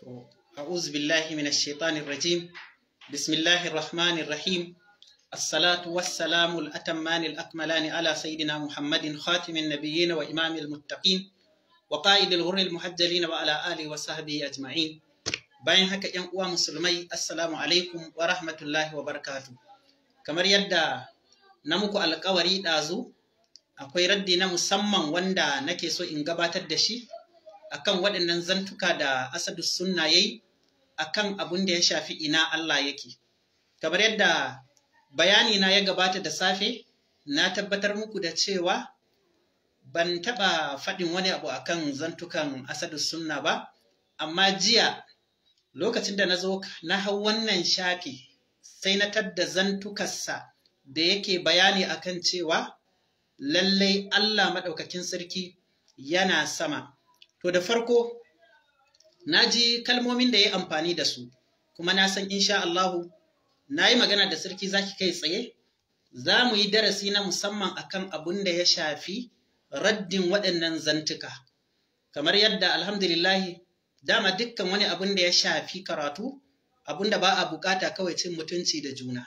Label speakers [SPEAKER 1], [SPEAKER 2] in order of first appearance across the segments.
[SPEAKER 1] to a'udhu billahi minash shaitanir rajim bismillahir rahmanir rahim الصلاة والسلام الأتمان الأكملان على سيدنا محمد خاتم النبيين وإمام المتقين وقائد الغر المحجلين وعلى آله وصحبه أجمعين bayan haka ‘yan uwa musulmai assalamu alaikum wa rahmatullahi wa barakatu kamar yadda na muku alkawari ɗazu akwai raddi na musamman wanda nake so in gabatar da shi akan waɗannan zantuka da asadu sunna yayi akan abun da ya shafi ina Allah yake kamar yadda bayani na ya gabata da safe na tabbatar muku da cewa ban taɓa faɗin wani abu akan zantukan asadu sunna ba amma jiya lokacin da na zo na hau wannan shafi sai na tadda zantukarsa da yake bayani akan cewa lallai Allah maɗaukakin sarki yana sama To da farko, na ji kalmomin da ya yi amfani da su, kuma na san insha Allahu, na yi magana da sarki zaki kai tsaye, za mu yi darasi na musamman akan abun da ya shafi raddin waɗannan zantuka. Kamar yadda alhamdulillahi, dama dukkan wani abun da ya shafi karatu, abun da ba a bukata kawai cin mutunci da juna.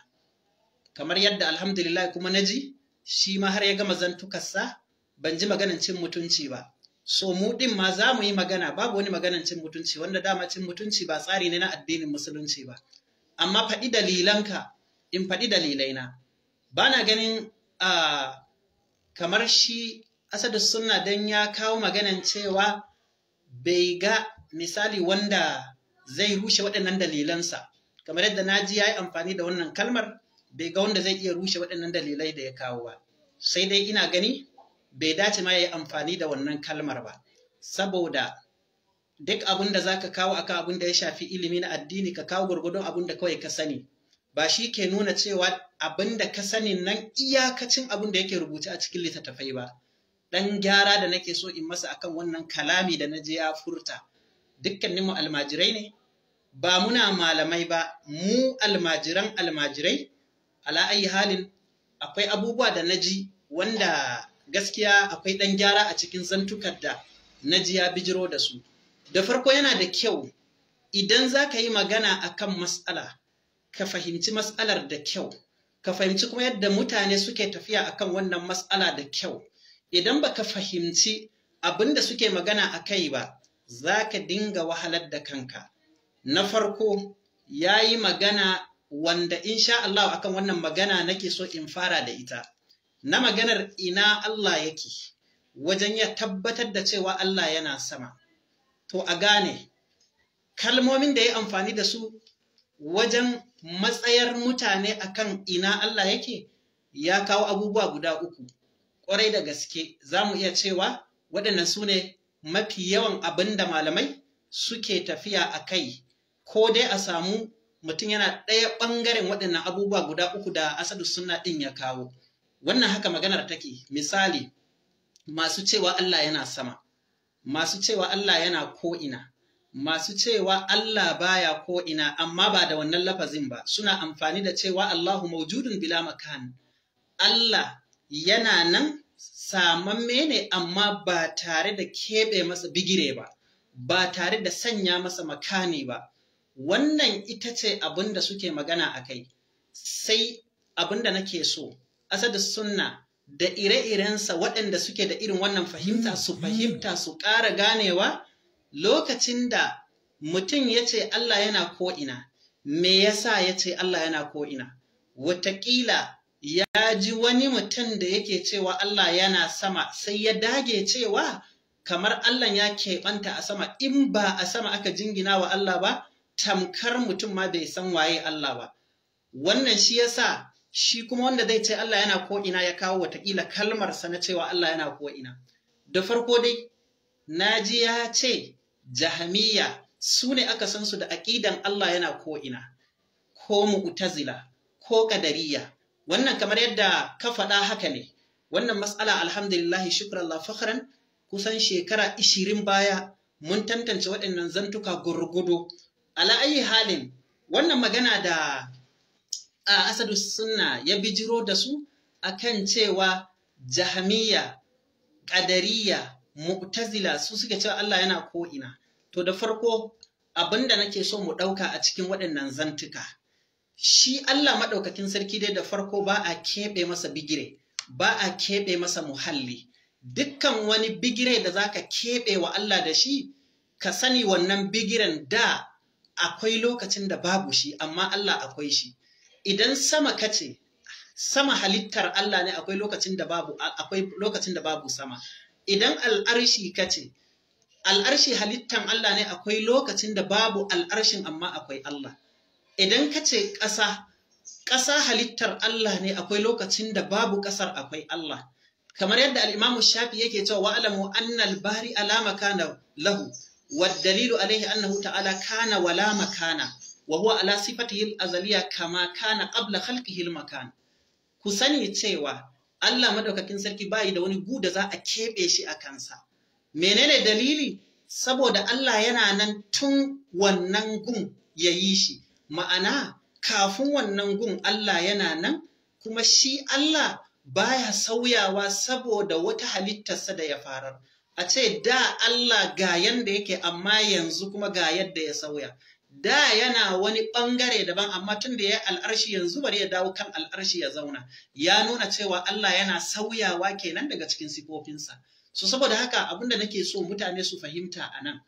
[SPEAKER 1] Kamar yadda alhamdulillahi kuma na ji, shi ma har ya gama zantukarsa, ban ji maganin cin mutunci ba. so mu din ma za mu yi magana babu wani maganan cin mutunci wanda dama cin mutunci ba tsari ne na addinin musulunci ba amma faɗi dalilanka in faɗi dalilaina ba na ganin kamar shi asadu suna don ya kawo maganan cewa bai ga misali wanda zai rushe waɗannan dalilansa kamar yadda na ji ya yi amfani da wannan kalmar bai ga wanda zai iya rushe waɗannan dalilai da ya kawo ba sai dai ina gani bai dace ma yi amfani da wannan kalmar ba saboda duk abin da ka kawo akan abin da ya shafi ilimi na addini ka kawo gurgudun abin da kawai ka sani ba shi ke nuna cewa abin da ka sani nan iyakacin abin da yake rubuce a cikin littattafai ba ɗan gyara da nake so in masa akan wannan kalami da na je ya furta dukkaninmu almajirai ne ba muna malamai ba mu almajiran almajirai ala ayi halin akwai abubuwa da na ji wanda gaskiya akwai ɗan gyara a cikin zantukar da na ji ya bijiro da su. Da farko yana da kyau idan za ka yi magana a kan matsala, ka fahimci matsalar da kyau, ka fahimci kuma yadda mutane suke tafiya a kan wannan matsala da kyau. Idan ba ka fahimci abin da suke magana a kai ba, za ka dinga wahalar da kanka. Na farko, ya yi magana wanda insha Allah akan wannan magana nake so in fara da ita. na maganar ina Allah yake wajen ya tabbatar da cewa Allah yana sama. To a gane, kalmomin da ya amfani da su wajen matsayar mutane akan ina Allah yake ya kawo abubuwa guda uku. Ƙwarai da gaske za mu iya cewa waɗannan su ne mafi yawan abin da malamai suke tafiya a kai, ko dai a samu mutum yana ɗaya ɓangaren waɗannan abubuwa guda uku da asadu suna ɗin ya kawo. wannan haka maganar take misali masu cewa Allah yana sama masu cewa Allah yana ko'ina masu cewa Allah baya ko'ina amma ba da wannan lafazin ba suna amfani da cewa Allahu maujudun bila makani.' Allah yana nan samamme ne amma ba tare da keɓe masa bigire ba ba tare da sanya masa makani ba wannan ita ce abin da suke magana a kai sai abin da nake so da sunna da ire-irensa waɗanda suke da irin wannan fahimta su fahimta su ƙara ganewa lokacin da mutum ya ce Allah yana ko'ina, me yasa ya ce Allah yana ko'ina? Wataƙila ya ji wani mutum da yake cewa Allah yana sama sai ya dage cewa kamar Allah ya keɓanta a sama in ba a sama aka jingina wa Allah ba, tamkar mutum ma bai san waye Allah ba. Wannan shi yasa shi kuma wanda zai ce Allah yana ko'ina ya kawo watakila kalmarsa na cewa Allah yana ko'ina. Da farko dai, naji ya ce jahamiya su ne aka san su da aƙidan Allah yana ko'ina, ko mu'tazila, ko ƙadariya. Wannan kamar yadda ka faɗa haka ne, wannan matsala alhamdulillahi shukrallah fakhran kusan shekara ishirin baya mun tantance waɗannan zantuka gurgudu. Ala halin, wannan magana da a asadu suna ya bijiro da su a kan cewa jahamiya ƙadariya mu'tazila su suke cewa Allah yana ko'ina to da farko abinda nake so mu ɗauka a cikin waɗannan zantuka shi Allah maɗaukakin sarki dai da farko ba a keɓe masa bigire ba a keɓe masa muhalli dukkan wani bigire da za ka keɓe wa Allah da shi ka sani wannan bigiren da akwai lokacin da babu shi amma Allah akwai shi idan sama ce sama halittar Allah ne akwai lokacin da babu akwai lokacin da babu sama idan al'arshi kace al'arshi halittan Allah ne akwai lokacin da babu al'arshin amma akwai Allah idan kace ƙasa ƙasa halittar Allah ne akwai lokacin da babu ƙasar akwai Allah kamar yadda al-Imam Shafi yake cewa wa'lamu anna al-bari alama kana lahu wa dalilu alayhi annahu ta'ala kana wala makana wa huwa ala azaliya kama kana qabla khalqihi makan ku sani cewa Allah madaukakin sarki bai da wani gu da za a kebe shi a kansa menene dalili saboda Allah yana nan tun wannan gun yayi shi ma'ana kafin wannan gun Allah yana nan kuma shi Allah baya sauyawa saboda wata halittarsa da ya farar a ce da Allah ga yanda yake amma yanzu kuma ga yadda ya sauya da yana wani ɓangare daban amma tun da ya al'arshi yanzu bari ya dawo kan al'arshi ya zauna ya nuna cewa Allah yana sauyawa kenan daga cikin sifofinsa so saboda haka da nake so mutane su fahimta a nan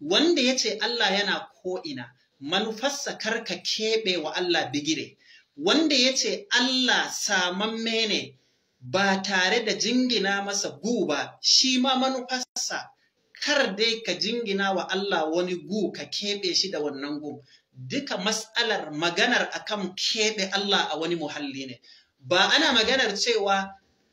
[SPEAKER 1] wanda ya ce Allah yana ko'ina manufarsa karka keɓe wa Allah bigire wanda yace Allah samamme ne ba tare da jingina masa gu ba shi ma manufarsa kar dai ka jingina wa Allah wani gu ka keɓe shi da wannan gu duka matsalar maganar akan keɓe Allah a wani muhalli ne ba ana maganar cewa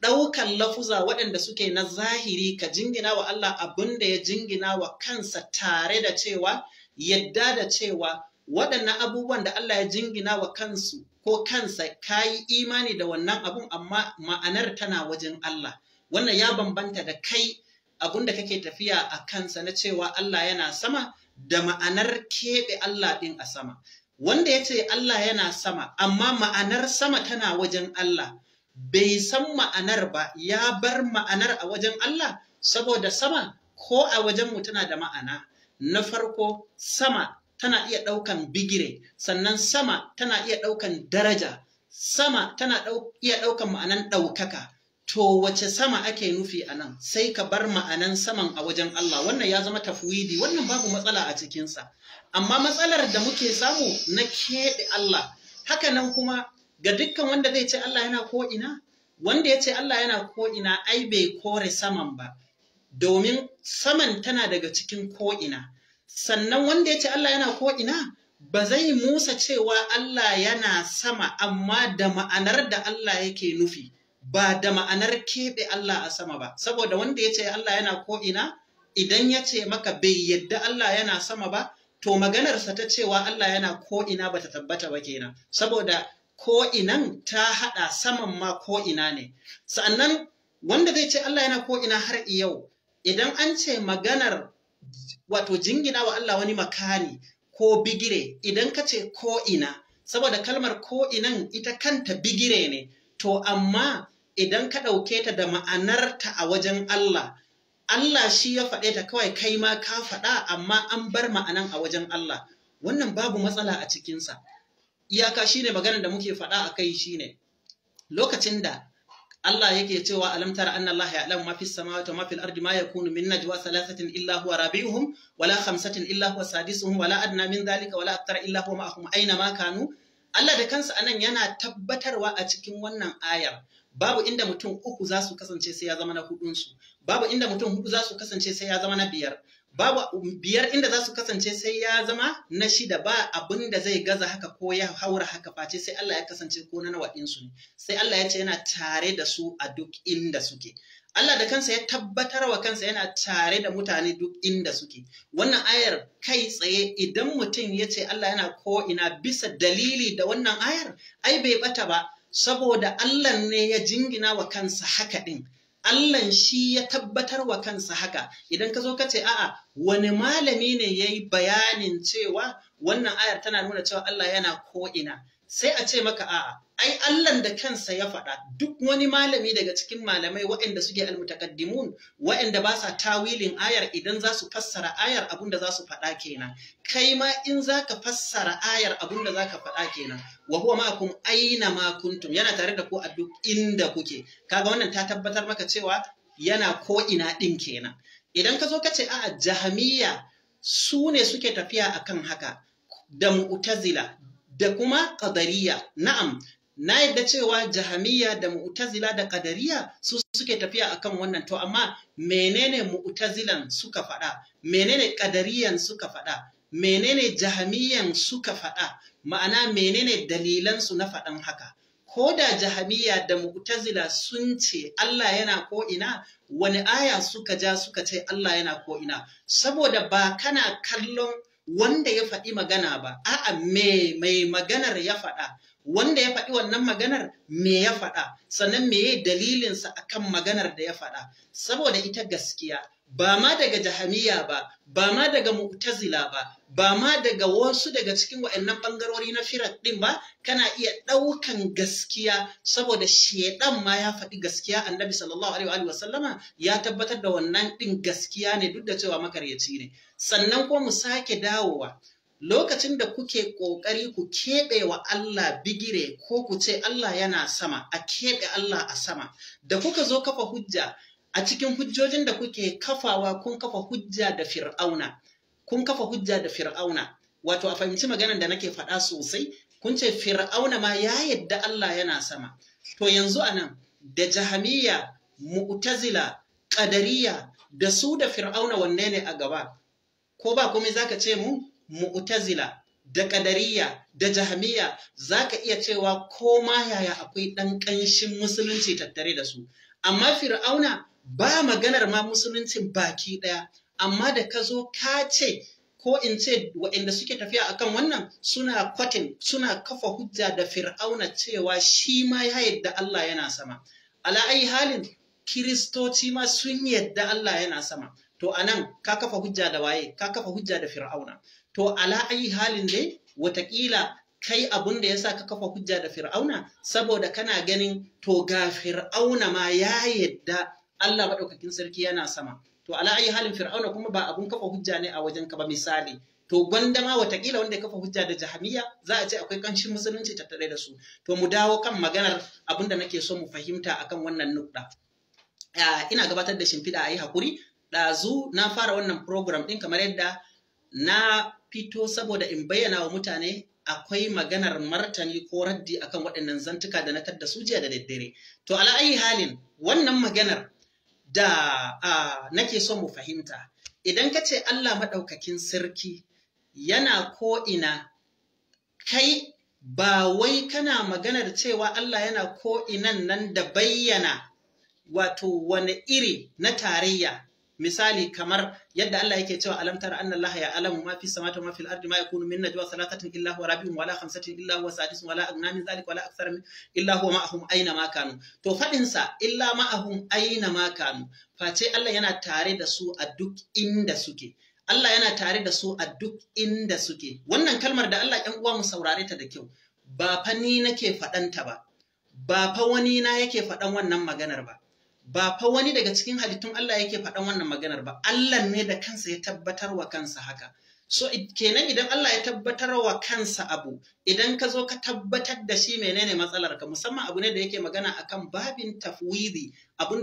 [SPEAKER 1] ɗaukan lafuza waɗanda suke na zahiri ka jingina wa Allah abin da ya jingina wa kansa tare da cewa yadda da cewa waɗannan abubuwan da Allah ya jingina wa kansu ko kansa ka yi imani da wannan abun amma ma'anar tana wajen Allah wannan ya bambanta da kai abun da kake tafiya a kansa na cewa Allah yana sama da ma'anar keɓe Allah ɗin a sama. Wanda ya ce Allah yana sama, amma ma'anar sama tana wajen Allah, bai san ma'anar ba, ya bar ma'anar a wajen Allah, saboda sama ko a wajen mu tana da ma'ana. Na farko, sama tana iya ɗaukan bigire, sannan sama tana iya ɗaukan daraja, sama tana iya ɗaukan ma'anar ɗaukaka. to wace sama ake nufi a nan sai ka bar ma'anan saman a wajen Allah wannan ya zama tafwidi wannan babu matsala a cikinsa amma matsalar da muke samu na keɓe Allah haka nan kuma ga dukkan wanda zai ce Allah yana ko'ina wanda ya ce Allah yana ko'ina ai bai kore saman ba domin saman tana daga cikin ko'ina sannan wanda ya ce Allah yana ko'ina ba zai musa cewa Allah yana sama amma da ma'anar da Allah yake nufi. ba da ma'anar keɓe Allah a sama ba saboda wanda ya ce Allah yana ko'ina idan ya ce maka bai yadda Allah yana sama ba to maganarsa ta cewa Allah yana ko'ina ba ta tabbata ba kenan saboda ko'inan ta haɗa saman ma ko'ina ne sa'annan wanda zai ce Allah yana ko'ina har yau idan an ce maganar wato jingina wa Allah wani makani ko bigire idan ka ce ko'ina saboda kalmar ko'inan ita kanta bigire ne to amma idan ka ɗauke ta da ma'anarta a wajen Allah Allah shi ya faɗe ta kawai kai ma ka faɗa amma an bar ma'anan a wajen Allah wannan babu matsala a cikinsa iyaka shine maganar da muke faɗa a kai shine lokacin da Allah yake cewa alamtar an Allah ya ma mafi samawati wa mafi ardi ma yakunu min najwa thalathatin illa huwa rabi'uhum wala khamsatin illa huwa sadisuhum wala adna min zalika wala akthar illa huwa ma'ahum aina ma kanu Allah da kansa anan yana tabbatarwa a cikin wannan ayar babu inda mutum uku za su kasance sai ya zama na hudunsu babu inda mutum hudu za su kasance sai ya zama na biyar babu biyar inda za su kasance sai ya zama na shida ba abin da zai gaza haka ko ya haura haka face sai Allah ya kasance ko na nawa su ne sai Allah ya ce yana tare da su a duk inda suke Allah da kansa ya tabbatar wa kansa yana tare da mutane duk inda suke. Wannan ayar kai tsaye idan mutum ya ce Allah yana ko ina bisa dalili da wannan ayar, ai bai bata ba, saboda Allah ne ya jingina wa kansa haka ɗin. Allah shi ya tabbatar wa kansa haka idan ka zo ka ce a'a wani malami ne ya yi bayanin cewa wannan ayar tana nuna cewa Allah yana ko'ina sai a ce maka a'a ai Allah da kansa ya faɗa duk wani malami daga cikin malamai waɗanda suke almutakaddimun waɗanda ba sa tawilin ayar idan za su fassara ayar abinda za su faɗa kenan kai ma in za ka fassara ayar abinda za ka faɗa kenan wa huwa ma'akum aina ma kuntum yana tare da ku a duk inda kuke kaga wannan ta tabbatar maka cewa yana ko ina ɗin kenan idan ka zo ka ce a'a jahamiyya su ne suke tafiya akan haka da mu'tazila da kuma qadariya na'am na yadda cewa jahamiya da mu'tazila da kadariya su suke tafiya akan wannan to amma menene mu'tazilan suka faɗa menene kadariyan suka faɗa menene jahamiyan suka faɗa ma'ana menene dalilansu na faɗan haka ko da jahamiya da mu'tazila sun ce Allah yana ko ina wani aya suka ja suka ce Allah yana ko ina saboda ba kana kallon wanda ya faɗi magana ba a'a me mai maganar ya faɗa wanda ya faɗi wannan maganar me ya faɗa sannan me meye dalilinsa akan maganar da ya faɗa saboda ita gaskiya ba ma daga jahamiya ba ba ma daga mu'tazila ba ba ma daga wasu daga cikin wa'annan ɓangarori na firar ɗin ba kana iya ɗaukan gaskiya saboda shedan ma ya faɗi gaskiya annabi sallallahu alaihi wa sallama ya tabbatar da wannan ɗin gaskiya ne duk da cewa makaryaci ne sannan ko mu sake dawowa lokacin da kuke ƙoƙari ku keɓe wa Allah bigire ko ku ce Allah yana sama, a keɓe Allah a sama, da kuka zo kafa hujja a cikin hujjojin da kuke kafawa kun kafa hujja da fir'auna, kun kafa hujja da fir'auna, wato a fahimci maganar da nake faɗa sosai, kun ce fir'auna ma ya yadda Allah yana sama. To yanzu anan da jahamiya, mu'tazila, qadariya da su da fir'auna wanne ne a gaba, ko ba komai zaka ce mu? mu'tazila da ƙadariya da jahmiyya zaka iya cewa koma yaya akwai ɗan ƙanshin musulunci tattare da su amma fir'auna ba maganar ma musuluncin baki ɗaya amma da ka zo ka ce ko in ce waɗanda suke tafiya akan wannan suna kwatin suna kafa hujja da fir'auna cewa shi ma ya yadda Allah yana sama ala ai halin kiristoci ma sun yadda Allah yana sama to anan ka kafa hujja da waye ka kafa hujja da fir'auna to ala ayi halin dai watakila kai abun da yasa ka kafa hujja da fir'auna saboda kana ganin to ga fir'auna ma ya yadda Allah maɗaukakin sarki yana sama to ala ayi halin fir'auna kuma ba abun kafa hujja ne a wajen ka ba misali to gwanda ma watakila wanda ya kafa hujja da jahamiya za a ce akwai kanshin musulunci tattare da su to mu dawo kan maganar abunda da nake so mu fahimta akan wannan nukɗa ina gabatar da shimfiɗa ayi yi haƙuri ɗazu na fara wannan program ɗin kamar yadda na fito saboda in bayyana wa mutane akwai maganar martani ko raddi akan waɗannan zantuka da na tadda su jiya da daddare. To ayi halin wannan maganar da nake so mu fahimta. Idan ka ce Allah maɗaukakin sarki yana ko'ina kai ba wai kana maganar cewa Allah yana ko'inan nan da bayyana wato wani iri na tarayya misali kamar yadda Allah yake cewa alam tara anna Allah ya alamu ma fi samawati ma fil ardi ma yakunu min najwa salatatin illa huwa rabi'un wala khamsatin illa huwa sadisun wala adna min zalika wala akthar min illa huwa ma'ahum aina ma kanu to fadin sa illa ma'ahum aina ma kanu face Allah yana tare da su a duk inda suke Allah yana tare da su a duk inda suke wannan kalmar da Allah ƴan uwa mu saurare ta da kyau ba fa ni nake faɗanta ba ba fa wani na yake faɗan wannan maganar ba ba fa wani daga cikin halittun Allah yake faɗan wannan maganar ba Allah ne da kansa ya tabbatar wa kansa haka so kenan idan Allah ya tabbatar wa kansa abu idan ka zo ka tabbatar da shi menene matsalar ka musamman abu ne da yake magana akan babin tafwidi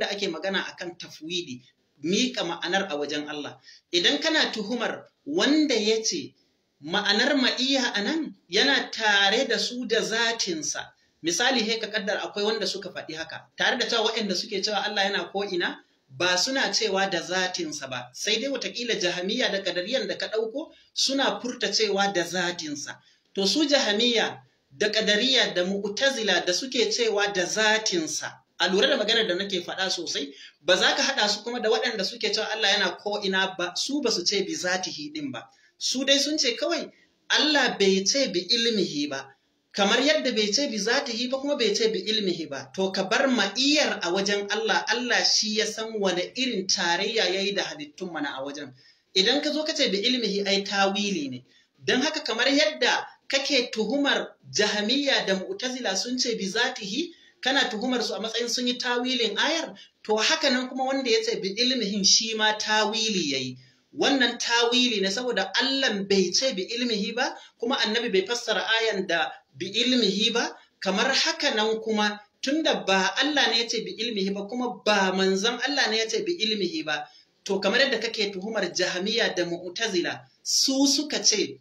[SPEAKER 1] da ake magana akan tafwidi miƙa ma'anar a wajen Allah idan kana tuhumar wanda ya ce ma'anar ma'iya a nan yana tare da su da zatinsa misali he ka kaddar akwai wanda suka faɗi haka tare da cewa waɗanda suke cewa Allah yana ko ina ba suna cewa da zatinsa ba sai dai watakila jahamiya da kadariyan da ka ɗauko suna furta cewa da zatinsa to su jahamiya da kadariya da mu'tazila da suke cewa da zatinsa a lura da maganar da nake faɗa sosai ba za ka haɗa su kuma da waɗanda suke cewa Allah yana ko ina ba su ba su ce bi zatihi din ba su dai sun ce kawai Allah bai ce bi ilmihi ba kamar yadda bai ce bi zatihi ba kuma bai ce bi ilmihi ba to ka bar ma'iyar a wajen Allah Allah shi ya san wani irin tarayya yayi da halittun mana a wajen idan ka zo ka ce bi ilmihi ai tawili ne dan haka kamar yadda kake tuhumar jahamiya da mu'tazila sun ce bi zatihi kana tuhumar su a matsayin sun yi tawilin ayar to haka nan kuma wanda ya ce bi ilmihin shi ma tawili yayi wannan tawili ne saboda Allah bai ce bi ilmihi ba kuma annabi bai fassara ayan da bi ilmihi ba kamar haka nan kuma tunda ba Allah ne ya ce bi ilmihi ba kuma ba manzon Allah ne ya ce bi ilmihi ba to kamar yadda kake tuhumar jahamiya da mu'tazila su suka ce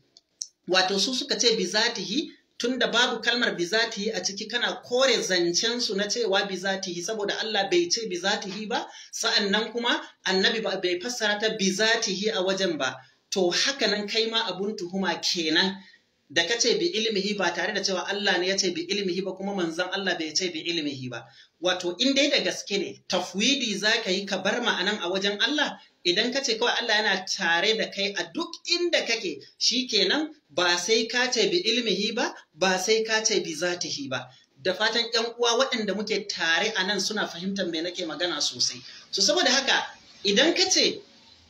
[SPEAKER 1] wato su suka ce bi zatihi tunda babu kalmar bizatihi a ciki kana kore zancen su na cewa bizatihi saboda Allah bai ce bizatihi ba sa'annan kuma annabi bai fassara ta bizatihi a wajen ba to haka nan kai ma abun tuhuma kenan da ka ce bi ilmihi ba tare da cewa Allah ne ya ce bi ilmihi ba kuma manzon Allah bai ce bi ilmihi ba wato in dai da gaske ne tafwidi zaka yi ka bar ma'anan a wajen Allah idan ka ce kawai Allah yana tare da kai a duk inda kake shi kenan ba sai ka ce bi ilmihi ba ba sai ka ce bi zatihi ba da fatan yan uwa waɗanda muke tare a nan suna fahimtar me nake magana sosai so saboda haka idan ka ce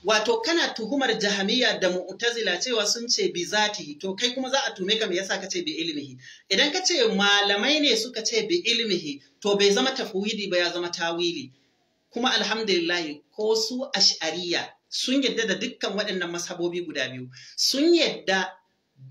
[SPEAKER 1] wato kana tuhumar jahamiya da mu'tazila cewa sun ce bi zatihi to kai kuma za a tume ka me yasa ka ce bi ilmihi idan ka ce malamai ne suka ce bi ilmihi to bai zama tafwidi ba ya zama tawili kuma alhamdulillahi ko su ash'ariya sun yadda da dukkan waɗannan mashabobi guda biyu sun yadda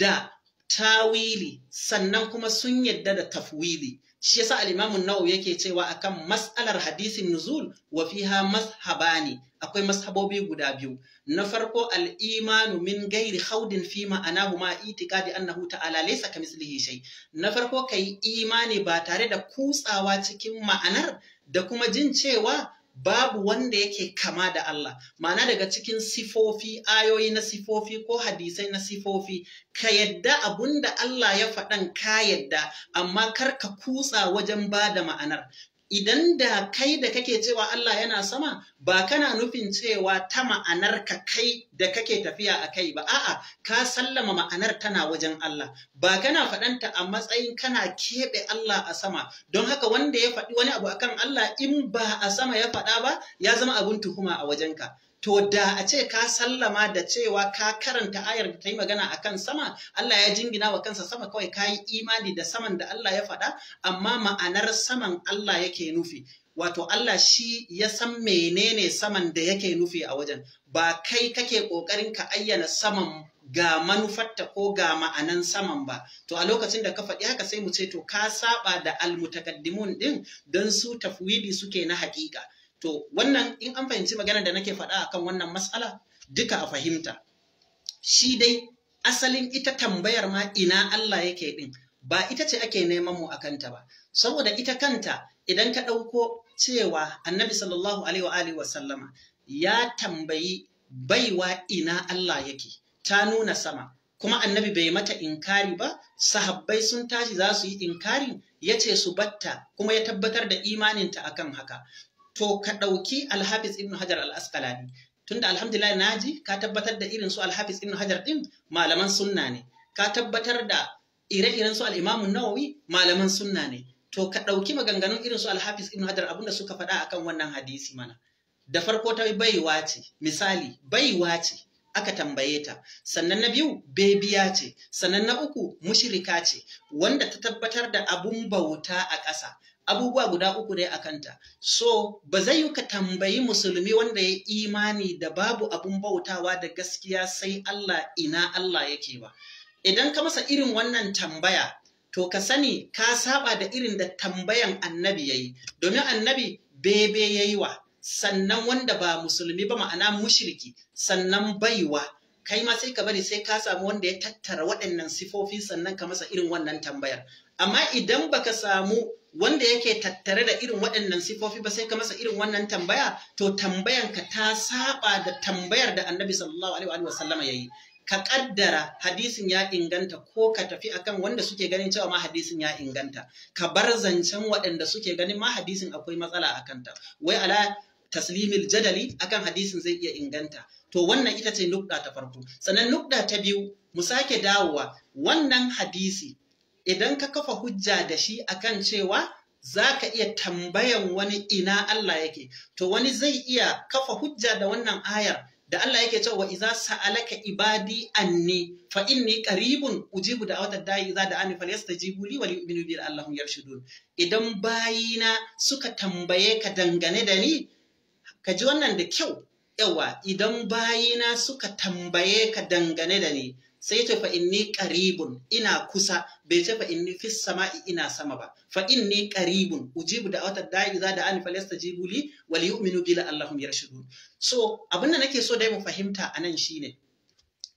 [SPEAKER 1] da tawili sannan kuma sun yadda da tafwili shi yasa al-Imam nawawi yake cewa akan mas'alar hadisin nuzul wa fiha mashabani akwai mashabobi guda biyu na farko al-imanu min ghairi khawdin fi ma'anahu ma itiqadi annahu ta'ala laysa kamithlihi shay na farko kai imani ba tare da kutsawa cikin ma'anar da kuma jin cewa babu wanda yake kama da Allah ma'ana daga cikin sifofi ayoyi na sifofi ko hadisai na sifofi ka yadda abunda Allah ya faɗan ka yadda amma kar ka kutsa wajen bada ma'anar idan da kai da kake cewa Allah yana sama ba kana nufin cewa ta ma'anar ka kai da kake tafiya a kai ba a'a ka sallama ma'anar tana wajen Allah ba kana faɗanta a matsayin kana keɓe Allah a sama don haka wanda ya faɗi wani abu akan Allah in ba a sama ya faɗa ba ya zama abun tuhuma a wajenka to da a ce ka sallama da cewa ka karanta ayar da ta yi magana a kan sama Allah ya jingina wa kansa sama kawai ka yi imani da saman da Allah ya faɗa amma ma'anar saman Allah yake nufi wato Allah shi ya san menene saman da yake nufi a wajen ba kai kake ƙoƙarin ka ayyana saman ga manufarta ko ga ma'anan saman ba to a lokacin da ka faɗi haka sai mu ce to ka saba da almutakaddimun ɗin don su tafwidi suke na haƙiƙa to wannan in an fahimci magana da nake faɗa akan wannan matsala duka a fahimta shi dai asalin ita tambayar ma ina Allah yake din ba ita ce ake neman mu akanta ba saboda ita kanta idan ka ɗauko cewa annabi sallallahu alaihi wa alihi wa ya tambayi baiwa ina Allah yake ta nuna sama kuma annabi bai mata inkari ba sahabbai sun tashi za su yi inkari ya ce su batta kuma ya tabbatar da imaninta akan haka to ka ɗauki alhafiz ibn hajar al-asqalani tunda alhamdulillah naji ka tabbatar da irin su alhafiz ibn hajar din malaman sunna ne ka tabbatar da ire-iren su al-imam nawawi malaman sunna ne to ka ɗauki maganganun irin su alhafiz ibn hajar abinda suka faɗa akan wannan hadisi mana da farko ta baiwa ce misali baiwa ce aka tambaye ta sannan na biyu bebiya ce sannan na uku mushirika ce wanda ta tabbatar da abun bauta a ƙasa abubuwa guda uku dai a kanta. So, ba zai yi ka tambayi musulmi wanda ya imani da babu abun bautawa da gaskiya sai Allah ina Allah yake ba. Idan ka masa irin wannan tambaya, to ka sani ka saba da irin da tambayan annabi ya yi, domin annabi bebe ya yi wa, sannan wanda ba musulmi ba ma'ana mushiriki, sannan baiwa. Kai ma sai ka bari sai ka samu wanda ya tattara waɗannan sifofi sannan ka masa irin wannan tambayar. Amma idan baka samu wanda yake tattare da irin waɗannan sifofi ba sai ka masa irin wannan tambaya to ka ta saba da tambayar da annabi sallallahu alaihi wa sallama yayi ka kaddara hadisin ya inganta ko ka tafi akan wanda suke ganin cewa ma hadisin ya inganta ka bar zancen waɗanda suke ganin ma hadisin akwai matsala a kanta wai ala taslimil jadali akan hadisin zai iya inganta to wannan ita ce nukda ta farko sannan nukda ta biyu mu sake dawowa wannan hadisi idan ka kafa hujja da shi akan cewa za ka iya tambayan wani ina Allah yake, to wani zai iya kafa hujja da wannan ayar da Allah yake cewa wa iza sa'alaka ibadi anni fa inni qaribun ujibu da awtad da'i za da ani falyastajibu li wa yu'minu bi Allahum yarshudun idan bayina suka tambaye ka dangane da ni ka ji wannan da kyau yawa idan bayina suka tambaye ka dangane da ni sai ya ce fa inni qaribun ina kusa bai ce fa inni fis sama'i ina sama ba fa inni qaribun ujibu da'wata da'i idza da'ani falyastajibu li wal yu'minu bi allahum yarshudun so abin da nake so dai mu fahimta anan shine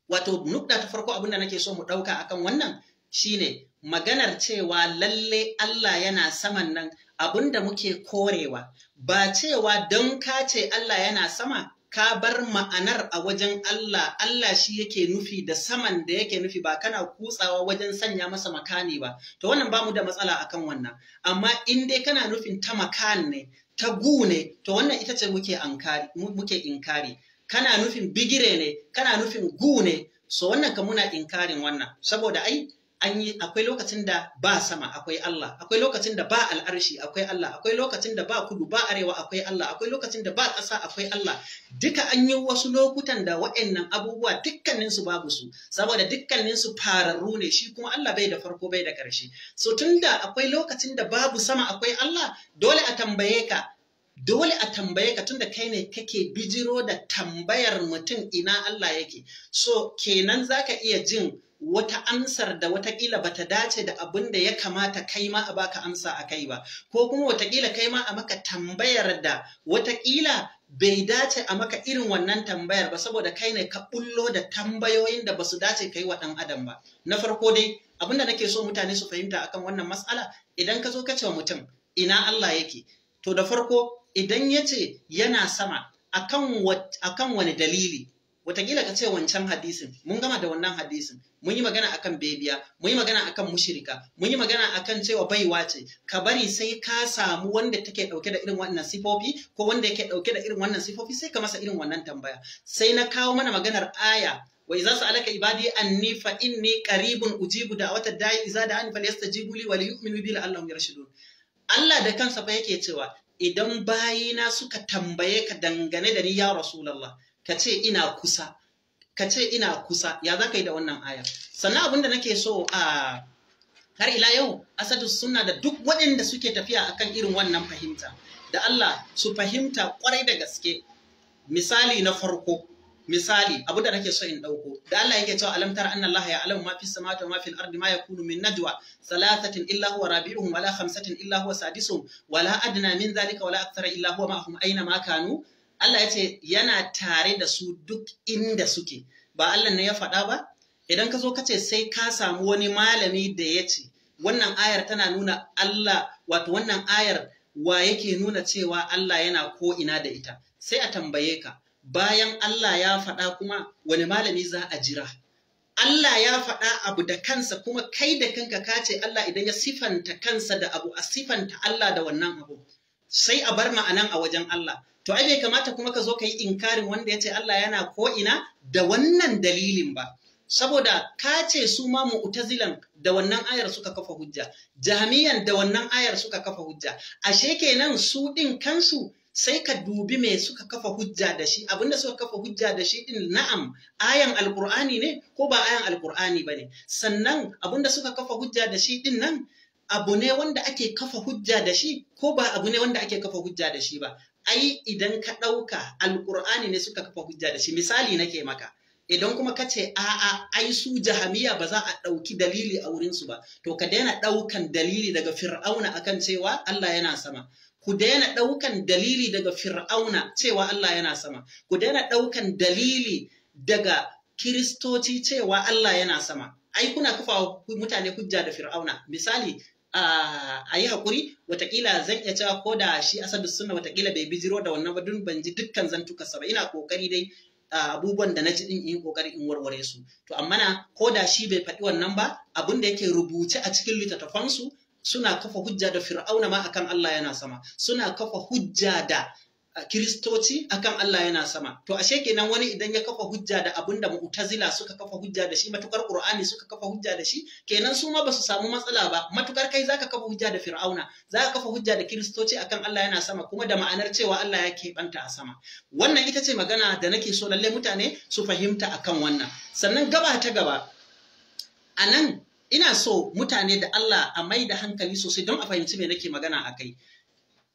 [SPEAKER 1] wato nukta ta farko abin da nake so mu dauka akan wannan shine maganar cewa lalle Allah yana saman nan abin da muke korewa ba cewa don ka ce Allah yana sama ka bar ma'anar a wajen Allah, Allah shi yake nufi da saman da yake nufi ba kana kutsawa wajen sanya masa makani ba, to wannan ba mu da matsala akan wannan, amma in dai kana nufin ta makan ne, ta gu ne, to wannan ita ce muke inkari, kana nufin bigire ne, kana nufin gu ne, so wannan ka muna inkarin wannan, saboda ai an akwai lokacin da ba sama akwai Allah akwai lokacin da ba al'arshi akwai Allah akwai lokacin da ba kudu ba arewa akwai Allah akwai lokacin da ba ƙasa akwai Allah duka an yi wasu lokutan da waɗannan abubuwa dukkanin su babu su saboda dukkanin fararru ne shi kuma Allah bai da farko bai da ƙarshe so tunda akwai lokacin da babu sama akwai Allah dole a tambaye ka dole a tambaye ka tunda kai ne kake bijiro da tambayar mutum ina Allah yake so kenan zaka iya jin wata amsar da watakila bata dace da abin da ya kamata kai ma a baka amsa a kai ba ko kuma watakila kai ma a maka tambayar da watakila bai dace a maka irin wannan tambayar ba saboda kai ne ka bullo da tambayoyin da basu dace kai wa ɗan adam ba na farko dai da nake so mutane su fahimta akan wannan matsala idan ka zo ka ce wa mutum ina Allah yake to da farko idan yace yana sama akan wani dalili Wataƙila ka ce wancan hadisin, mun gama da wannan hadisin, mun yi magana akan bebiya, mun yi magana akan mushirika, mun yi magana akan cewa baiwa ce, ka bari sai ka samu wanda take ɗauke da irin wannan sifofi ko wanda yake ɗauke da irin wannan sifofi sai ka masa irin wannan tambaya. Sai na kawo mana maganar aya wa iza sa'alaka ibadi anni fa inni qaribun ujibu da'watad da'i idza da'ani falyastajibu li wa liyu'minu bi la'allahum yarshudun. Allah da kansa fa yake cewa idan bayina suka tambaye ka dangane da ni ya Rasulullah ka ce ina kusa ka ce ina kusa ya za ka yi da wannan aya sannan abin da nake so a har ila yau asadu suna da duk waɗanda suke tafiya akan irin wannan fahimta da Allah su fahimta kwarai da gaske misali na farko misali abu da nake so in dauko da Allah yake cewa alam tara anna Allah ya'lamu ma fi samawati wa ma fil ardi ma yakunu min najwa thalathatin illa huwa rabi'uhum wala khamsatin illa huwa sadisuhum wala adna min dhalika wala akthara illa huwa ma'ahum aina ma kanu Allah ya ce yana tare da su duk inda suke ba Allah ne ya faɗa ba idan ka zo ka ce sai ka samu wani malami da ya ce wannan ayar tana nuna Allah wato wannan ayar wa yake nuna cewa Allah yana ko ina da ita sai a tambaye ka bayan Allah ya faɗa kuma wani malami za a jira Allah ya faɗa abu da kansa kuma kai da kanka ka ce Allah idan ya sifanta kansa da abu a sifanta Allah da wannan abu sai a bar ma'anan a wajen Allah to ai bai kamata kuma ka zo ka yi inkarin wanda ya ce Allah yana ko'ina da wannan dalilin ba saboda ka ce su ma mu'tazilan da wannan ayar suka kafa hujja jami'an da wannan ayar suka kafa hujja ashe kenan su ɗin kansu sai ka dubi me suka kafa hujja da shi abinda suka kafa hujja da shi din na'am ayan alqur'ani ne ko ba ayan alqur'ani bane sannan abinda suka kafa hujja da shi din nan abu ne wanda ake kafa hujja da shi ko ba abu ne wanda ake kafa hujja da shi ba ai idan ka ɗauka alƙur'ani ne suka kafa hujja da shi misali nake maka idan kuma ka ce a'a ai su jahamiya ba za a ɗauki dalili a wurinsu ba to ka daina ɗaukan dalili daga fir'auna akan cewa Allah yana sama ku daina ɗaukan dalili daga fir'auna cewa Allah yana sama ku daina ɗaukan dalili daga kiristoci cewa Allah yana sama ai kuna kafa mutane hujja da fir'auna misali a yi hakuri watakila zan iya cewa ko da shi asadu suna watakila bai bijiro da wannan ba dun ban ji dukkan zan tuka saba. ina kokari dai abubuwan da na ji din in kokari in warware su to amma na ko da shi bai faɗi wannan ba abun da yake rubuce a cikin su suna kafa hujja da fir'auna ma akan Allah yana sama suna kafa hujja da kiristoci akan Allah yana sama to ashe kenan wani idan ya kafa hujja da abin da mu'tazila suka kafa hujja da shi matukar qur'ani suka kafa hujja da shi kenan su ma basu samu matsala ba matukar kai zaka kafa hujja da fir'auna zaka kafa hujja da kiristoci akan Allah yana sama kuma da ma'anar cewa Allah ya keɓanta a sama wannan ita ce magana da nake so lalle mutane su fahimta akan wannan sannan gaba ta gaba a nan ina so mutane da Allah a mai da hankali sosai don a fahimci me nake magana a kai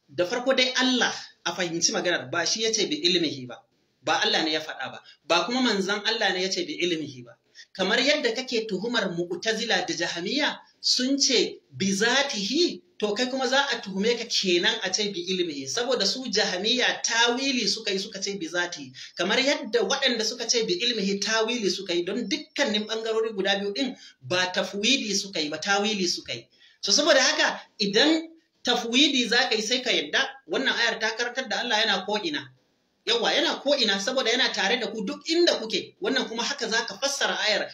[SPEAKER 1] da farko dai Allah a fahimci maganar ba shi ya ce bi ilmihi ba ba Allah ne ya faɗa ba ba kuma manzon Allah ne ya ce bi ilmihi ba kamar yadda kake tuhumar mu'tazila da jahamiya sun ce bi zatihi to kai kuma za a tuhume ka kenan a ce bi ilmihi saboda su jahamiya tawili suka yi suka ce bi yi? kamar yadda waɗanda suka ce bi ilmihi tawili suka yi don dukkanin ɓangarori guda biyu ɗin ba tafwidi suka yi ba tawili suka yi so saboda haka idan tafwidi za ka yi sai ka yadda wannan ayar ta karantar da Allah yana ko'ina yawa yana ko'ina saboda yana tare da ku duk inda kuke wannan kuma haka za ka fassara ayar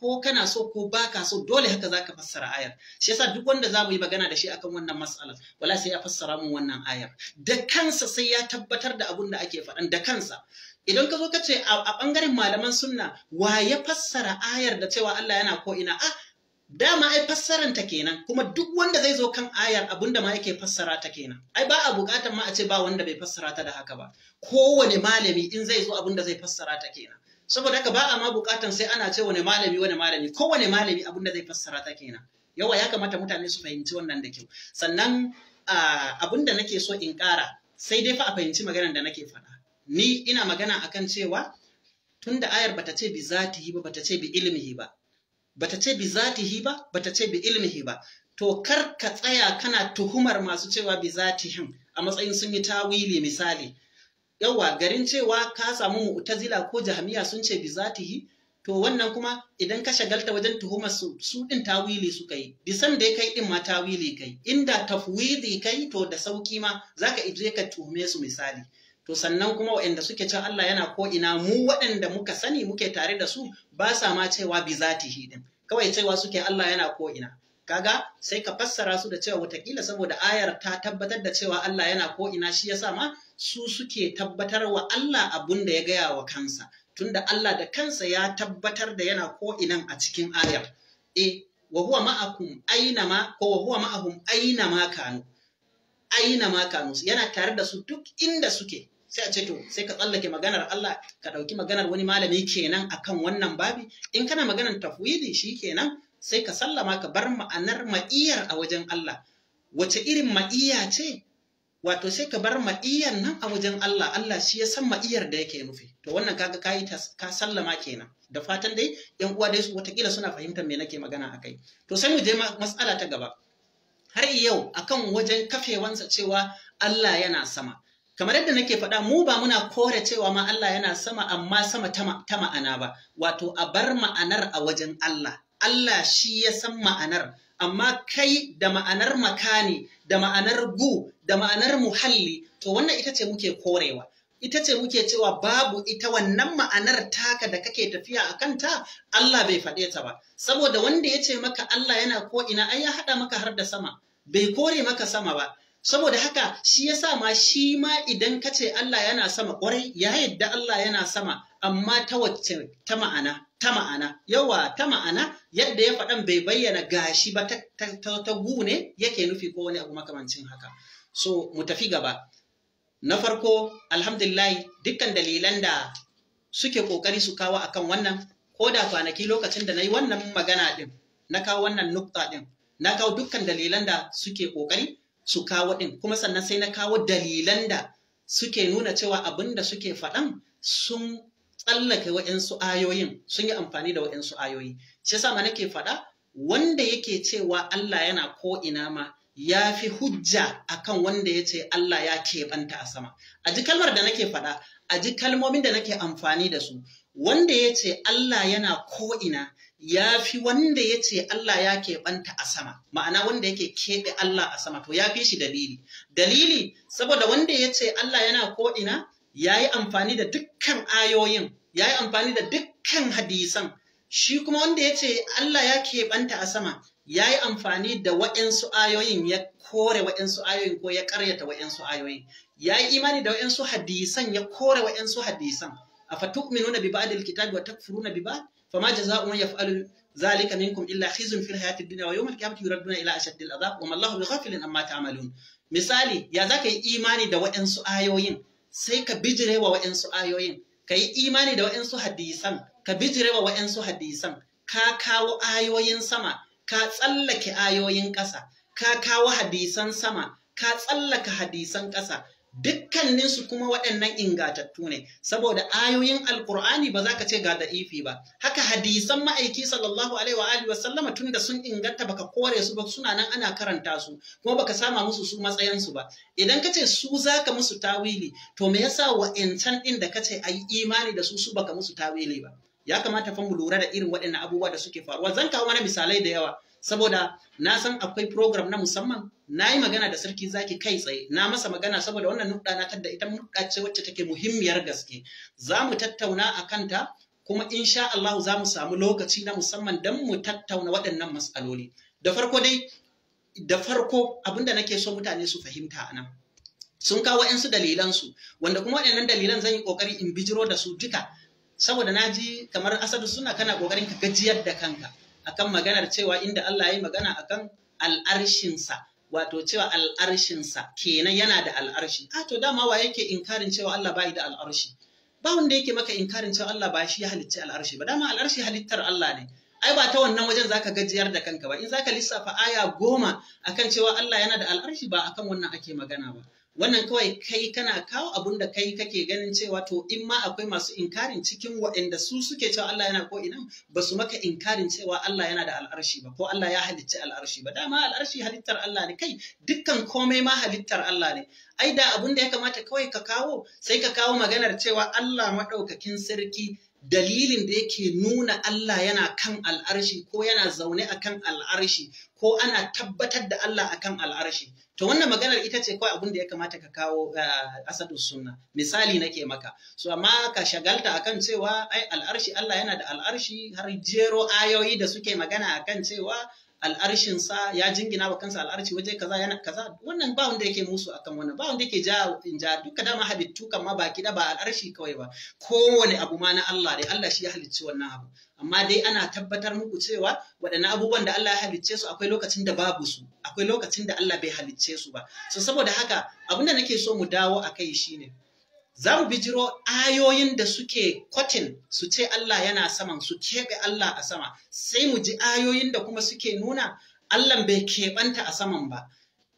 [SPEAKER 1] ko kana so ko ba ka so dole haka za ka fassara ayar shi yasa duk wanda za mu yi magana da shi akan wannan matsalar wala sai ya fassara mun wannan ayar da kansa sai ya tabbatar da abun da ake faɗan da kansa idan ka zo ka ce a ɓangaren malaman sunna wa ya fassara ayar da cewa Allah yana ko'ina a ah, dama ai fassaran ta kenan kuma duk wanda zai zo kan ayar abinda ma yake fassara ta kenan ai ba a ma a ce ba wanda bai fassara ta da haka ba kowane malami in zai zo abinda zai fassara ta kenan saboda haka ba a ma bukatan sai ana ce wani malami wani malami kowane malami abinda zai fassara ta kenan yawa ya kamata mutane su fahimci wannan da kyau sannan abinda nake so in kara sai dai fa a fahimci maganar da nake faɗa ni ina magana akan cewa tunda ayar bata ce bi zatihi ba bata ce bi ilmihi ba bata ce bi zatihi ba bata ce bi ilmihi ba to kar ka tsaya kana tuhumar masu cewa bi zatihin a matsayin sun yi tawili misali yawa garin cewa ka samu mu'tazila ko jahmiya sun ce bi zatihi to wannan kuma idan ka shagalta wajen tuhumar su su din tawili suka yi bisan da kai din ma tawili kai inda tafwidi kai to da sauki ma zaka ije ka tuhume su misali to sannan kuma waɗanda suke cin Allah yana ko ina mu waɗanda muka sani muke tare da su ba sa ma cewa bi ta hidin. kawai cewa suke Allah yana ko ina kaga sai ka fassara su da cewa watakila saboda ayar ta tabbatar da cewa Allah yana ko ina shi yasa ma su suke tabbatar wa Allah abun da ya gaya wa kansa tunda Allah da kansa ya tabbatar da yana ko inan a cikin ayar e wa huwa ma'akum aina ma ko wa huwa kanu aina ma kanu yana tare da su duk inda suke sai a ce to sai ka tsallake maganar Allah ka ɗauki maganar wani malami kenan akan wannan babi in kana maganar tafwidi shi kenan sai ka sallama ka bar ma'anar ma'iyar a wajen Allah wace irin ma'iya ce wato sai ka bar ma'iyar nan a wajen Allah Allah shi ya san ma'iyar da yake nufi to wannan kaga kayi ka sallama kenan da fatan dai yan uwa dai watakila suna fahimtar me nake magana akai to sai mu je matsala ta gaba har yau akan wajen kafewansa cewa Allah yana sama kamar yadda nake faɗa mu ba muna kore cewa ma Allah yana sama amma sama ta ma'ana ba wato a bar ma'anar a wajen Allah Allah shi ya san ma'anar amma kai da ma'anar makani da ma'anar gu da ma'anar muhalli to wannan ita ce muke korewa ita ce muke cewa babu ita wannan ma'anar taka da kake tafiya a kanta Allah bai faɗe ta ba saboda wanda ya ce maka Allah yana ko ina ai ya haɗa maka har da sama bai kore maka sama ba saboda haka shi ya sa ma shi ma idan ka ce Allah yana sama ƙwarai ya yadda Allah yana sama amma ta wacce ta ma'ana ta ma'ana yawa ta ma'ana yadda ya faɗan bai bayyana gashi ba ta, ta, gune yake nufi ko wani abu makamancin haka so mu tafi gaba na farko alhamdulillahi dukkan dalilan da suke ƙoƙari su kawo akan wannan ko da kwanaki lokacin da na yi wannan magana ɗin na kawo wannan nukta ɗin na kawo dukkan dalilan da suke ƙoƙari su kawo ɗin kuma sannan sai na kawo dalilan da suke nuna cewa abin da suke faɗan sun tsallake waɗansu ayoyin sun yi amfani da waɗansu ayoyi shi sama ma nake faɗa wanda yake cewa Allah yana ko'ina ma ya fi hujja akan wanda ya ce Allah ya keɓanta a sama a ji kalmar da nake faɗa a ji kalmomin da nake amfani da su wanda ya ce Allah yana ko ina ya fi wanda ya ce Allah ya keɓanta a sama, ma'ana wanda yake keɓe Allah a sama, to ya fi shi dalili. Dalili, saboda wanda ya ce Allah yana ko'ina, ya yi amfani da dukkan ayoyin, ya yi amfani da dukkan hadisan, shi kuma wanda ya ce Allah ya keɓanta a sama, ya yi amfani da waɗansu ayoyin ya kore waɗansu ayoyin ko ya karyata waɗansu ayoyin, ya yi imani da waɗansu hadisan ya kore waɗansu hadisan. A minuna bi ba'dil kitabi wa takfuruna bi ba'd fama jaza'u yafi yaf'alu zalika minkum illa khizyun fil hayatid dunya wa yawmal qiyamati yuradduna ila ashaddil azab wa ma Allahu bighafilin amma misali ya zaka yi imani da waɗansu ayoyin sai ka wa waɗansu ayoyin ka yi imani da waɗansu hadisan ka wa waɗansu hadisan ka kawo ayoyin sama ka tsallake ayoyin ƙasa ka kawo hadisan sama ka tsallaka hadisan ƙasa dukkaninsu kuma waɗannan ingatattu ne saboda ayoyin alkur'ani ba za ka ce ga da'ifi ba haka hadisan ma'aiki sallallahu alaihi wa alihi wasallama tunda sun inganta baka kore su ba suna nan ana karanta su kuma baka sama musu su matsayin su ba idan ka ce su zaka musu tawili to me yasa wa'ancan din da ka ce ayi imani da su su baka musu tawili ba ya kamata fa mu lura da irin waɗannan abubuwa da suke faruwa zan kawo mana misalai da yawa saboda na san akwai program na musamman na yi magana da sarki zaki kai tsaye na masa magana saboda wannan nuɗa na tadda ita nuɗa ce wacce take muhimmiyar gaske za mu tattauna a kanta kuma insha Allah za mu samu lokaci na musamman don mu tattauna waɗannan matsaloli da farko dai da farko abinda nake so mutane su fahimta a nan sun kawo 'yansu dalilansu wanda kuma waɗannan dalilan zan yi ƙoƙari in bijiro da su duka saboda na ji kamar asadu suna kana kokarin ka gajiyar da kanka akan maganar cewa inda Allah ya yi magana akan al'arshinsa wato cewa al'arshinsa kenan yana da al'arshi a ah, to dama wa yake inkarin cewa Allah bai da al'arshi ba wanda yake maka inkarin cewa Allah ba shi ya halicci al'arshi ba dama al'arshi halittar Allah ne ai ba ta wannan wajen zaka gajiyar da kanka ba in zaka lissafa aya goma akan cewa Allah yana da al'arshi ba akan wannan ake magana ba wannan kawai kai kana kawo abun da kai kake ganin cewa to in ma akwai masu inkarin cikin waɗanda su suke cewa Allah yana ko ina ba su maka inkarin cewa Allah yana da al'arshi ba ko Allah ya halicci al'arshi ba dama al'arshi halittar Allah ne kai dukkan komai ma halittar Allah ne ai da abun da ya kamata kawai ka kawo sai ka kawo maganar cewa Allah maɗaukakin sarki dalilin da yake nuna Allah yana kan al'arshi ko yana zaune a kan al'arshi ko ana tabbatar da Allah a kan al'arshi. To wannan maganar ita ce kawai abin da ya kamata ka kawo eh, asadun sunna. Misali nake maka. So amma ka shagalta a kan cewa ai al'arshi Allah yana da al'arshi har jero ayoyi da suke magana a kan cewa al'arshin sa ya jingina wa kansa al'arshi waje kaza yana kaza wannan ba wanda yake musu akan wannan ba wanda yake ja ja duka dama halittu kan ma baki da ba al'arshi kawai ba kowane abu ma na Allah dai Allah shi ya halicci wannan abu amma dai ana tabbatar muku cewa waɗannan abubuwan da Allah ya halicce su akwai lokacin da babu su akwai lokacin da Allah bai halicce su ba so saboda haka abinda nake so mu dawo akai shine za mu bijiro ayoyin da suke kwatin su ce Allah yana saman su keɓe Allah a sama sai mu ji ayoyin da kuma suke nuna Allah bai keɓanta a saman ba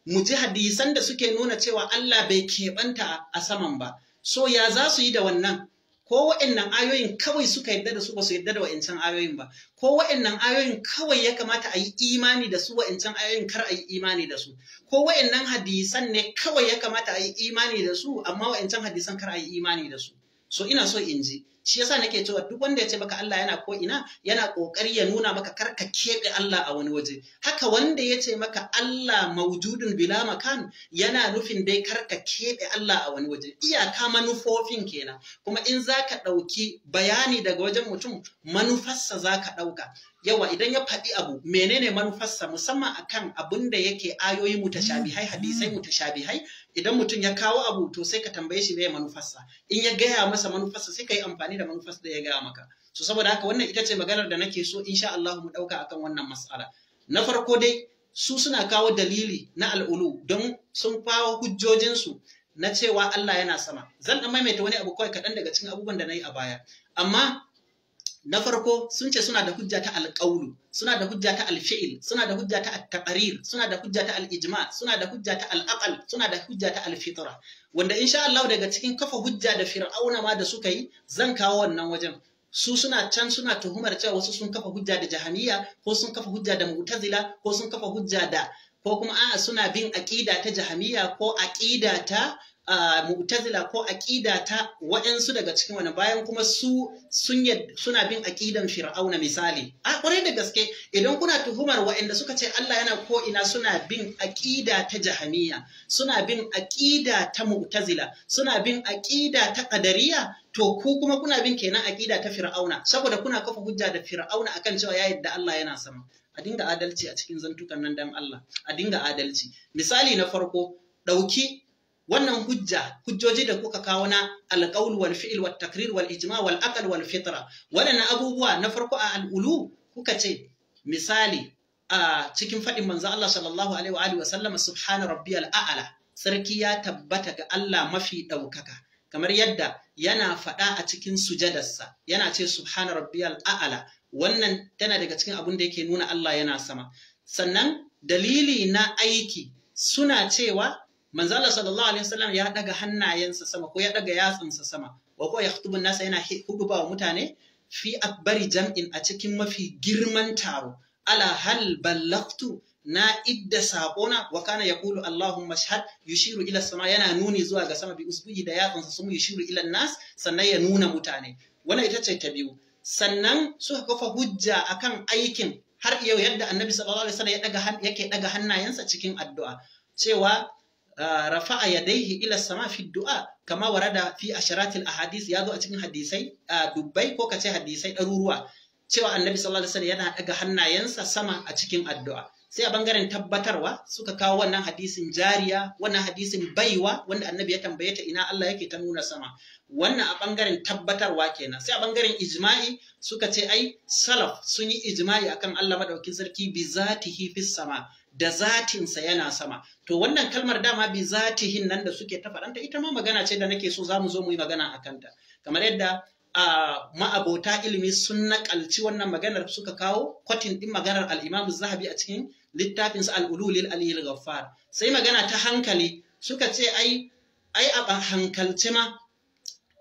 [SPEAKER 1] mu ji hadisan da suke nuna cewa Allah bai keɓanta a saman ba so ya za su yi da wannan ko wa'annan ayoyin kawai suka yadda da su ba su yadda da wa'ancan ayoyin ba ko wa'annan ayoyin kawai ya kamata a yi imani da su wa'ancan ayoyin kar a yi imani da su ko wa'annan hadisan ne kawai ya kamata a yi imani da su amma wa'ancan hadisan kar a yi imani da su so ina so in ji shi yasa nake cewa duk wanda ya ce maka Allah yana ko ina yana kokari ya nuna maka kar ka kebe Allah a wani waje haka wanda ya ce maka Allah mawjudun bila makan yana nufin dai kar ka kebe Allah a wani waje iyaka manufofin kenan kuma in zaka dauki bayani daga wajen mutum manufarsa zaka dauka yawa idan ya faɗi abu menene manufarsa musamman akan abin da yake ayoyi mutashabihai hadisai mutashabihai idan mutum ya kawo abu to sai ka tambaye shi me manufarsa in ya gaya masa manufarsa sai ka yi amfani da manufas da ya gaya maka so saboda haka wannan ita ce maganar da nake so insha Allah mu dauka akan wannan mas'ala na farko dai su suna kawo dalili na al'ulu don sun kawo hujjojinsu na cewa Allah yana sama zan dan maimaita wani abu kawai kaɗan daga cikin abubuwan da na yi a baya amma na farko sun ce suna da hujja ta alƙaulu suna da hujja ta alfi'il suna da hujja ta at suna da hujja ta al suna da hujja ta al suna da hujja ta al wanda insha Allah daga cikin kafa hujja da fir'auna ma da suka yi zan kawo wannan wajen su suna can suna tuhumar cewa wasu sun kafa hujja da jahaniya ko sun kafa hujja da mu'tazila ko sun kafa hujja da ko kuma a'a suna bin aƙida ta jahamiya ko aƙida ta mu'tazila ko aƙida ta wa'ansu daga cikin wani bayan kuma su suna bin aƙidan fir'auna misali a ƙwarai da gaske idan kuna tuhumar waɗanda suka ce Allah yana ko ina suna bin aƙida ta jahamiya suna bin aƙida ta mu'tazila suna bin aƙida ta ƙadariya to ku kuma kuna bin kenan aƙida ta fir'auna saboda kuna kafa hujja da fir'auna akan cewa ya yadda Allah yana sama a dinga adalci a cikin zantukan nan dan Allah a dinga adalci misali na farko ɗauki wannan hujja hujjoji da kuka kawo na alqaul wal fi'l wat takrir wal ijma wal aql wal fitra wannan abubuwa na farko a al'ulu kuka ce misali a cikin faɗin manzo Allah sallallahu alaihi wa alihi wa sallama subhana rabbiyal a'la sarki ya tabbata ga Allah mafi ɗaukaka kamar yadda yana faɗa a cikin sujadarsa yana ce subhana rabbiyal a'la wannan tana daga cikin abin da yake nuna Allah yana sama sannan dalili na aiki suna cewa manzala sallallahu alaihi wasallam ya daga hannayensa sama ko ya daga yatsunsa sama wa ko ya nasa yana huduba wa mutane fi akbari jam'in a cikin mafi girman taro ala hal ballaqtu na idda saƙona wa kana yaqulu Allahumma shahad yushiru ila sama yana nuni zuwa ga sama bi usbuhi da yatsunsa sun yushiru ila nas sannan ya nuna mutane wannan ita ce ta biyu sannan suka kafa hujja akan aikin har yau yadda Annabi sallallahu alaihi wasallam ya daga yake daga hannayensa cikin addu'a cewa rafa'a yadaihi ila sama fi du'a kama warada fi asharatil ahadis ya zo a cikin hadisai dubbai ko kace hadisai ɗaruruwa cewa annabi sallallahu alaihi wasallam yana daga hannayensa sama a cikin addu'a sai a bangaren tabbatarwa suka kawo wannan hadisin jariya wannan hadisin baiwa wanda annabi ya tambaye ta ina Allah yake ta nuna sama wannan a bangaren tabbatarwa kenan sai a bangaren ijma'i suka ce ai salaf sun yi ijma'i akan Allah madaukin sarki bi zatihi fis sama da zatinsa yana sama to wannan kalmar dama bi zatihin nan da suke ta faɗanta ita ma magana ce da nake so za mu zo mu yi magana a kanta kamar yadda a ma'abota ilimi sun naƙalci wannan maganar suka kawo kwatin ɗin maganar al'imamu zahabi a cikin littafinsa al'ululil aliyil ghaffar sai magana ta hankali suka ce ai a hankalce ma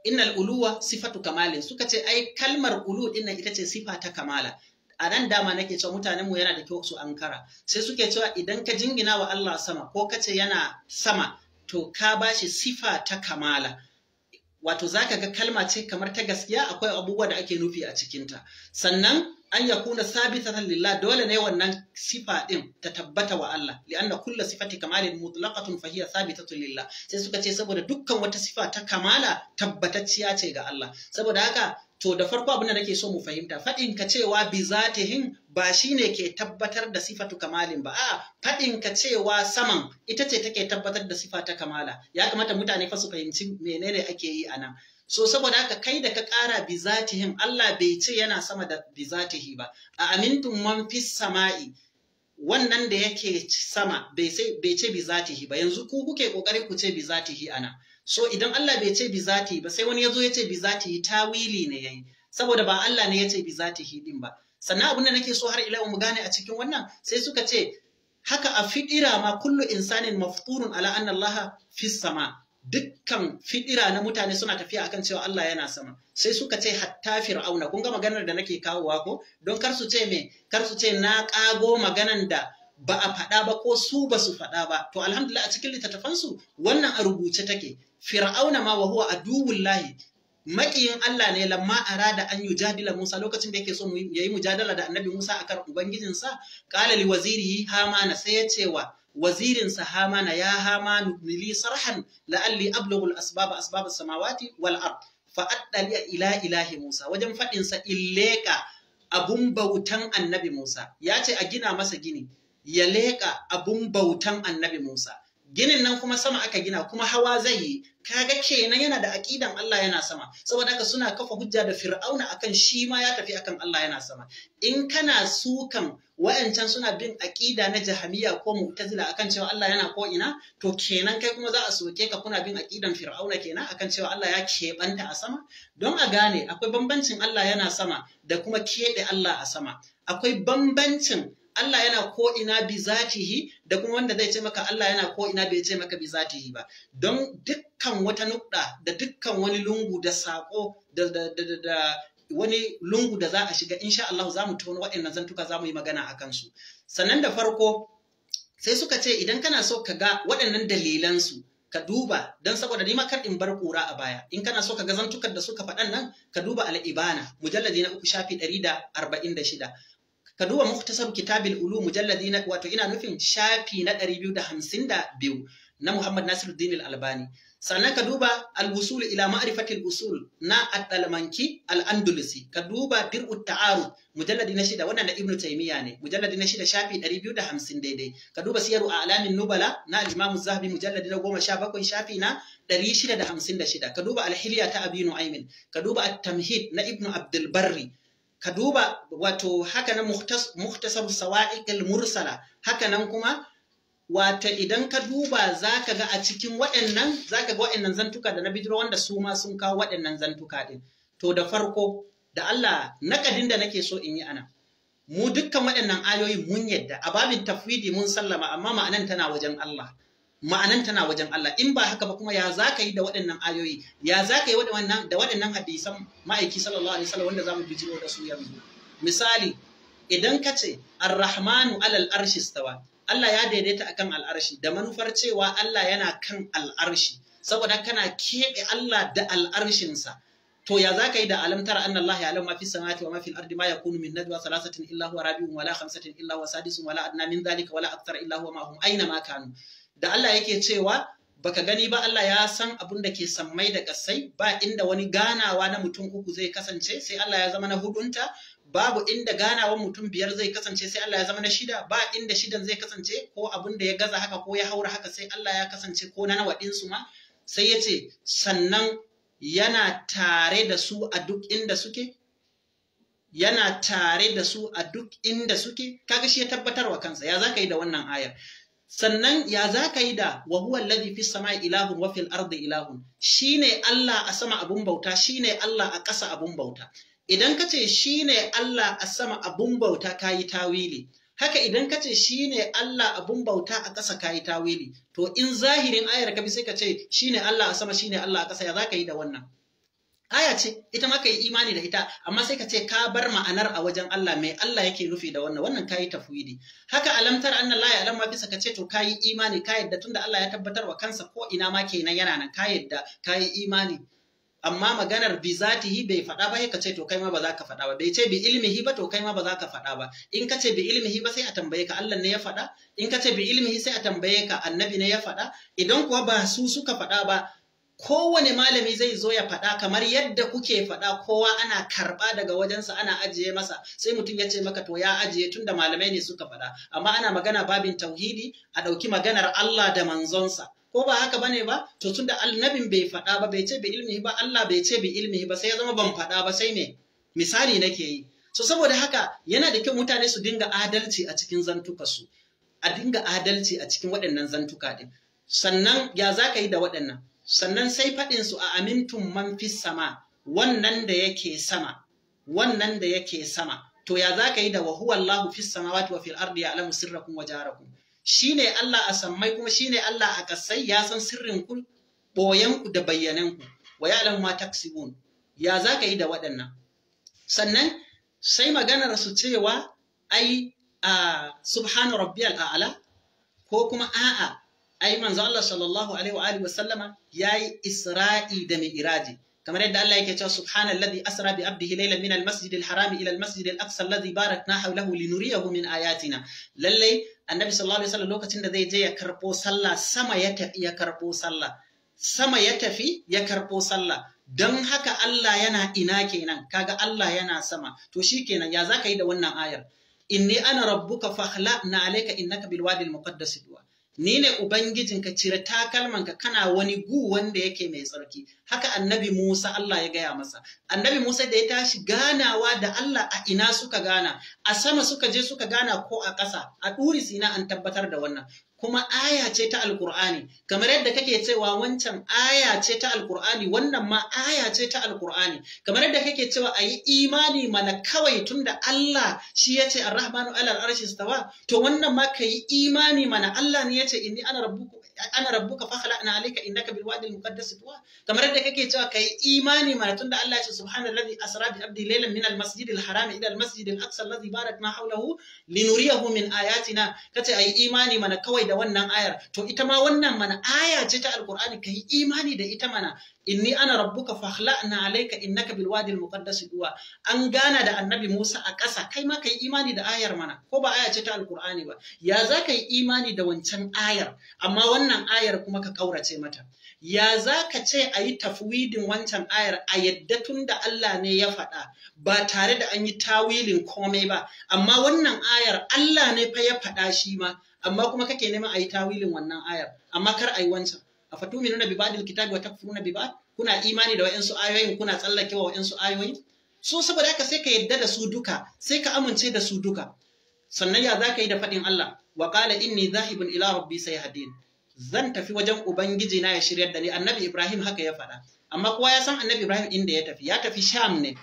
[SPEAKER 1] innal uluwa sifatu kamalin suka ce ai kalmar ulu ɗin ita ce sifa ta kamala a nan dama nake cewa mutanen mu yana da kyau su ankara sai suke cewa idan ka jingina wa Allah sama ko ka ce yana sama to ka bashi sifa ta kamala wato zaka ga kalma ce kamar ta gaskiya akwai abubuwa da ake nufi a cikinta sannan an ya kuna sabitatan lillah dole ne wannan sifa din ta tabbata wa Allah li'anna kulla sifati kamalin mutlaqatun fa hiya sabitatun lillah sai suka ce saboda dukkan wata sifa ta kamala tabbatacciya ce ga Allah saboda haka To da farko abin da nake so mu fahimta faɗin ka cewa bi zatihin ba shine ke tabbatar da sifatu kamalin ba a'a faɗin ka cewa saman ita ce take tabbatar da sifa ta kamala ya kamata mutane fa su fahimci menene ake yi anan so saboda haka kai da ka ƙara bi zatihin Allah bai ce yana sama da bi zatihi ba a amintun man fi sama'i wannan da yake sama bai ce bi zatihi ba yanzu ku kuke kokari ku ce bi zatihi anan so idan Allah bai ce bi ba sai wani ya zo ya ce bi zati tawili ne yayi saboda ba Allah ne ya ce bi zati din ba sannan abin da nake so har ila mu gane a cikin wannan sai suka ce haka a fidira ma kullu insanin mafturun ala anna Allah fi sama dukkan fidira na mutane suna tafiya akan cewa Allah yana sama sai suka ce hatta fir'auna kun ga maganar da nake kawowa ko don kar su ce me kar su ce na kago maganan da ba a faɗa ba ko su ba su faɗa ba to alhamdulillah a cikin littattafansu wannan a rubuce take fir'auna ma wa huwa lahi maƙiyin Allah ne lamma arada an yujadila Musa lokacin da yake so yayi mujadala da Annabi Musa akan ubangijin sa. qala li wazirihi hamana sai ya ce wa wazirinsa hamana ya hamanu nili sarhan la'alli ablughu al-asbaba asbab as-samawati wal ard fa addali ila ilahi Musa wajen fadin sa illeka abun bautan Annabi Musa ya ce a gina masa gini ya leka abun bautan Annabi Musa ginin nan kuma sama aka gina kuma hawa zai yi kaga kenan yana da aqidan Allah yana sama saboda haka suna kafa hujja da fir'auna akan shi ma ya tafi akan Allah yana sama in kana sukan wayancan suna bin aqida na jahamiya ko mu'tazila akan cewa Allah yana ko ina to kenan kai kuma za a soke ka kuna bin aqidan fir'auna kenan akan cewa Allah ya keɓanta a sama don a gane akwai bambancin Allah yana sama da kuma keɓe Allah a sama akwai bambancin Allah yana ko ina bi zatihi da kuma wanda zai ce maka Allah yana ko ina bai ce maka bi zatihi ba don dukkan wata nukda da dukkan wani lungu da sako da wani lungu da za a shiga insha Allah za mu tono waɗannan zantuka za mu yi magana a kansu sannan da farko sai suka ce idan kana so ka ga waɗannan dalilansu ka duba don saboda ni kar in bar kura a baya in kana so ka ga zantukan da suka faɗan nan ka duba al'ibana mujalladi na uku shafi ɗari da arba'in da shida ka duba muktasar kitabil ulu mujalladi na wato ina nufin shafi na 252 na Muhammad Nasiruddin Al-Albani sannan ka duba al-wusul ila ma'rifatil usul na al al-Andalusi ka duba dir'ut ta'arud mujalladi na shida wannan da Ibn Taymiyyah ne mujalladi na shida shafi 250 daidai ka duba siyaru a'lamin nubala na al-Imam zahabi mujalladi na 17 shafi na 656 ka duba al-hilya ta Abi aymin ka duba at-tamhid na Ibnu Abdul Barri ka duba wato haka nan muhtasar sawa'iqil mursala hakanan kuma wata idan ka duba za ka ga a cikin waɗannan za ga waɗannan zantuka da na bidiro wanda su ma sun kawo waɗannan zantuka ɗin to da farko da Allah naƙadin da nake so in yi ana mu dukkan waɗannan ayoyi mun yadda a babin tafwidi mun sallama amma ma'anan tana wajen Allah ma'anan tana wajen Allah in ba haka ba kuma ya za ka yi da waɗannan ayoyi ya za ka yi da waɗannan hadisan ma'aiki sallallahu alaihi wasallam wanda za mu bijiro da su yanzu misali idan ka ce arrahmanu alal arshi stawa Allah ya daidaita akan al'arshi da manufar cewa Allah yana kan al'arshi saboda kana keɓe Allah da al'arshinsa to ya zaka yi da alam tara anna Allah ya alama fi samawati wa ma fil ardi ma yakunu min najwa thalathatin illa huwa rabi'un wala khamsatin illa huwa sadisun wala adna min dhalika wala akthara illa huwa hum aina ma kanu da Allah yake cewa baka gani ba Allah ya san abun da ke sammai da kasai ba inda wani ganawa na mutum uku zai kasance sai Allah ya zama na hudunta babu inda ganawan mutum biyar zai kasance sai Allah ya zama na shida ba inda shidan zai kasance ko abin da ya gaza haka ko ya haura haka sai Allah ya kasance ko na nawa su ma sai ya ce sannan yana tare da su a duk inda suke yana tare da su a duk inda suke kaga shi ya tabbatarwa kansa ya zaka yi da wannan ayar sannan ya za ka yi da wa huwa alladhi fis sama'i ilahun wa fil ardi ilahun shine Allah a sama abun bauta shine Allah a ƙasa abun bauta idan ka ce shine Allah a sama abun bauta kayi tawili haka idan ka ce shine Allah abun bauta a ƙasa kayi tawili to in zahirin ayar ka bi sai ka ce shine Allah a sama shine Allah a ƙasa ya za ka yi da wannan aya ce ita ma yi imani da ita amma sai ka ce ka bar ma'anar a wajen Allah mai Allah yake nufi da wannan wannan kayi tafwidi haka alamtar anna la ya'lam ma bisa ka ce to kayi imani ka yadda tunda Allah ya tabbatar wa kansa ko ina ma kenan yana nan ka yadda kayi imani amma maganar bi zatihi bai faɗa ba ka ce to kai ma ba za ka faɗa ba bai ce bi ilmihi ba to kai ma ba za ka faɗa ba in ka ce bi ilmihi ba sai a tambaye ka Allah ne ya faɗa in ka ce bi ilmihi sai a tambaye ka annabi ne ya faɗa idan kuwa ba su suka faɗa ba kowane malami zai zo ya faɗa kamar yadda kuke faɗa kowa ana karɓa daga wajensa ana ajiye masa sai mutum ya ce maka to ya ajiye tunda malamai ne suka faɗa amma ana magana babin tauhidi a ɗauki maganar Allah da manzonsa ko ba haka bane ba to tunda annabin bai faɗa ba bai ce bi ilmihi ba Allah bai ce bi ilmihi ba sai ya zama ban faɗa ba sai me misali nake yi so saboda haka yana da kyau mutane su dinga adalci a cikin zantuka su, a dinga adalci a cikin waɗannan zantuka din sannan ya zaka yi da waɗannan sannan sai faɗinsu a amintun man sama wannan da yake sama wannan da yake sama to ya za ka yi da wa huwa Allahu fis samawati wa fil ardi ya'lamu sirrakum wa Shi shine Allah a sammai kuma shine Allah a kasai ya san sirrin ku boyen ku da bayyanan ku wa ya'lamu ma taksibun ya za ka yi da waɗannan sannan sai maganar su cewa ai a subhana rabbiyal a'la ko kuma a'a ai manzo Allah sallallahu alaihi wa alihi wa sallama yayi isra'i da mi'raji kamar yadda Allah yake cewa subhanalladhi asra bi abdihi laylan min al-masjid al-haram ila al-masjid al-aqsa alladhi barakna hawlahu linuriyahu min ayatina lalle annabi sallallahu alaihi wasallam lokacin da zai je ya karbo sallah sama ya tafi ya karbo sallah sama ya tafi ya karbo sallah don haka Allah yana ina kenan kaga Allah yana sama to shikenan ya zaka yi da wannan ayar inni ana rabbuka fakhla na alayka innaka bil wadi al muqaddas ni ne Ubangijin ka cire takalmanka kana wani gu wanda yake mai tsarki. Haka annabi Musa Allah ya gaya masa. Annabi Musa da ya tashi ganawa da Allah a ina suka gana, a sama suka je suka gana ko a ƙasa, a ɗuri sina an tabbatar da wannan. kuma aya ce ta alkur'ani kamar yadda kake cewa wancan aya ce ta alkur'ani wannan ma aya ce ta alkur'ani kamar yadda kake cewa a yi imani mana kawai tunda Allah shi ya ce arrahmanu alal arshi stawa to wannan ma ka yi imani mana Allah ne ya ce inni ana rabbuku ana rabbuka fakhla'na alayka innaka bil wadi al muqaddas tuwa kamar yadda kake cewa kai imani mana tunda Allah ya ce subhanallazi asra bi abdi laylan min al masjid al haram ila al masjid al aqsa alladhi barakna hawlahu linuriyahu min ayatina kace ai imani mana kawai da wannan ayar to ita ma wannan mana aya ce ta alqur'ani kai imani da ita mana inni ana rabbuka fakhla'na alayka innaka bil wadi al muqaddas duwa an gana da annabi Musa a ƙasa kai ma kai imani da ayar mana ko ba aya ce ta alqur'ani ba ya za ka yi imani da wancan ayar amma wannan ayar kuma ka kaurace mata ya za ka ce a yi tafwidin wancan ayar a yadda tun da Allah ne ya faɗa ba tare da an yi tawilin komai ba amma wannan ayar Allah ne fa ya faɗa shi ma amma kuma kake neman a yi tawilin wannan ayar amma kar a yi wancan nuna bi ba'dil kitabi wa takfuruna bi ba'd kuna imani da su ayoyin kuna tsallake wa su ayoyin so saboda haka sai ka yadda da su duka sai ka amince da su duka sannan ya zaka yi da faɗin Allah wa qala inni zahibun ila rabbi sayahdin zan tafi wajen ubangiji na ya shiryar da ni annabi Ibrahim haka ya faɗa amma kowa ya san annabi Ibrahim inda ya tafi ya tafi Sham ne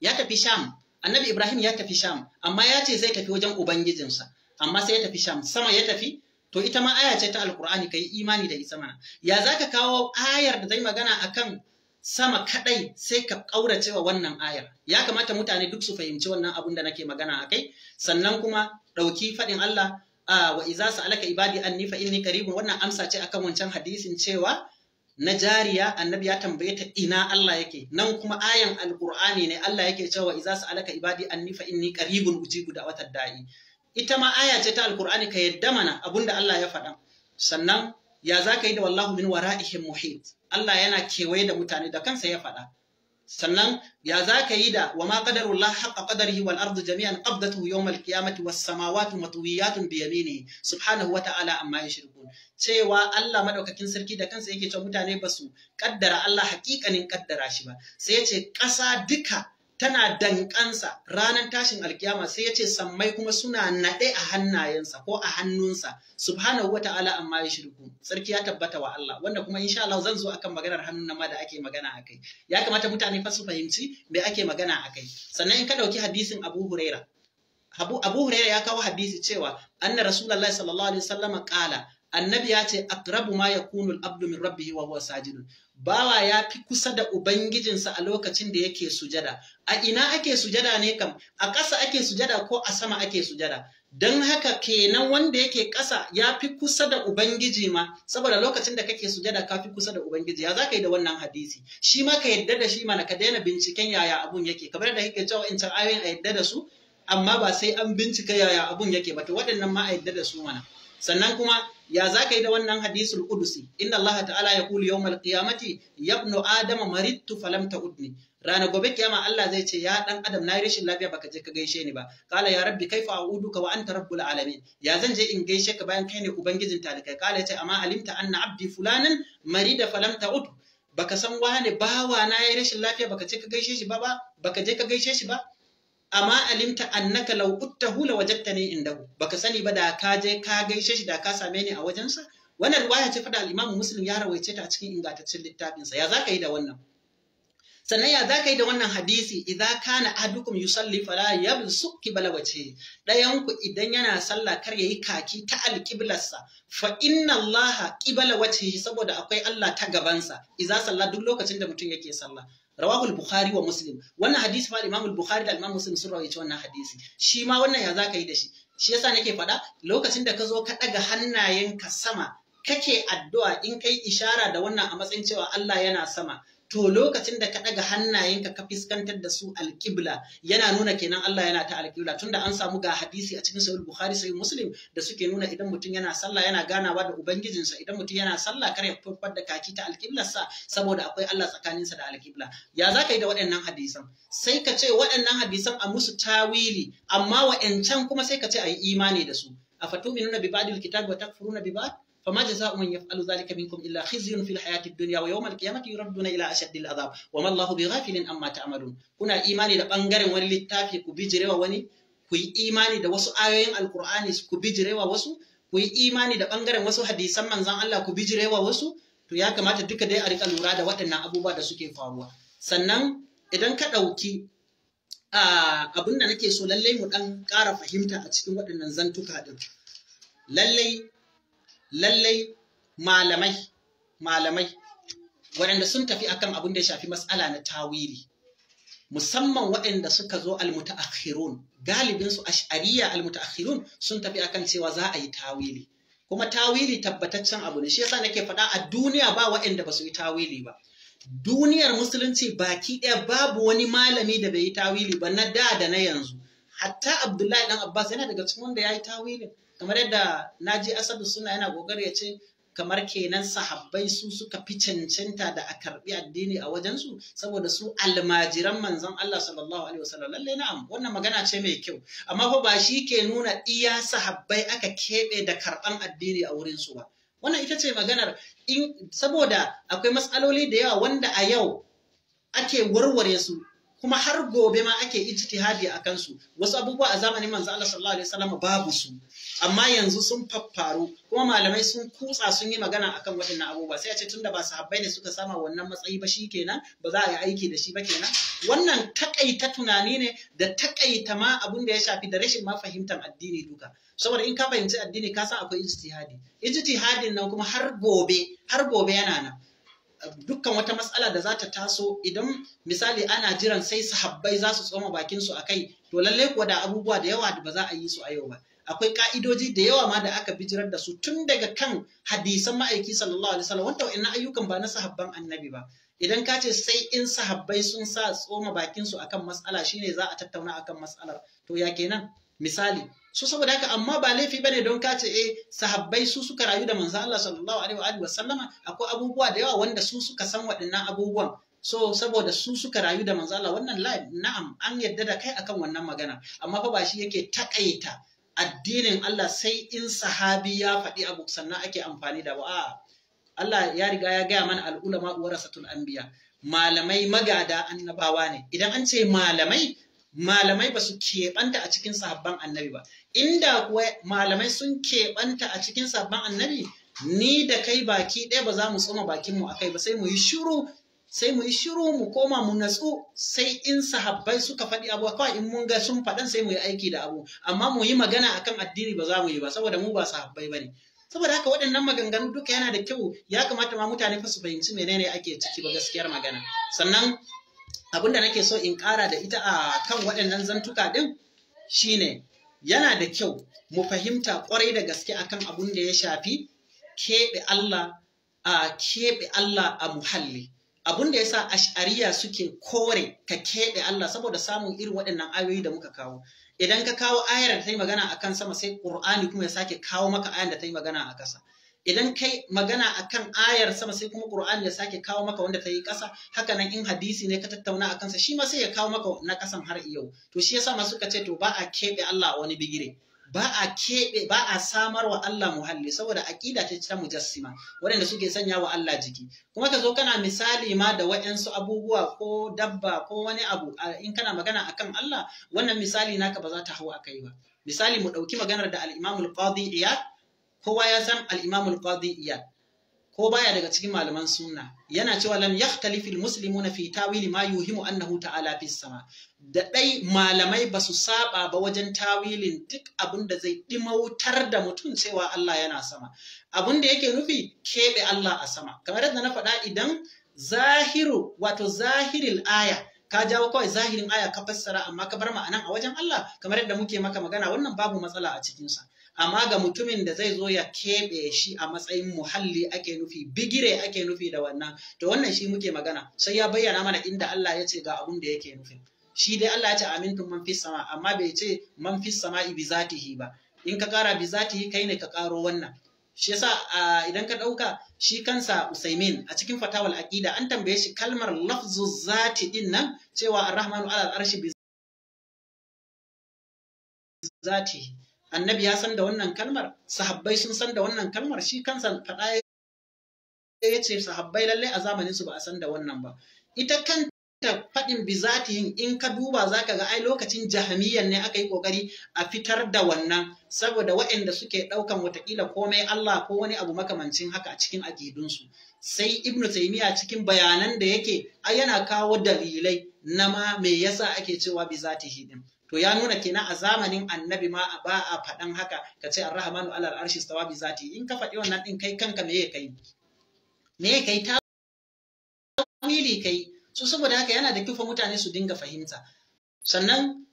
[SPEAKER 1] ya tafi Sham annabi Ibrahim ya tafi Sham amma ya ce zai tafi wajen ubangijinsa amma sai ya tafi Sham sama ya tafi to ita ma aya ce ta alkur'ani ka yi imani da ita mana ya za ka kawo ayar da zai magana a kan sama kaɗai sai ka ƙaurace wa wannan ayar ya kamata mutane duk su fahimci wannan abun da nake magana a kai sannan kuma ɗauki faɗin Allah ah, wa iza sa'alaka ibadi anni fa inni qaribun wannan amsa ce akan wancan hadisin cewa na jariya annabi ya tambaye ta ina Allah yake nan kuma ayan alqur'ani ne Allah yake cewa iza sa'alaka ibadi anni fa inni qaribun ujibu da'watad da'i ita ma aya ce ta alkur'ani ka yadda mana abinda Allah ya faɗa sannan ya za ka yi da wallahu min wara'ihim muhit Allah yana kewaye da mutane da kansa ya faɗa sannan ya za ka yi da wa ma qadarullah haqqa qadarihi wal ardu jami'an qabdatuhu yawmal qiyamati was samawati matwiyatun bi yaminihi subhanahu wa ta'ala amma yashrikun cewa Allah madaukakin sarki da kansa yake cewa mutane basu kaddara Allah hakikanin kaddara shi ba sai ya ce ƙasa duka tana dankansa ranar tashin alkiyama sai ya ce sammai kuma suna naɗe a hannayensa ko a hannunsa subhanahu wa ta'ala amma ya shirku sarki ya tabbata wa Allah wanda kuma insha Allah zan zo akan maganar hannun nama da ake magana akai ya kamata mutane fa su fahimci me ake magana akai sannan in ka dauki hadisin Abu Huraira Abu Huraira ya kawo hadisi cewa anna Rasulullahi sallallahu alaihi wasallam kala annabi ya ce aqrabu ma yakunu al-abdu min rabbihi wa huwa sajidun bawa ya fi kusa da ubangijinsa a lokacin da yake sujada a ina ake sujada ne kam a ƙasa ake sujada ko a sama ake sujada don haka kenan wanda yake ƙasa ya fi kusa da ubangiji ma saboda lokacin da kake sujada ka fi kusa da ubangiji ya za ka yi da wannan hadisi shi ma ka yadda da shi mana ka daina binciken yaya abun yake kamar da kake cewa in ayoyin a yadda da su amma ba sai an bincika yaya abun yake ba to waɗannan ma a yadda da su mana sannan kuma ya za ka yi da wannan hadisul kudusi inna Allah ta'ala ya kuli yawmal qiyamati ya adama maridtu falam ta'udni rana gobe kiyama Allah zai ce ya dan adam na rashin lafiya baka je ka gaishe ni ba kala ya rabbi kaifa a'uduka wa anta rabbul alamin ya zan je in gaishe ka bayan kai ne ubangijin talikai kala ya ce amma alimta anna abdi fulanin? marida falam ta'ud baka san wane bawa na yayi rashin lafiya baka je ka ba baka je ka gaishe shi ba amma alimta annaka law uttahu la wajadtani indahu baka sani ba da ka je ka gaishe shi da ka same ni a wajensa wannan riwaya ce fada al-Imam Muslim ya rawaice ta a cikin ingantaccen littafinsa ya zaka yi da wannan sannan ya zaka yi da wannan hadisi idza kana ahdukum yusalli fala yabsu qibla wajhi dayan ku idan yana sallah kar yayi kaki ta alqiblarsa fa inna Allah qibla wajhi saboda akwai Allah ta gabansa idza sallah duk lokacin da mutum yake sallah rawahu al-bukhari wa muslim wannan hadisi ma imam al-bukhari da imam muslim sun rawaita wannan hadisi shi ma wannan ya zaka yi da shi shi yasa nake faɗa lokacin da ka zo ka ɗaga hannayenka sama kake addu'a in kai ishara da wannan a matsayin cewa Allah yana sama to lokacin da ka ɗaga hannayenka ka fiskantar da su alƙibla yana nuna kenan Allah yana ta alƙibla tunda an samu ga hadisi a cikin sahih bukhari sahih muslim da suke nuna idan mutum yana sallah yana ganawa da ubangijinsa idan mutum yana sallah kar ya furfar da kaki ta sa, saboda akwai Allah tsakaninsa da alƙibla ya za ka yi da waɗannan hadisan sai ka ce waɗannan hadisan a musu tawili amma wa'ancan kuma sai ka ce a yi imani da su a fatuminuna bi ba'dil kitab wa takfuruna bi ba'd فما جزاء من يفعل ذلك منكم إلا خزي في الحياة الدنيا ويوم القيامة يردون إلى أشد العذاب وما الله بغافل أما تعملون kuna إيماني da bangaren wani littafi ku bijirewa wani ku yi imani da wasu ayoyin alkur'ani ku bijirewa wasu ku yi imani da bangaren wasu hadisan manzan Allah ku bijirewa wasu to ya kamata duka dai a rika lura da waɗannan abubuwa da suke faruwa sannan idan ka ɗauki abin da nake so lallai mu ɗan ƙara fahimta a cikin waɗannan zantuka ɗin lallai lallai malamai malamai waɗanda sun tafi akan abin da ya shafi matsala na tawili musamman waɗanda suka zo almutaakhirun galibin su ash'ariya almutaakhirun sun tafi akan cewa za a yi tawili kuma tawili tabbataccen abu ne shi yasa nake faɗa a duniya ba waɗanda ba su yi tawili ba duniyar musulunci baki ɗaya babu wani malami da bai yi tawili ba na da da na yanzu hatta abdullahi dan abbas yana daga cikin wanda ya yi tawilin kamar yadda na ji asadu suna yana kokari ya ce kamar kenan sahabbai su suka fi cancanta da a karbi addini a wajen su. saboda su almajiran manzon Allah sallallahu alaihi wasallam lalle na'am wannan magana ce mai kyau amma fa ba shi ke nuna iya sahabbai aka kebe da karban addini a wurin su ba wannan ita ce maganar in saboda akwai matsaloli da yawa wanda a yau ake warware su kuma har gobe ma ake ijtihadi a kansu wasu abubuwa a zamanin manzo Allah sallallahu alaihi wasallam babu su amma yanzu sun faffaru kuma malamai sun kutsa sun yi magana akan wadannan abubuwa sai a ce tunda ba sahabbai ne suka sama wannan matsayi ba shi kenan ba za a yi aiki da shi ba kenan wannan takaita tunani ne da takaita ma abun da ya shafi da rashin ma fahimtar addini duka saboda in ka fahimci addini ka san akwai ijtihadi ijtihadin nan kuma har gobe har gobe yana nan dukkan wata matsala da za ta taso idan misali ana jiran sai sahabbai za su tsoma bakin su akai to lalle kuwa da abubuwa da yawa da ba za a yi su a yau ba akwai ka'idoji da yawa ma da aka bijirar da su tun daga kan hadisan ma'aiki sallallahu alaihi wasallam wanda wa'annan ayyukan ba na sahabban annabi ba idan ka ce sai in sahabbai sun sa tsoma bakin su akan matsala shine za a tattauna akan matsalar to ya kenan misali so saboda haka amma ba laifi bane don ka ce eh sahabbai su suka rayu da manzo Allah sallallahu alaihi wa sallama akwai abubuwa da yawa wanda su suka san waɗannan abubuwan so saboda su suka rayu da manzo Allah wannan live na'am an yadda da kai akan wannan magana amma fa ba shi yake takaita addinin Allah sai in sahabi ya faɗi abu sannan ake amfani da ba Allah ya riga ya gaya mana al'ulama warasatul anbiya malamai magada annabawa ne idan an ce malamai malamai ba su keɓanta a cikin sahaban annabi ba inda kuwa malamai sun keɓanta a cikin sahabban annabi ni da kai baki ɗaya ba za mu tsoma bakinmu a kai ba sai mu yi shiru sai mu yi shiru mu koma mu natsu sai in sahabbai suka faɗi abu kawai in mun ga sun faɗan sai mu yi aiki da abu amma mu yi magana akan addini ba za mu yi ba saboda mu ba sahabbai ne. saboda haka waɗannan maganganu duka yana da kyau ya kamata ma mutane fa su fahimci menene ake ciki ba gaskiyar magana sannan Abin da nake so in ƙara da ita a kan waɗannan zantuka ɗin shine yana da kyau mu fahimta ƙwarai da gaske akan abin da ya shafi keɓe Allah a keɓe Allah a muhalli abin da yasa ash'ariya suke kore ka keɓe Allah saboda samun irin waɗannan ayoyi da muka kawo idan ka kawo ayar da ta yi magana a kan sama sai ƙur'ani kuma ya sake kawo maka ayar da ta yi magana a ƙasa idan kai magana akan ayar sama sai kuma Qur'ani ya sake kawo maka wanda ta yi ƙasa haka nan in hadisi ne ka tattauna a kansa shi ma sai ya kawo maka na ƙasan har yau to shi yasa masu kace ce to ba a keɓe Allah wani bigire ba a keɓe ba a samar wa Allah muhalli saboda aƙida ta ta mujassima waɗanda suke sanya wa Allah jiki kuma ka zo kana misali ma da waɗansu abubuwa ko dabba ko wani abu in kana magana akan Allah wannan misali naka ba za ta hau kai ba misali mu ɗauki maganar da al-Imam al-Qadi kowa ya san al'imamul imam al ko baya daga cikin malaman sunna yana cewa lam yakhtalifu al-muslimuna fi tawili ma yuhimu annahu ta'ala fis sama da dai malamai ba su saba ba wajen tawilin duk abin da zai dimautar da mutum cewa Allah yana sama abin da yake nufi kebe Allah a sama kamar yadda na faɗa idan zahiru wato zahiril aya ka jawo kawai zahirin aya ka fassara amma ka bar ma'anan a wajen Allah kamar yadda muke maka magana wannan babu matsala a cikinsa amma ga mutumin da zai zo ya keɓe shi a matsayin muhalli ake nufi bigire ake nufi da wannan to wannan shi muke magana sai ya bayyana mana inda Allah ya ce ga abun da yake nufi shi dai Allah ya ce amintun man fis sama amma bai ce man fis sama bi zatihi ba in ka kara bi zatihi kai ne ka karo wannan shi yasa idan ka ɗauka shi kansa Usaimin a cikin fatawal aqida an tambaye shi kalmar lafzu zati din nan cewa arrahmanu rahmanu ala al-arshi bi zatihi annabi ya san da wannan kalmar sahabbai sun san da wannan kalmar shi kansa faɗa ya ce sahabbai lallai a zamanin su ba a san da wannan ba ita kanta faɗin bizatihin in ka duba za ka ga ai lokacin jahamiyyar ne aka yi ƙoƙari a fitar da wannan saboda waɗanda suke ɗaukan watakila komai Allah ko wani abu makamancin haka a cikin aƙidunsu sai ibnu taimiya cikin bayanan da yake ai yana kawo dalilai na ma me yasa ake cewa bizatihi din to ya nuna kenan a zamanin annabi ma ba a faɗan haka ka ce arrahmanu alal arshi stawa bi zati in ka faɗi wannan din kai kanka me ya kai me ya kai tawili kai so saboda haka yana da kifa mutane su dinga fahimta sannan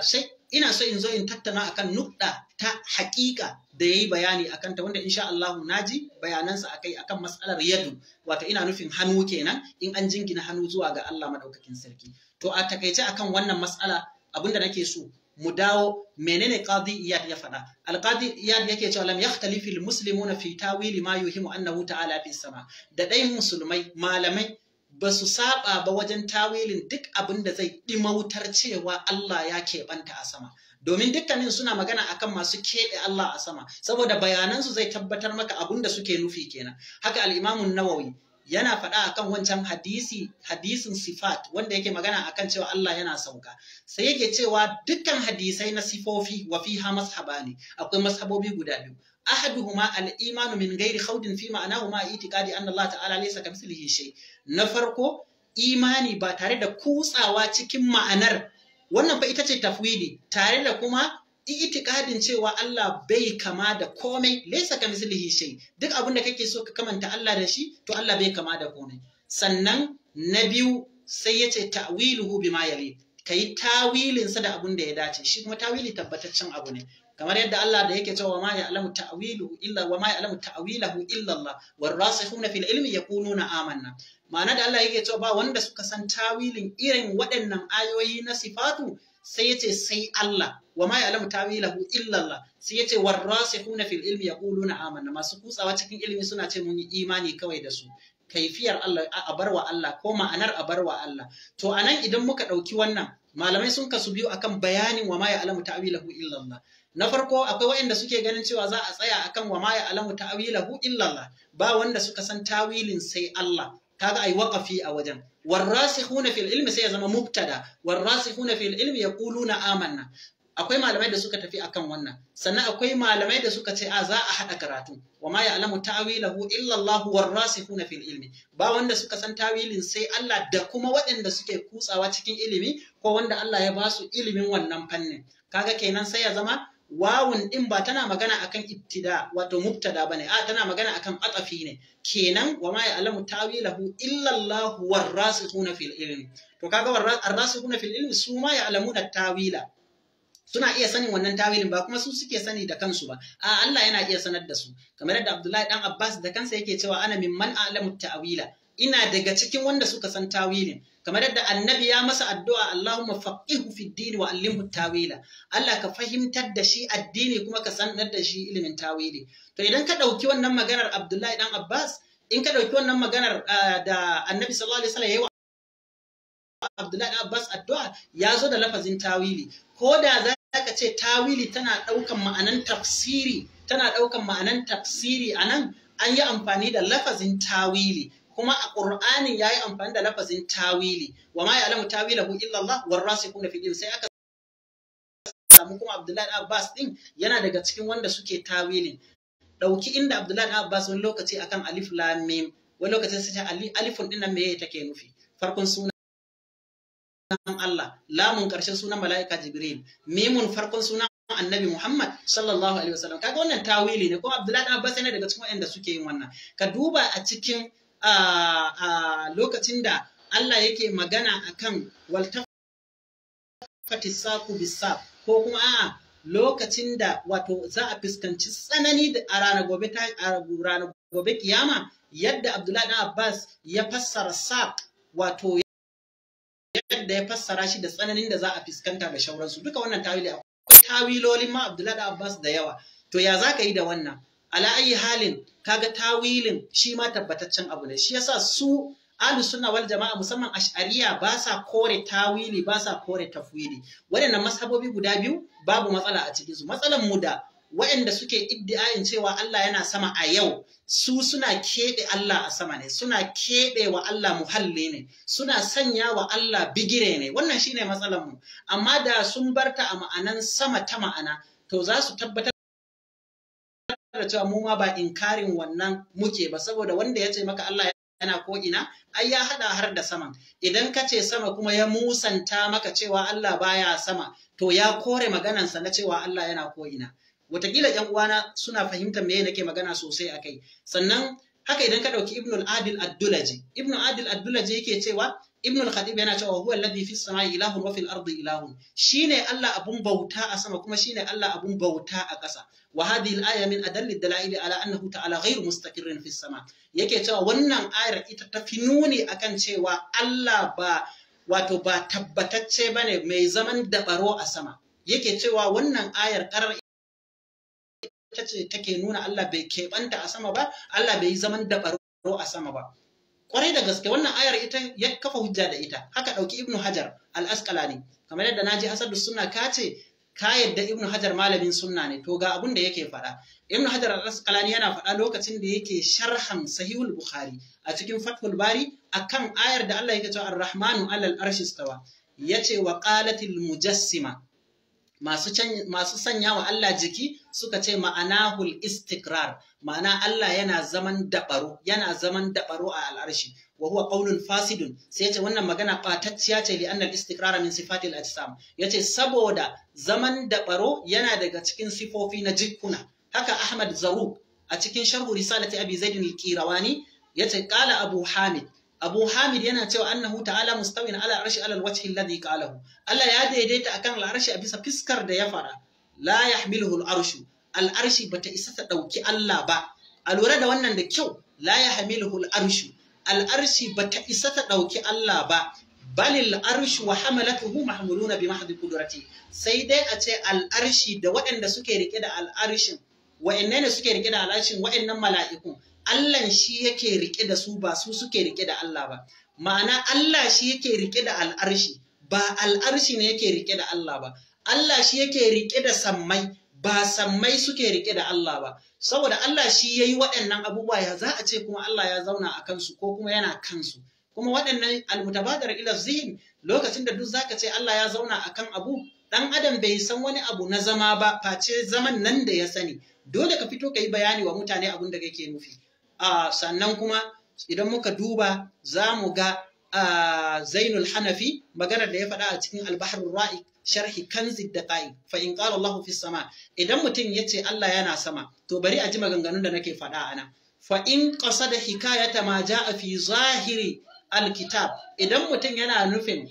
[SPEAKER 1] sai ina so in zo in tattauna akan nukta ta haƙiƙa da yayi bayani a kanta wanda insha Allahu naji bayanansa a kai akan matsalar yadu wato ina nufin hannu kenan in an jingina hannu zuwa ga Allah madaukakin sarki to a takaice akan wannan matsala abinda nake so mu dawo menene qadi iyad ya faɗa qadi iyad yake cewa lam yakhtalifu muslimuna fi tawili ma yuhimu annahu ta'ala fi sama da dai musulmai malamai ba su saba ba wajen tawilin duk abinda da zai ɗimautar cewa Allah ya keɓanta a sama domin dukkanin suna magana akan masu keɓe Allah a sama saboda bayanansu zai tabbatar maka abinda suke nufi kenan haka al-Imam nawawi yana faɗa akan wancan hadisi hadisin sifat wanda yake magana akan cewa Allah yana sauka sai yake cewa dukkan hadisai na sifofi wa fiha mashabani akwai mashabobi guda biyu ahaduhuma al-imanu min gairi? khawdin fi ma'ana, ma itiqadi anna Allah ta'ala laysa kamithlihi shay na farko imani ba tare da kutsawa cikin ma'anar wannan fa ita ce tafwidi tare da kuma itikadin cewa Allah bai kama da komai ka kamislihi shay duk abin da kake so ka kamanta Allah da shi to Allah bai kama da komai sannan na biyu sai yace ta'wiluhu bima yali kai tawilin sa da abin da ya dace shi kuma tawili tabbataccen abu ne kamar yadda Allah da yake cewa ma ya'lamu ta'wiluhu illa wa ma ya'lamu ta'wilahu illa Allah warasikhuna fil ilmi yaquluna amanna ma'ana da Allah yake cewa ba wanda suka san tawilin irin waɗannan ayoyi na sifatu sai yace sai Allah wa ma ya'lamu ta'wilahu illa Allah sai yace warasikhuna fil ilmi na amanna masu kutsawa cikin ilimi suna ce mun yi imani kawai da su kaifiyar Allah a barwa Allah ko ma'anar a barwa Allah to anan idan muka ɗauki wannan malamai sun kasu biyu akan bayanin wa ma ya'lamu ta'wilahu illa Allah na farko akwai waɗanda suke ganin cewa za a tsaya akan wa ma ya'lamu ta'wilahu illa Allah ba wanda suka san tawilin sai Allah kaga ai waqafi a wajen warrasikhuna fil ilmi sai ya zama mubtada warrasikhuna ya kulu na amana. akwai malamai da suka tafi akan wannan sannan akwai malamai da suka ce a za a haɗa karatu wa ma ya'lamu ta'wilahu illa Allah warrasikhuna fil ilmi ba wanda suka san tawilin sai Allah da kuma waɗanda suke kutsawa cikin ilimi ko wanda Allah ya ba su ilimin wannan fannin kaga kenan sai ya zama wawun din ba tana magana akan ibtida wato mubtada bane a tana magana akan atafi ne kenan wa ma ya'lamu tawilahu illa Allah rasikhuna fil ilm to kaga rasikhuna fil ilm su ma ya'lamuna tawila suna iya sanin wannan tawilin ba kuma su suke sani da kansu ba a Allah yana iya sanar da su kamar yadda Abdullahi dan Abbas da kansa yake cewa ana mimman a'lamu ta'wila ina daga cikin wanda suka san tawilin kamar yadda annabi ya masa addu'a Allahumma faqihu fi ddin wa allimhu tawila Allah ka fahimtar da shi addini kuma ka sanar da shi ilimin tawili to idan ka dauki wannan maganar Abdullahi dan Abbas in ka dauki wannan maganar ah, da annabi sallallahu alaihi wasallam yayi Abdullahi dan Abbas addu'a ya zo da lafazin tawili ko da zaka ce tawili tana daukan ma'anan tafsiri tana daukan ma'anan tafsiri anan an yi amfani da lafazin tawili kuma a ya yi amfani da lafazin tawili wa ma ya'lamu tawilahu illallah Allah warasikuna fil ilm sai aka samu kuma Abdullahi Abbas din yana daga cikin wanda suke tawilin dauki inda Abdullahi Abbas wani lokaci akan alif lam mim wani lokaci sai ta alifun din nan me take nufi farkon suna Allah lamun karshen sunan mala'ika Jibril mimun farkon sunan annabi Muhammad sallallahu alaihi wasallam kaga wannan tawili ne ko Abdullahi Abbas yana daga cikin wanda suke yin wannan ka duba a cikin a lokacin da Allah yake magana a kan saku bisa ko kuma a lokacin da wato za a fuskanci tsanani a ranar gobe gobe kiyama yadda Abdullahi dan Abbas ya fassara saq wato yadda ya fassara shi da tsananin da za a fuskanta da shauransu duka wannan tawili akwai tawilolin ma Abdullahi dan Abbas da yawa to ya za ka yi da wannan ala ayi halin kaga tawilin shi ma tabbataccen abu ne shi yasa su ahlus sunna wal jama'a musamman ash'ariya ba sa kore tawili ba sa kore tafwili waɗannan masabobi guda biyu babu matsala a cikin su matsalan mu da waɗanda suke iddi'ayin cewa Allah yana sama a yau su suna keɓe Allah a sama ne suna keɓe wa Allah muhalli ne suna sanya wa Allah bigire ne wannan shine matsalan mu amma da sun barta a ma'anan sama ta ma'ana to za su tabbatar da cewa mu ma ba inkarin wannan muke ba saboda wanda ya ce maka Allah yana ko ina ai ya hada har da sama. idan ka ce sama kuma ya musanta maka cewa Allah baya sama to ya kore maganansa na cewa Allah yana ko ina watakila yan uwana suna fahimta me nake magana sosai akai sannan haka idan ka ɗauki Ibnul adil ad-Dulaji adil ad yake cewa ibnul khatib yana cewa huwa alladhi fis samai ilahun wa fil ardi ilahun shine Allah abun bauta a sama kuma shine Allah abun bauta a ƙasa wa hadhihi al-aya min adalli dalail ala annahu ta'ala ghayru mustaqirrin fis sama yake cewa wannan ayar ita ta fi nuni akan cewa Allah ba wato ba tabbatacce bane mai zaman dabaro a sama yake cewa wannan ayar karar ita ce take nuna Allah bai keɓanta a sama ba Allah bai yi zaman dabaro a sama ba kwarai da gaske wannan ayar ita ya kafa hujja da ita haka ɗauki ibnu hajar al-asqalani kamar yadda naji asadu sunna ka ce ka yadda ibnu hajar malamin sunna ne to ga abin da yake faɗa ibnu hajar al-asqalani yana faɗa lokacin da yake sharhan sahihul bukhari a cikin fathul bari akan ayar da Allah yake cewa ar-rahmanu alal arshi yace wa qalatil mujassima masu sanya wa Allah jiki suka ce ma'anahul istikrar ma'ana Allah yana zaman dabaro yana zaman dabaro a al'arshi wa huwa qaulun fasidun sai yace wannan magana batacciya ce li annal istikrar min sifatil ajsam yace saboda zaman dabaro yana daga cikin sifofi na jikkuna haka Ahmad Zaruq a cikin sharhu risalati Abi Zaid al-Qirawani yace qala Abu Hamid Abu Hamid yana cewa annahu ta'ala mustawin ala arshi ala alwajhi alladhi Allah ya daidaita akan al'arshi a bisa fiskar da ya fara la yahmiluhu al'arshu al'arshi bata isa ta dauki Allah ba a lura da wannan da kyau la yahmiluhu al'arshu al'arshi bata isa ta dauki Allah ba balil arshu wa hamalatuhu mahmuluna bi mahdi qudrati sai dai a ce al'arshi da waɗanda suke rike da al'arshin wa'anne suke rike da al'arshin wa'annan mala'ikun Allah shi yake rike da su ba su suke rike da Allah ba ma'ana Allah shi yake riƙe da al'arshi ba al'arshi ne yake riƙe da Allah ba Allah shi yake riƙe da sammai ba sammai suke riƙe da Allah ba saboda Allah shi ya yi waɗannan abubuwa ya za a ce kuma Allah ya zauna a kansu ko kuma yana kansu kuma waɗannan almutabadir ila zihin lokacin da duk zaka ce Allah ya zauna a kan abu ɗan adam bai san wani abu na zama ba face zaman nan da ya sani dole ka fito ka yi bayani wa mutane abun da kake nufi sannan kuma idan muka duba za mu ga zainul hanafi maganar da ya faɗa a cikin albaharul Ra'i sharhi kan da ƙa'i fa in qala sama idan mutum ya ce Allah yana sama to bari a ji maganganun da nake faɗa ana fa in da hikayata ma ja a fi zahiri alkitab idan mutum yana nufin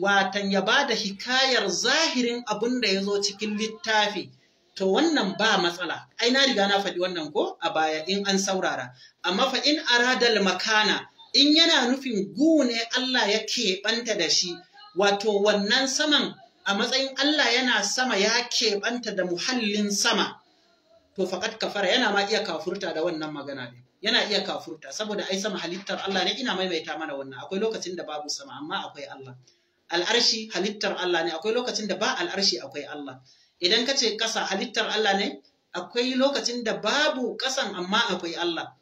[SPEAKER 1] watan ya ba da hikayar zahirin abin da ya zo cikin littafi to wannan ba matsala ai na riga na faɗi wannan ko a baya in an saurara amma fa in aradal makana in yana nufin gu ne Allah ya keɓanta da shi wato wannan saman a matsayin Allah yana sama ya keɓanta da muhallin sama to faqat kafara yana ma iya kafurta da wannan magana ne yana iya kafurta saboda ai sama halittar Allah ne ina maimaita mana wannan akwai lokacin da babu sama amma akwai Allah al'arshi halittar Allah ne akwai lokacin da ba al'arshi akwai Allah idan ka ce ƙasa halittar Allah ne akwai lokacin da babu ƙasan amma akwai Allah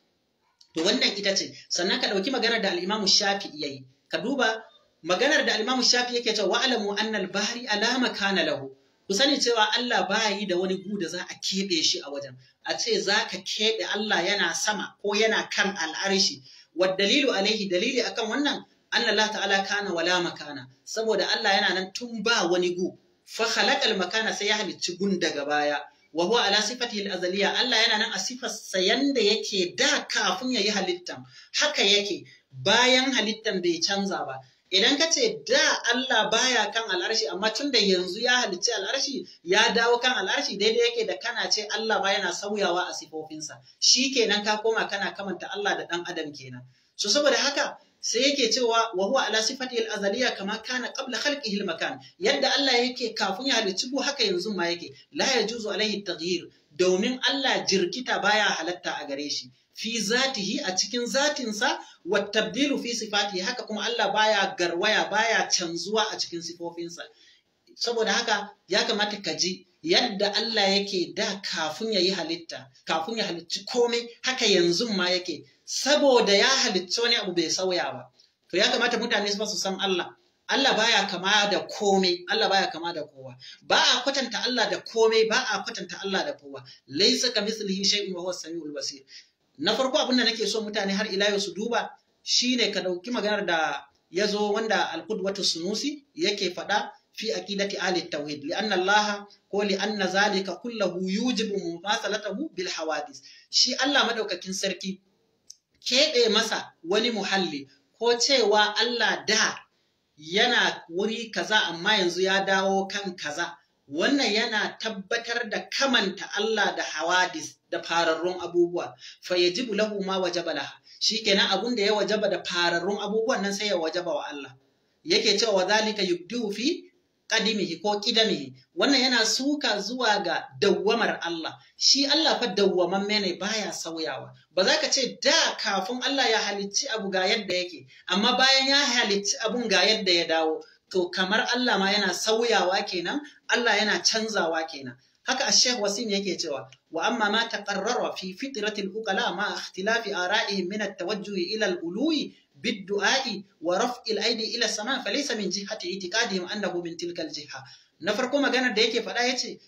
[SPEAKER 1] to wannan ita ce sannan ka ɗauki maganar da al'imamu shafi yayi ka duba maganar da al'imamu shafi yake cewa wa'alamu annal bahari alama kana lahu ku sani cewa Allah ba yi da wani gu da za a keɓe shi a wajen a ce za ka keɓe Allah yana sama ko yana kan al'arshi wa dalilu alaihi dalili akan wannan an Allah ta'ala kana wala makana saboda Allah yana nan tun ba wani gu fa المكان makana sai ya halicci gun daga baya الازليه الله azaliya Allah yana nan a sifar sa yanda yake da kafin yayi halittan haka yake bayan halittan bai canza ba idan ka ce da Allah baya kan al'arshi amma tun da yanzu ya halicci al'arshi ya dawo kan al'arshi daidai yake da kana ce Allah ba yana sauyawa a sifofinsa shi kenan ka koma kana kamanta Allah da ɗan adam kenan so saboda haka sai yake cewa wa huwa ala sifati al-azaliyya kama kana qabla khalqihi al-makan yadda Allah yake kafin ya halicci ko haka yanzu ma yake la yajuzu alaihi taghyir domin Allah jirkita baya halatta a gare shi fi zatihi a cikin zatinsa wa tabdilu fi sifatihi haka kuma Allah baya garwaya baya canzuwa a cikin sifofinsa saboda haka ya kamata ka ji yadda Allah yake da kafin ya yi halitta kafin ya halicci komai haka yanzu ma yake saboda ya halicci wani abu bai sauya ba to ya kamata mutane su su san Allah Allah baya kama da komai Allah baya kama da kowa ba a kwatanta Allah da komai ba a kwatanta Allah da kowa ka mislihi shay'un wa huwa samiul basir na farko abin da nake so mutane har ila yau su duba shine ka dauki maganar da ya zo wanda alqudwatu sunusi yake faɗa fi aqidati ahli tauhid li anna Allah ko li anna zalika kullahu yujibu mufasalatahu bil hawadis shi Allah madaukakin sarki keɓe masa wani muhalli ko cewa Allah da yana wuri kaza amma yanzu ya dawo kan kaza wannan yana tabbatar da kamanta Allah da hawadis da fararrun abubuwa fa yajibu lahu ma wajaba laha kenan abun da ya wajaba da fararrun abubuwan nan sai ya wajaba wa Allah yake cewa wadhalika yubdiu fi qadimihi ko qidamihi wannan yana suka zuwa ga dawwamar Allah shi Allah fa dawwamamme ne baya sauyawa ba za ka ce da kafin Allah ya halicci abu ga yadda yake amma bayan ya halicci abun ga yadda ya dawo to kamar Allah ma yana sauyawa kenan Allah yana canzawa kenan haka a Sheikh Wasim yake cewa wa amma ma taqarrara fi fitratil ukala ma ikhtilafi ara'ihim min tawajjuhi tawajjuh ila al-ului bid-du'a'i wa raf'il aidi ila sama falaysa min jihati itiqadihim annahu min tilka al-jiha na farko maganar da yake faɗa yace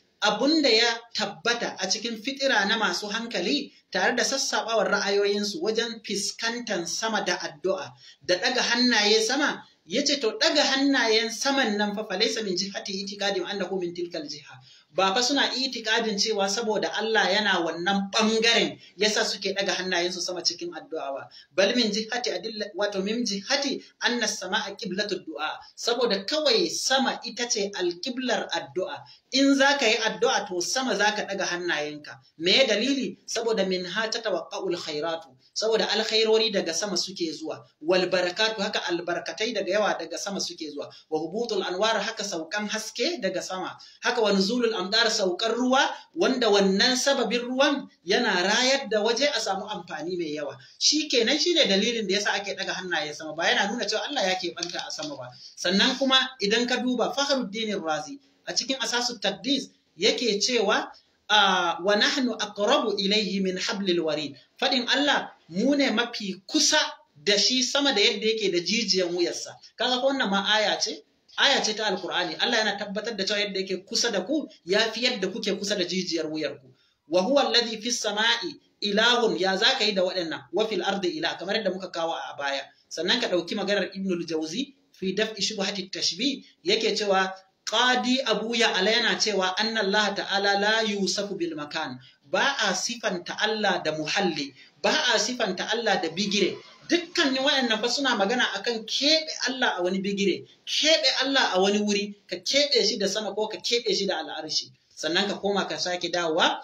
[SPEAKER 1] da ya tabbata a cikin fitira na masu hankali tare da sassaɓawar ra'ayoyinsu wajen fiskantan sama da addu'a da ɗaga hannaye sama Ya ce to ɗaga hannayen saman nan fa fa laysa min jihati itiqadin annahu min tilkal jiha ba fa suna itikadin cewa saboda Allah yana wannan bangaren yasa suke daga su sama cikin addu'a ba bal min jihati adilla wato min jihati anna samaa ta du'a saboda kawai sama ita ce alqiblar addu'a in zaka yi addu'a to sama zaka daga hannayenka me dalili saboda min ha ta tawaqqa'ul khairatu saboda alkhairori daga sama suke zuwa wal barakatu haka albarkatai daga yawa daga sama suke zuwa wa hubutul anwar haka saukan haske daga sama haka wa nuzulul amdar saukan ruwa wanda wannan sababin ruwan yana rayar da waje a samu amfani mai yawa shi kenan shi ne dalilin da yasa ake daga hannaye sama ba yana nuna cewa Allah ya banta a sama ba sannan kuma idan ka duba Fakhruddin Razi a cikin Asasu Taqdis yake cewa ah, wa nahnu aqrabu ilayhi min hablil warid fadin Allah mu ne mafi kusa da shi sama da yadda yake da jijiyan wuyarsa kaga ko wannan ma aya ce aya ce ta alkur'ani Allah yana tabbatar da cewa yadda yake kusa da ku ya fi yadda kuke kusa da jijiyar wuyarku wa huwa alladhi fis sama'i ilahun ya zaka yi da waɗannan wa fil ardi ila kamar yadda muka kawo a baya sannan ka ɗauki maganar ibnul jawzi fi daf'i shubhati tashbih yake cewa qadi abu ya ala yana cewa anna ta'ala la yusafu bil makan ba a sifanta Allah da muhalli ba a sifanta Allah da bigire dukkanin wayannan fa suna magana akan keɓe Allah a wani bigire keɓe Allah a wani wuri ka keɓe shi da sama ko ka keɓe shi da al'arshi sannan ka koma ka sake dawowa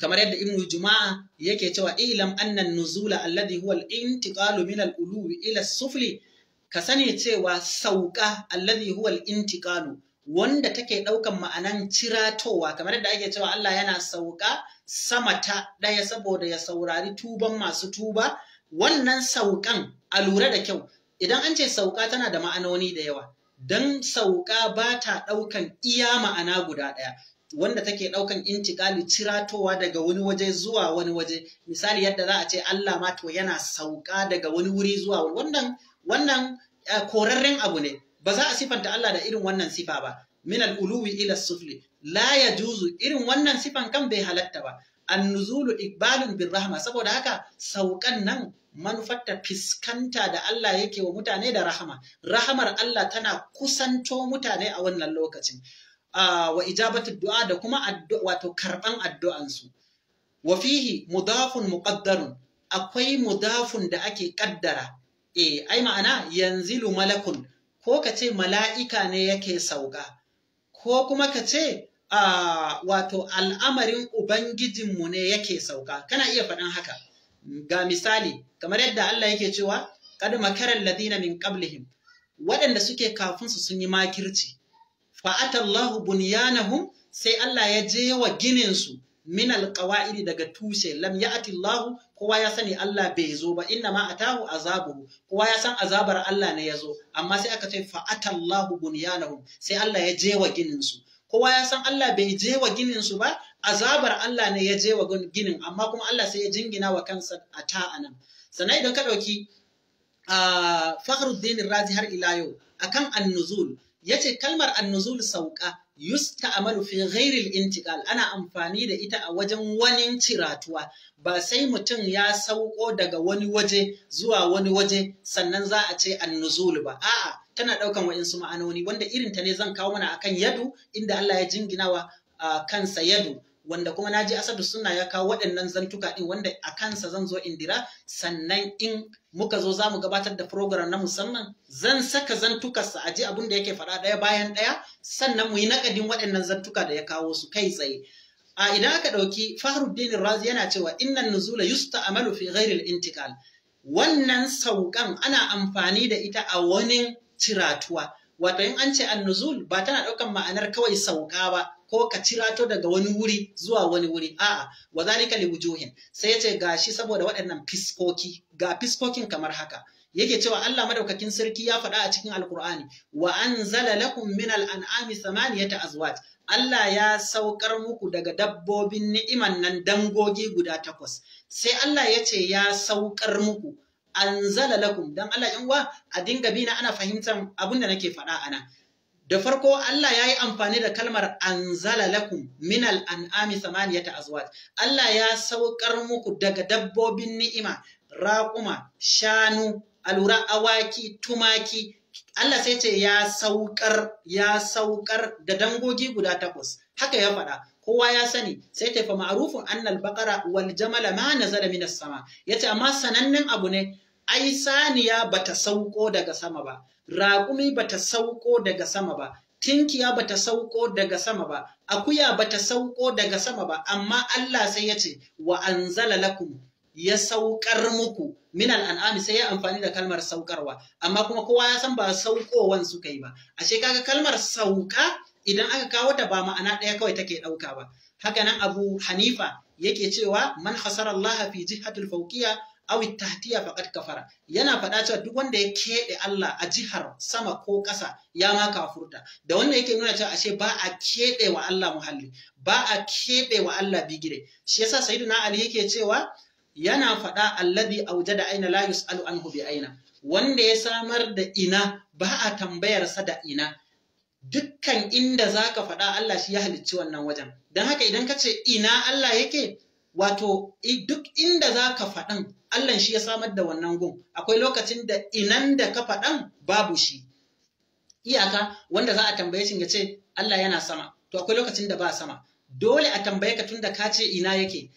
[SPEAKER 1] kamar yadda ibnu juma'a yake cewa ilam annan nuzula alladhi huwa al-intiqalu min al-uluwi ila sufli ka sani cewa sauka alladhi huwa al-intiqalu wanda take ɗaukan ma'anan ciratowa kamar yadda ake cewa Allah yana sauka sama ta ɗaya saboda ya saurari tuban masu tuba wannan saukan a lura da kyau idan an ce sauka tana da ma'anoni da yawa don sauka ba ta ɗaukan iya ma'ana guda ɗaya wanda take ɗaukan intikali ciratowa daga wani waje zuwa wani waje misali yadda za a ce Allah ma to yana sauka daga wani wuri zuwa wannan wannan eh, korarren abu ne ba za a sifanta Allah da irin wannan sifa ba min al-uluwi ila sufli la yajuzu irin wannan sifan kan bai halatta ba an-nuzulu iqbalun bir rahma saboda haka saukan nan manufarta fiskanta da Allah yake wa mutane da rahama rahamar Allah tana kusanto mutane a wannan lokacin wa ijabatu du'a da kuma wato karban addu'ansu wa fihi mudafun muqaddarun akwai mudafun da ake kaddara eh ai ma'ana yanzilu malakun ko ka ce mala'ika ne yake sauka, ko kuma ka ce wato al'amarin Ubangijinmu ne yake sauka, kana iya faɗin haka. Ga misali, kamar yadda Allah yake cewa, kad makarar ladina min ƙablihim waɗanda suke kafinsu sun yi makirci, fa'atallahu bunyanahum sai Allah ya je wa ginin su min alƙawa'iri daga tushe, lam ya'atillahu kowa ya sani Allah bai zo ba inna ma atahu azabu kowa ya san azabar Allah ne ya zo amma sai aka ce fa atallahu bunyanahum sai Allah ya je wa ginin su kowa ya san Allah bai je wa ginin su ba azabar Allah ne ya je wa ginin amma kuma Allah sai ya jingina wa kansa a ta anan sannan idan ka dauki Fakhruddin Razi har ila yau akan annuzul yace kalmar annuzul sauka yusta'malu fi ghairil intiqal ana amfani da ita a wajen wani ciratuwa ba sai mutum ya sauko daga wani waje zuwa wani waje sannan za a ce an-nuzul ba a'a tana daukan wa'insu ma'anoni wanda irin ta ne zan kawo mana akan yadu inda Allah ya jinginawa kansa yadu wanda kuma naji asabu suna ya kawo waɗannan zantuka ɗin wanda a kansa zan zo indira sannan in muka zo zamu gabatar da program na musamman zan saka zantukarsa a ji abin da yake faɗa ɗaya bayan ɗaya sannan mu yi naƙadin waɗannan zantuka da ya kawo su kai tsaye a idan aka ɗauki Fahruddin Razi yana cewa innan nuzula yusta'malu fi ghairi intikal wannan saukan ana amfani da ita a wani ciratuwa wato in an ce annuzul ba tana ɗaukan ma'anar kawai sauka ba ko ka cirato daga wani wuri zuwa wani wuri a'a wa zalika li wujuhin sai yace gashi saboda waɗannan fiskoki ga fiskokin kamar haka yake cewa Allah madaukakin sarki ya faɗa a cikin alkur'ani wa anzala lakum minal an'ami thamaniyata azwaj Allah ya saukar muku daga dabbobin ni'iman nan dangogi guda takwas sai Allah yace ya saukar muku anzala lakum dan Allah yan uwa a dinga bina ana fahimtar abin da nake faɗa ana da farko Allah ya yi amfani da kalmar anzala lakum minal an'ami samaniyata azwaj Allah ya saukar muku daga dabbobin ni'ima raƙuma shanu alura awaki tumaki Allah sai ce ya saukar ya saukar da dangogi guda takwas haka ya faɗa kowa ya sani sai ta fa ma'rufun annal baqara wal jamala ma nazala minas sama yace amma sanannen abu ne ai saniya bata sauko daga sama ba raƙumi ta sauko daga sama ba tinkiya ta sauko daga sama ba akuya ba ta sauko daga sama ba amma Allah sai ya ce wa an lakum ya saukar muku minal an'ami sai ya amfani da kalmar saukarwa amma kuma kowa ya san ba saukowan suka yi ba ashe kaga kalmar sauka idan aka kawo ta ba ma'ana ɗaya kawai take ɗauka ba haka nan Abu Hanifa yake cewa man khasara Allah fi jihatil fawqiyya awi tahtiya faqad kafara yana faɗa cewa duk wanda ya keɓe Allah a jihar sama ko ƙasa ya ma kafurta da wannan yake nuna cewa ashe ba a keɓe wa Allah muhalli ba a keɓe wa Allah bigire shi yasa sayyiduna Ali yake cewa yana faɗa alladhi awjada aina la yusalu anhu bi aina wanda ya samar da ina ba a tambayarsa da ina dukkan inda zaka faɗa Allah shi ya halicci wannan wajen dan haka idan ka ce ina Allah yake wato duk inda zaka faɗan Allah shi ya samar da wannan gun akwai lokacin da inan da ka faɗan babu shi iyaka wanda za a tambaye shi ya ce Allah yana sama to akwai lokacin da ba sama dole a tambaye ka tunda ka ce ina yake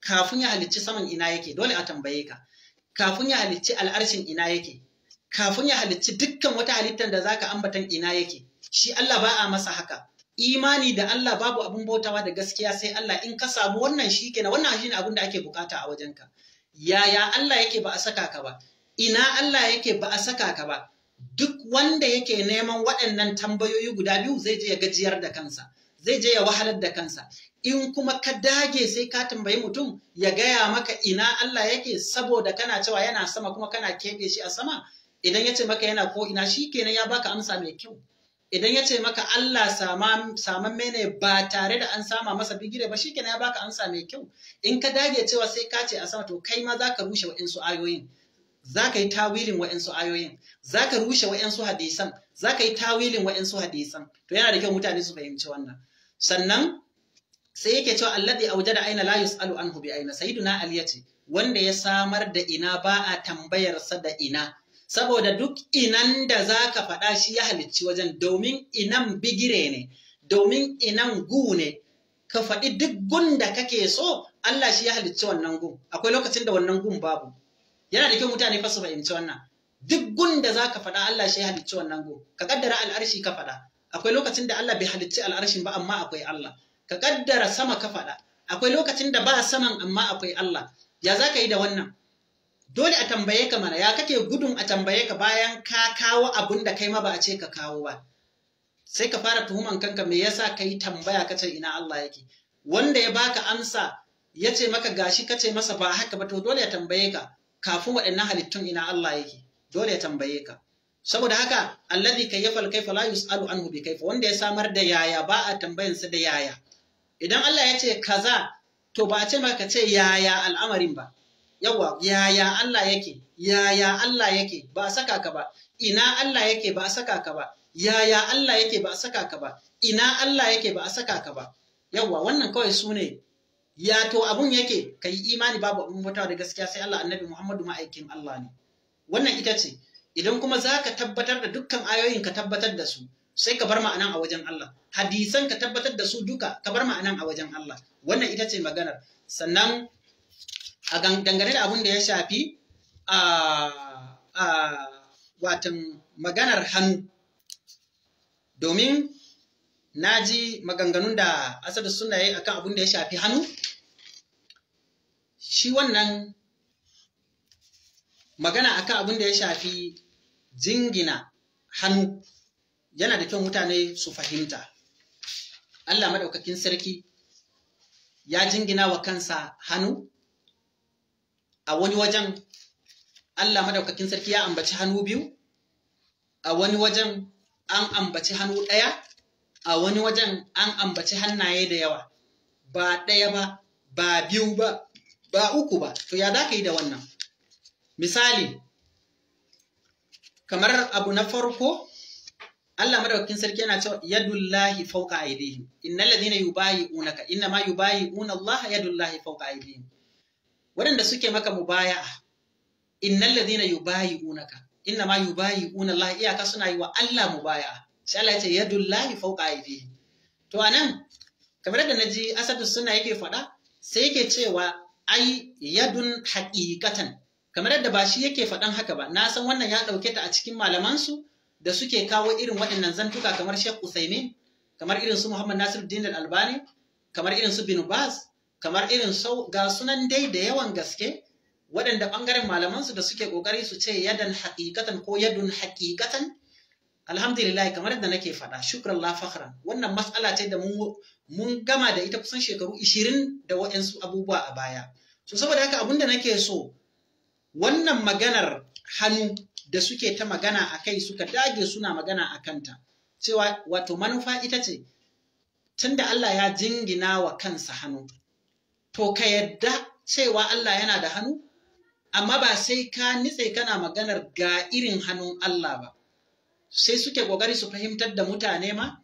[SPEAKER 1] kafin ya halicci saman ina yake dole a tambaye ka kafin ya halicci al'arshin ina yake kafin ya halicci dukkan wata halittar da zaka ambata ina yake shi Allah ba a masa haka imani da Allah babu abin bautawa da gaskiya sai Allah in ka samu wannan shi kenan wannan shine abin da ake bukata a wajenka yaya Allah yake ba a saka ka ba ina Allah yake ba a saka ka ba duk wanda yake neman waɗannan tambayoyi guda biyu zai je ya gajiyar da kansa zai je ya wahalar da kansa in kuma ka dage sai ka tambayi mutum ya gaya maka ina Allah yake saboda kana cewa yana sama kuma kana keɓe shi a sama idan ya ce maka yana ko ina shi kenan ya baka amsa mai kyau idan ya ce maka Allah saman mene ba tare da an sama masa bigire ba shi ya baka amsa mai kyau in ka dage cewa sai ka ce a sama to kai ma za ka rushe waɗansu ayoyin za ka yi tawilin waɗansu ayoyin za ka rushe waɗansu hadisan za ka yi tawilin waɗansu hadisan to yana da kyau mutane su fahimci wannan sannan sai yake cewa alladhi da aina layus yus'alu anhu bi aina sayyiduna ali yace wanda ya samar da ina ba a tambayar sa da ina saboda duk inan da za ka faɗa shi ya halicci wajen domin inan bigire ne domin inan gu ne ka faɗi duk gun da kake so Allah shi ya halicci wannan gun akwai lokacin da wannan gun babu yana da kyau mutane fa su fahimci wannan duk gun da za ka faɗa Allah shi ya halicci wannan gun ka kaddara al'arshi ka faɗa akwai lokacin da Allah bai halicci al'arshin ba amma akwai Allah ka kaddara sama ka faɗa akwai lokacin da ba saman amma akwai Allah ya za ka yi da wannan dole a tambaye ka mana ya kake gudun a tambaye ka bayan ka kawo abin da kai ma ba a ce ka kawo ba sai ka fara tuhuman kanka me yasa kai tambaya kace ina Allah yake wanda ya baka amsa ya ce maka gashi kace masa ba haka ba to dole ya tambaye ka kafin waɗannan halittun ina Allah yake dole ya tambaye ka saboda haka alladhi kayyafal kayfa la yusalu anhu bi kayfa wanda ya samar da yaya ba a tambayan sa da yaya idan Allah ya ce kaza to ba a ce maka ce yaya al'amarin ba yawa yaya Allah yake yaya Allah yake ba a saka ka ba ina Allah yake ba a saka ka ba yaya Allah yake ba a saka ka ba ina Allah yake ba a saka ka ba yawa wannan kawai su ne ya to abun yake ka yi imani babu abun mutawa da gaskiya sai Allah annabi Muhammadu ma'aikin Allah ne wannan ita ce idan kuma za ka tabbatar da dukkan ayoyin ka tabbatar da su sai ka bar ma'anan a wajen Allah hadisan ka tabbatar da su duka ka bar ma'anan a wajen Allah wannan ita ce maganar sannan a dangane da abin da ya shafi a watan maganar hannu domin na ji maganganun da asadu suna yi akan abin da ya shafi hannu shi wannan magana akan abin da ya shafi jingina hannu yana da kyau mutane su fahimta Allah maɗaukakin sarki ya jingina wa kansa hannu a wani wajen Allah madaukakin sarki ya ambaci hannu biyu a wani wajen an ambaci hannu ɗaya a wani wajen an ambaci hannaye da yawa ba ɗaya ba ba biyu ba ba uku ba to ya za ka yi da wannan misali kamar abu na farko Allah madaukakin sarki yana cewa yadullahi fawqa aydihim innal ladhina yubayi'unaka inna ma Allah yadullahi fawqa aydihim waɗanda suke maka mu mubaya'a innal ladhina yubayi'unaka inna ma yubayi'una Allah iyaka suna yi wa Allah mubaya'a sai Allah ya ce yadullahi fawqa aydihi to anan kamar da ji asadu suna yake faɗa sai yake cewa ai yadun haqiqatan kamar yadda ba shi yake faɗan haka ba na san wannan ya ɗauke ta a cikin malamansu da suke kawo irin waɗannan zantuka kamar Sheikh Usaimin kamar irin su Muhammad Nasiru Al-Albani kamar irin su Bin Baz kamar irin sau ga sunan dai da yawan gaske waɗanda ɓangaren malamansu da suke ƙoƙari su ce yadan haƙiƙatan ko yadun haƙiƙatan alhamdulillah kamar yadda nake faɗa shukran la wannan matsala ce da mun gama da ita kusan shekaru 20 da waɗansu abubuwa a baya so saboda haka abinda nake so wannan maganar hannu da suke ta magana a kai suka dage suna magana a kanta cewa wato manufa ita ce tunda Allah ya jingina wa kansa hannu to ka yadda cewa Allah yana da hannu amma ba sai ka nitse kana maganar ga irin hannun Allah ba sai suke ƙoƙari su fahimtar da mutane ma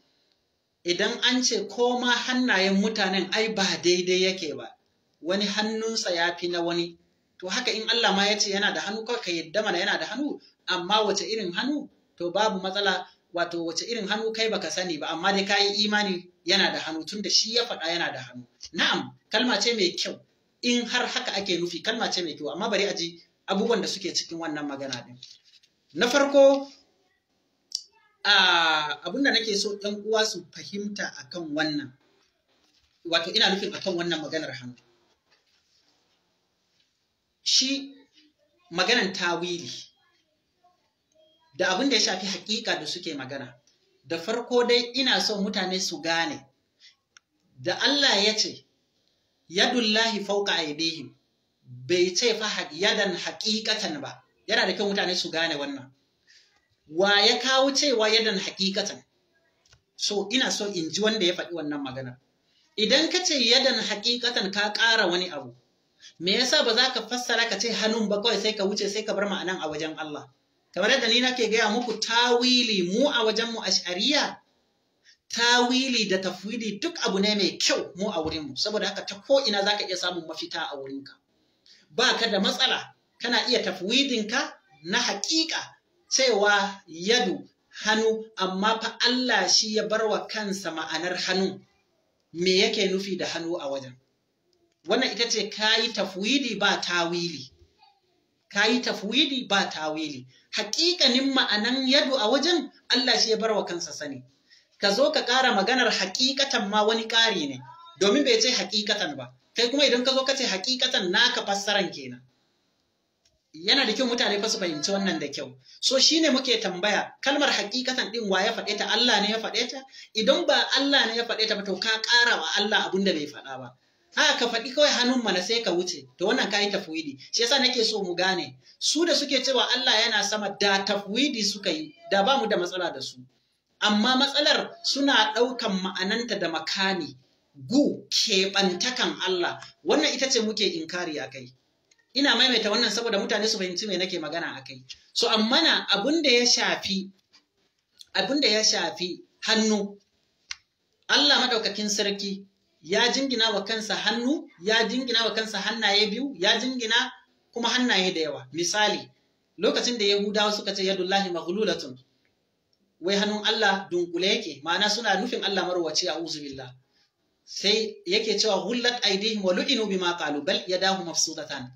[SPEAKER 1] idan an ce koma hannayen mutanen ai ba daidai yake ba wani hannunsa ya fi na wani to haka in Allah ma ya ce yana da hannu kawai ka yadda mana yana da hannu amma wace irin hannu to babu matsala wato wace irin hannu kai baka sani ba amma dai ka yi imani yana da hannu tunda shi ya faɗa yana da hannu na'am kalma ce mai kyau in har haka ake nufi kalma ce mai kyau amma bari a ji abubuwan da suke cikin wannan magana din na farko abin da nake so ɗan uwa su fahimta akan wannan wato ina nufin akan wannan maganar hannu shi maganan tawili da abin da ya shafi haƙiƙa da suke magana da farko dai ina so mutane su gane da Allah ya ce yadullahi fauka aidihim bai ce fa yadan haƙiƙatan ba yana da kyau mutane su gane wannan wa ya kawo cewa yadan haƙiƙatan so ina so in ji wanda ya faɗi wannan magana idan ka ce yadan haƙiƙatan ka ƙara wani abu me yasa ba za ka fassara ka ce hannun ba kawai sai ka wuce sai ka bar ma'anan a wajen Allah kamar yadda ni nake gaya muku tawili mu a wajen mu ash'ariya tawili da tafwidi duk abu ne mai kyau mu a wurinmu. saboda haka ta ko'ina ina zaka iya samun mafita a wurinka ba ka da matsala kana iya tafwidin ka? na haƙiƙa cewa yadu hannu amma fa Allah shi ya bar wa kansa ma'anar hannu me yake nufi da hannu a wajen wannan ita ce kayi tafwidi ba tawili ka yi tafwili ba tawili haƙiƙanin ma'anan yadu a wajen Allah shi ya bar wa kansa sani ka zo ka ƙara maganar haƙiƙatan ma wani ƙari ne domin bai ce haƙiƙatan ba kai kuma idan ka zo ka ce haƙiƙatan naka fassaran kenan yana da kyau mutane fa su fahimci wannan da kyau so shine muke tambaya kalmar hakikatan din wa ya faɗe ta Allah ne ya faɗe ta idan ba Allah ne ya faɗe ta ba to ka ƙara wa Allah abin da bai faɗa ba a ka faɗi kawai hannun mana sai ka wuce to wannan ka yi tafwidi shi yasa nake so mu gane su da suke cewa Allah yana sama da tafwidi suka yi da ba mu da matsala da su amma matsalar suna ɗaukan ma'ananta da makani gu keɓantakan Allah wannan ita ce muke inkari a kai ina maimaita wannan saboda mutane su fahimci me nake magana a kai so amma na abin da ya shafi abin da ya shafi hannu Allah maɗaukakin sarki ya jingina wa kansa hannu ya jingina wa kansa hannaye biyu ya jingina kuma hannaye da yawa misali lokacin da yahudawa suka ce yadullahi maghlulatun wai hannun Allah dunkule yake ma'ana suna nufin Allah marwaci a uzubillah sai yake cewa hullat aidihim wa lu'inu bima qalu bal yadahu mafsudatan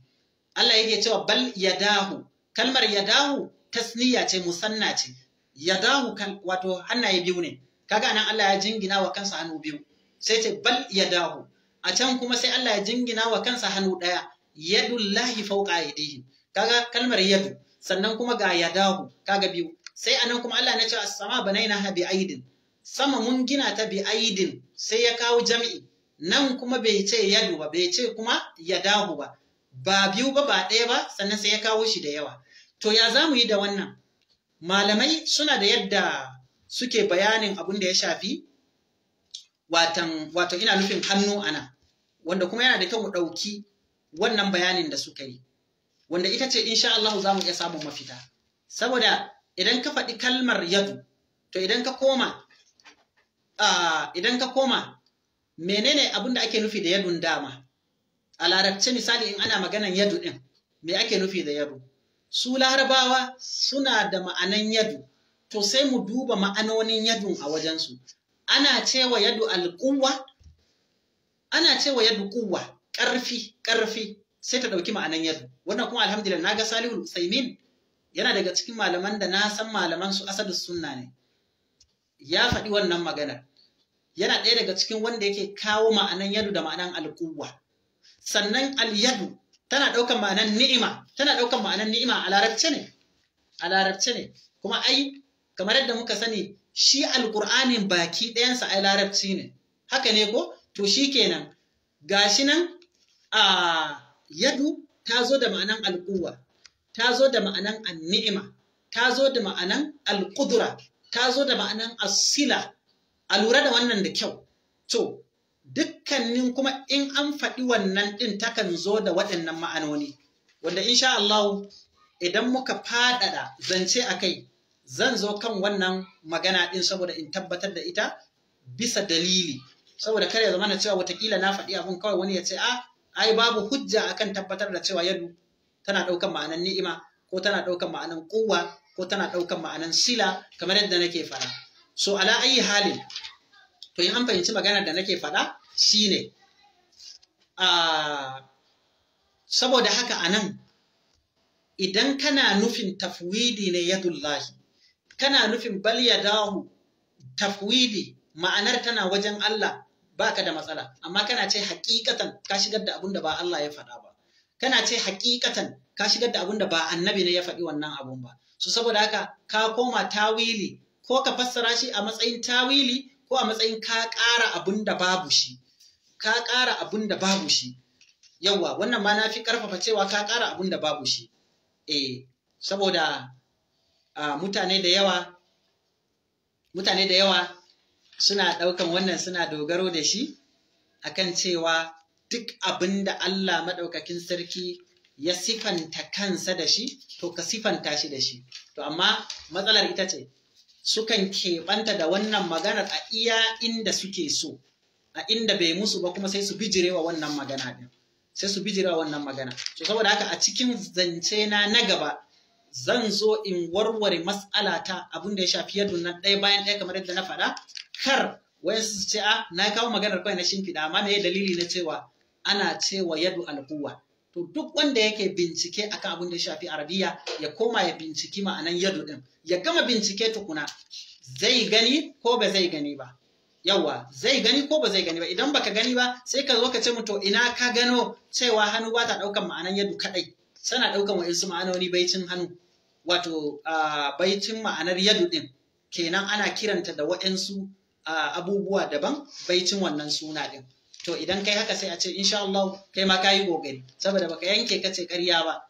[SPEAKER 1] Allah yake cewa bal yadahu kalmar yadahu tasniya ce musanna ce yadahu kan wato hannaye biyu ne kaga nan Allah ya jingina wa kansa hannu biyu sai ce bal ya dahu. a can kuma sai Allah ya jingina wa kansa hannu ɗaya Yadu yadullahi fawqa aydihi kaga kalmar yadu sannan kuma ga ya yadahu kaga biyu sai anan kuma Allah na ce a sama yana bi aidin sama mun gina ta bi aidin sai ya kawo jami'i nan kuma bai ce yadu ba bai ce kuma ya dahu ba ba biyu ba ba ɗaya ba sannan sai ya kawo shi da yawa to ya za mu yi da wannan malamai suna da yadda suke bayanin abun da ya shafi wato ina nufin hannu ana wanda kuma yana da kyau mu ɗauki wannan bayanin da suka yi wanda ita ce insha Allah za mu iya samun mafita saboda idan ka faɗi kalmar yadu to idan ka koma idan ka koma menene abin da ake nufi da yadun dama a larabce misali in ana maganan yadu ɗin me ake nufi da yadu su larabawa suna da ma'anan yadu to sai mu duba ma'anonin yadun a wajensu ana cewa yadu alƙuwa ana cewa yadu ƙuwa ƙarfi ƙarfi sai ta ɗauki ma'anan yadu wannan kuma alhamdulillah naga Salihu Usaimin yana daga cikin malaman da na san malaman su asadu sunna ne ya faɗi wannan magana. yana ɗaya daga cikin wanda yake kawo ma'anan yadu da ma'anan alƙuwa sannan alyadu tana ɗaukan ma'anan ni'ima tana ɗaukan ma'anan ni'ima a larabce ne a larabce ne kuma ai kamar yadda muka sani shi alƙur'anin baki ɗayansa ai larabci ne haka ne ko to shi kenan gashi nan a yadu ta zo da ma'anan alƙuwa ta zo da ma'anan anni'ima ta zo da ma'anan alƙudura ta zo da ma'anan asila a lura da wannan da kyau to dukkanin kuma in an faɗi wannan ɗin takan zo da waɗannan ma'anoni wanda insha Allah idan muka faɗaɗa zance a kai zan zo kan wannan magana ɗin saboda in tabbatar da ita bisa dalili saboda kar ya zama na cewa watakila na faɗi abin kawai wani ya ce a ah, ai babu hujja akan tabbatar da cewa yadu tana ɗaukan ma'anan ni'ima ko tana ɗaukan ma'anan kuwa ko tana ɗaukan ma'anan sila kamar yadda nake faɗa so ala ayi halin to in an fahimci maganar da nake faɗa shine a saboda haka anan idan kana nufin tafwidi ne yadullahi kana nufin bal ya dahu tafwidi ma'anar tana wajen Allah baka da matsala amma kana ce hakikatan ka shigar da abun da ba Allah ya faɗa ba kana ce hakikatan ka shigar da abun da ba annabi ne ya faɗi wannan abun ba Su saboda haka ka koma tawili ko ka fassara shi a matsayin tawili ko a matsayin ka ƙara abun da babu shi ka ƙara abun da babu shi yawwa wannan ma na fi ƙarfafa cewa ka ƙara abun da babu shi eh saboda mutane da yawa mutane da yawa suna ɗaukan wannan suna dogaro da shi akan cewa duk abin da Allah maɗaukakin sarki ya sifanta kansa da shi to ka sifanta shi da shi to amma matsalar ita ce sukan keɓanta da wannan maganar a iya inda suke so a inda bai musu ba kuma sai su bijirewa wannan magana din sai su bijirewa wannan magana to saboda haka a cikin zance na na gaba zan zo in warware matsala ta abin da ya shafi yadu nan ɗaya bayan ɗaya kamar yadda na faɗa kar wai su ce a ah, na kawo maganar kawai na shimfiɗa amma me dalili na cewa ana cewa yadu alkuwa to duk wanda yake bincike akan abin da ya shafi arabiya ya koma ya binciki ma'anan yadu ɗin, ya gama bincike tukuna zai gani ko ba zai gani ba yawa zai gani ko ba zai gani ba idan baka gani ba sai ka zo ka ce mu to ina ka gano cewa hannu ba ta ɗaukan ma'anan yadu kaɗai Sana ɗaukan wa ma'ana wani baitin hannu wato baitin ma'anar yadu ɗin kenan ana kiranta da waɗansu abubuwa daban baicin wannan suna ɗin to idan kai haka sai a ce insha Allah kai ma kayi kokari saboda baka yanke kace ƙarya ba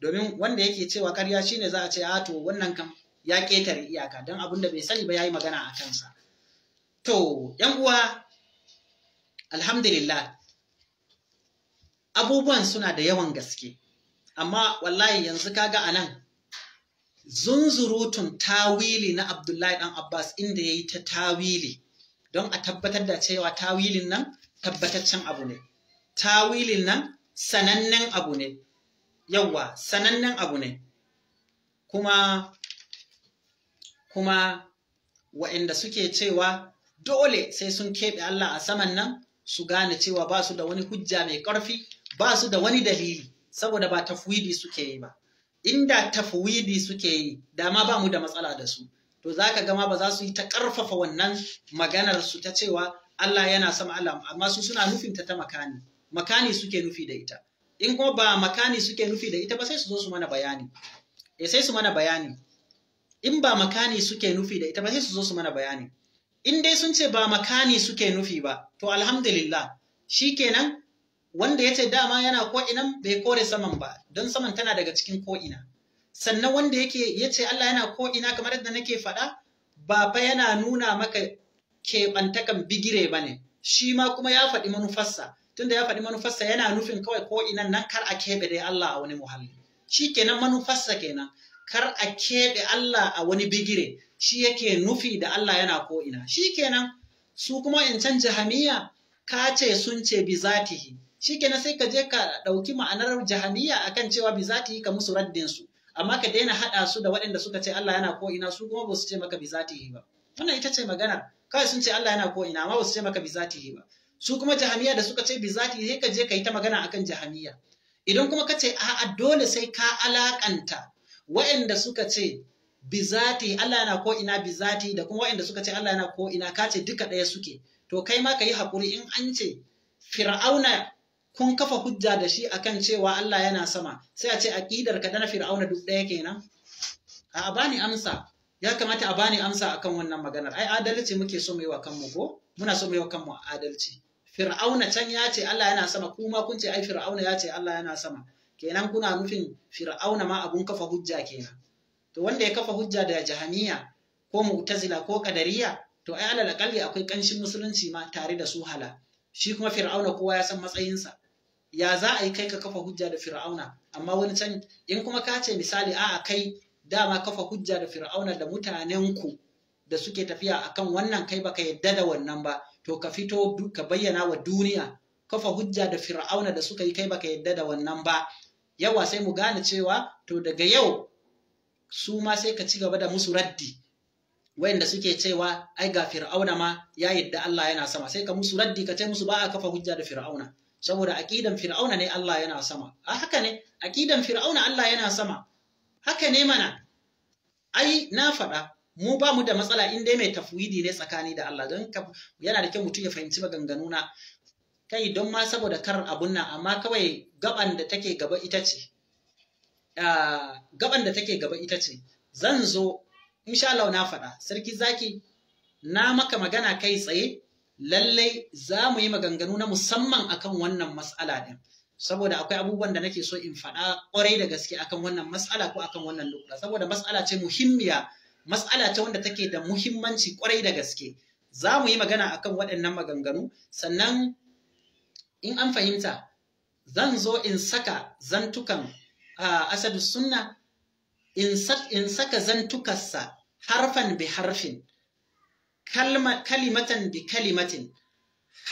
[SPEAKER 1] domin wanda yake cewa ƙarya shine za a ce a ah, to wannan kam ya ƙetare iyaka don abin da bai sani ba ya yi magana a kansa. To, ‘yan uwa, alhamdulillah, abubuwan suna da yawan gaske, amma wallahi yanzu kaga anan zunzurutun tawili na Abdullahi dan Abbas inda yi ta tawili don a tabbatar da cewa tawilin nan tabbataccen abu ne tawilin nan sanannen abu ne yawwa sanannen abu ne kuma kuma wa'inda suke cewa dole sai sun keɓe Allah a saman nan su gane cewa ba su da wani hujja mai ƙarfi ba su da wani dalili saboda ba tafwidi suke yi ba inda tafwidi suke yi dama ba mu da matsala da su to zaka ga ma ba za su yi ta karfafa wannan maganar su ta cewa Allah yana sama Allah amma su suna nufin ta ta makani makani suke nufi da ita in kuma ba makani suke nufi da ita ba sai su zo su mana bayani eh sai su mana bayani in ba makani suke nufi da ita ba sai su zo su mana bayani in dai sun ce ba makani suke nufi ba to alhamdulillah shikenan wanda yace dama yana ko'ina bai kore saman ba don saman tana daga cikin ko'ina sannan wanda yake ya Allah yana ko'ina kamar yadda nake faɗa ba fa yana nuna maka keɓantakan bigire ba ne shi ma kuma ya faɗi manufarsa tunda ya faɗi manufarsa yana nufin kawai ko'inan nan kar a keɓe dai Allah a wani muhalli shi kenan manufarsa kenan kar a keɓe Allah a wani bigire shi yake nufi da Allah yana ko'ina shi kenan su kuma in can jahamiya ka ce sun ce bi zatihi shi kenan sai ka je ka ɗauki ma'anar jahamiya akan cewa bi za ka musu raddin su amma ka daina haɗa su da waɗanda suka ce Allah yana ko ina su kuma ba su ce maka bi za ba wannan ita ce magana kawai sun ce Allah yana ko ina amma ba su ce maka bi za ba su kuma jahamiya da suka ce bi za ta ka je ka yi ta magana akan jahamiya idan kuma ka ce a'a dole sai ka alakanta waɗanda suka ce bizati Allah yana ko ina bizati da kuma waɗanda suka ce Allah yana ko ina ka ce duka ɗaya suke to kai ma ka yi haƙuri in an ce fir'auna kun kafa hujja da shi akan cewa Allah yana sama sai a ce aqidar ka na fir'auna duk ɗaya kenan a bani amsa ya kamata a bani amsa akan wannan maganar ai adalci muke so mu wa kanmu ko muna so mu wa kanmu adalci fir'auna can ya ce Allah yana sama kuma kun ce ai fir'auna ya ce Allah yana sama kenan kuna nufin fir'auna ma abun kafa hujja kenan to wanda ya kafa hujja da jahaniya ko mu'tazila ko kadariya to ai alal akalli akwai kanshin musulunci ma tare da su hala shi kuma fir'auna kowa ya san matsayinsa ya za a yi kai ka kafa hujja da fir'auna amma wani can in kuma ka ce misali a kai dama kafa hujja da fir'auna da mutanenku da suke tafiya akan wannan kai baka yadda da wannan ba to ka fito ka bayyana wa duniya kafa hujja da fir'auna da suka yi kai baka yadda da wannan ba yawa sai mu gane cewa to daga yau su ma sai ka ci gaba da musu raddi wayanda suke cewa ai ga fir'auna ma ya yadda Allah yana sama sai ka musu raddi ka ce musu ba a kafa hujja da fir'auna saboda aqidan fir'auna ne Allah yana sama a haka ne aqidan fir'auna Allah yana sama haka ne mana ai na faɗa mu ba mu da matsala in dai mai tafwidi ne tsakani da Allah don yana da kyau mutum ya fahimci maganganu na kai don ma saboda kar abun nan amma kawai gaban da take gaba ita ce ah, gaba ita ce zan zo insha Allah na faɗa sarki zaki na maka magana kai tsaye lallai za mu yi maganganu na musamman akan wannan matsala ɗin. saboda akwai abubuwan da nake so in faɗa ƙwarai da gaske akan wannan matsala ko akan wannan lokuta saboda matsala ce muhimmiya matsala ce wanda take da muhimmanci ƙwarai da gaske za mu yi magana akan waɗannan maganganu sannan in an fahimta zan zo in saka zantukan asadu sunna in saka zantukarsa harfan bi harfin kalimatan bi kalimatin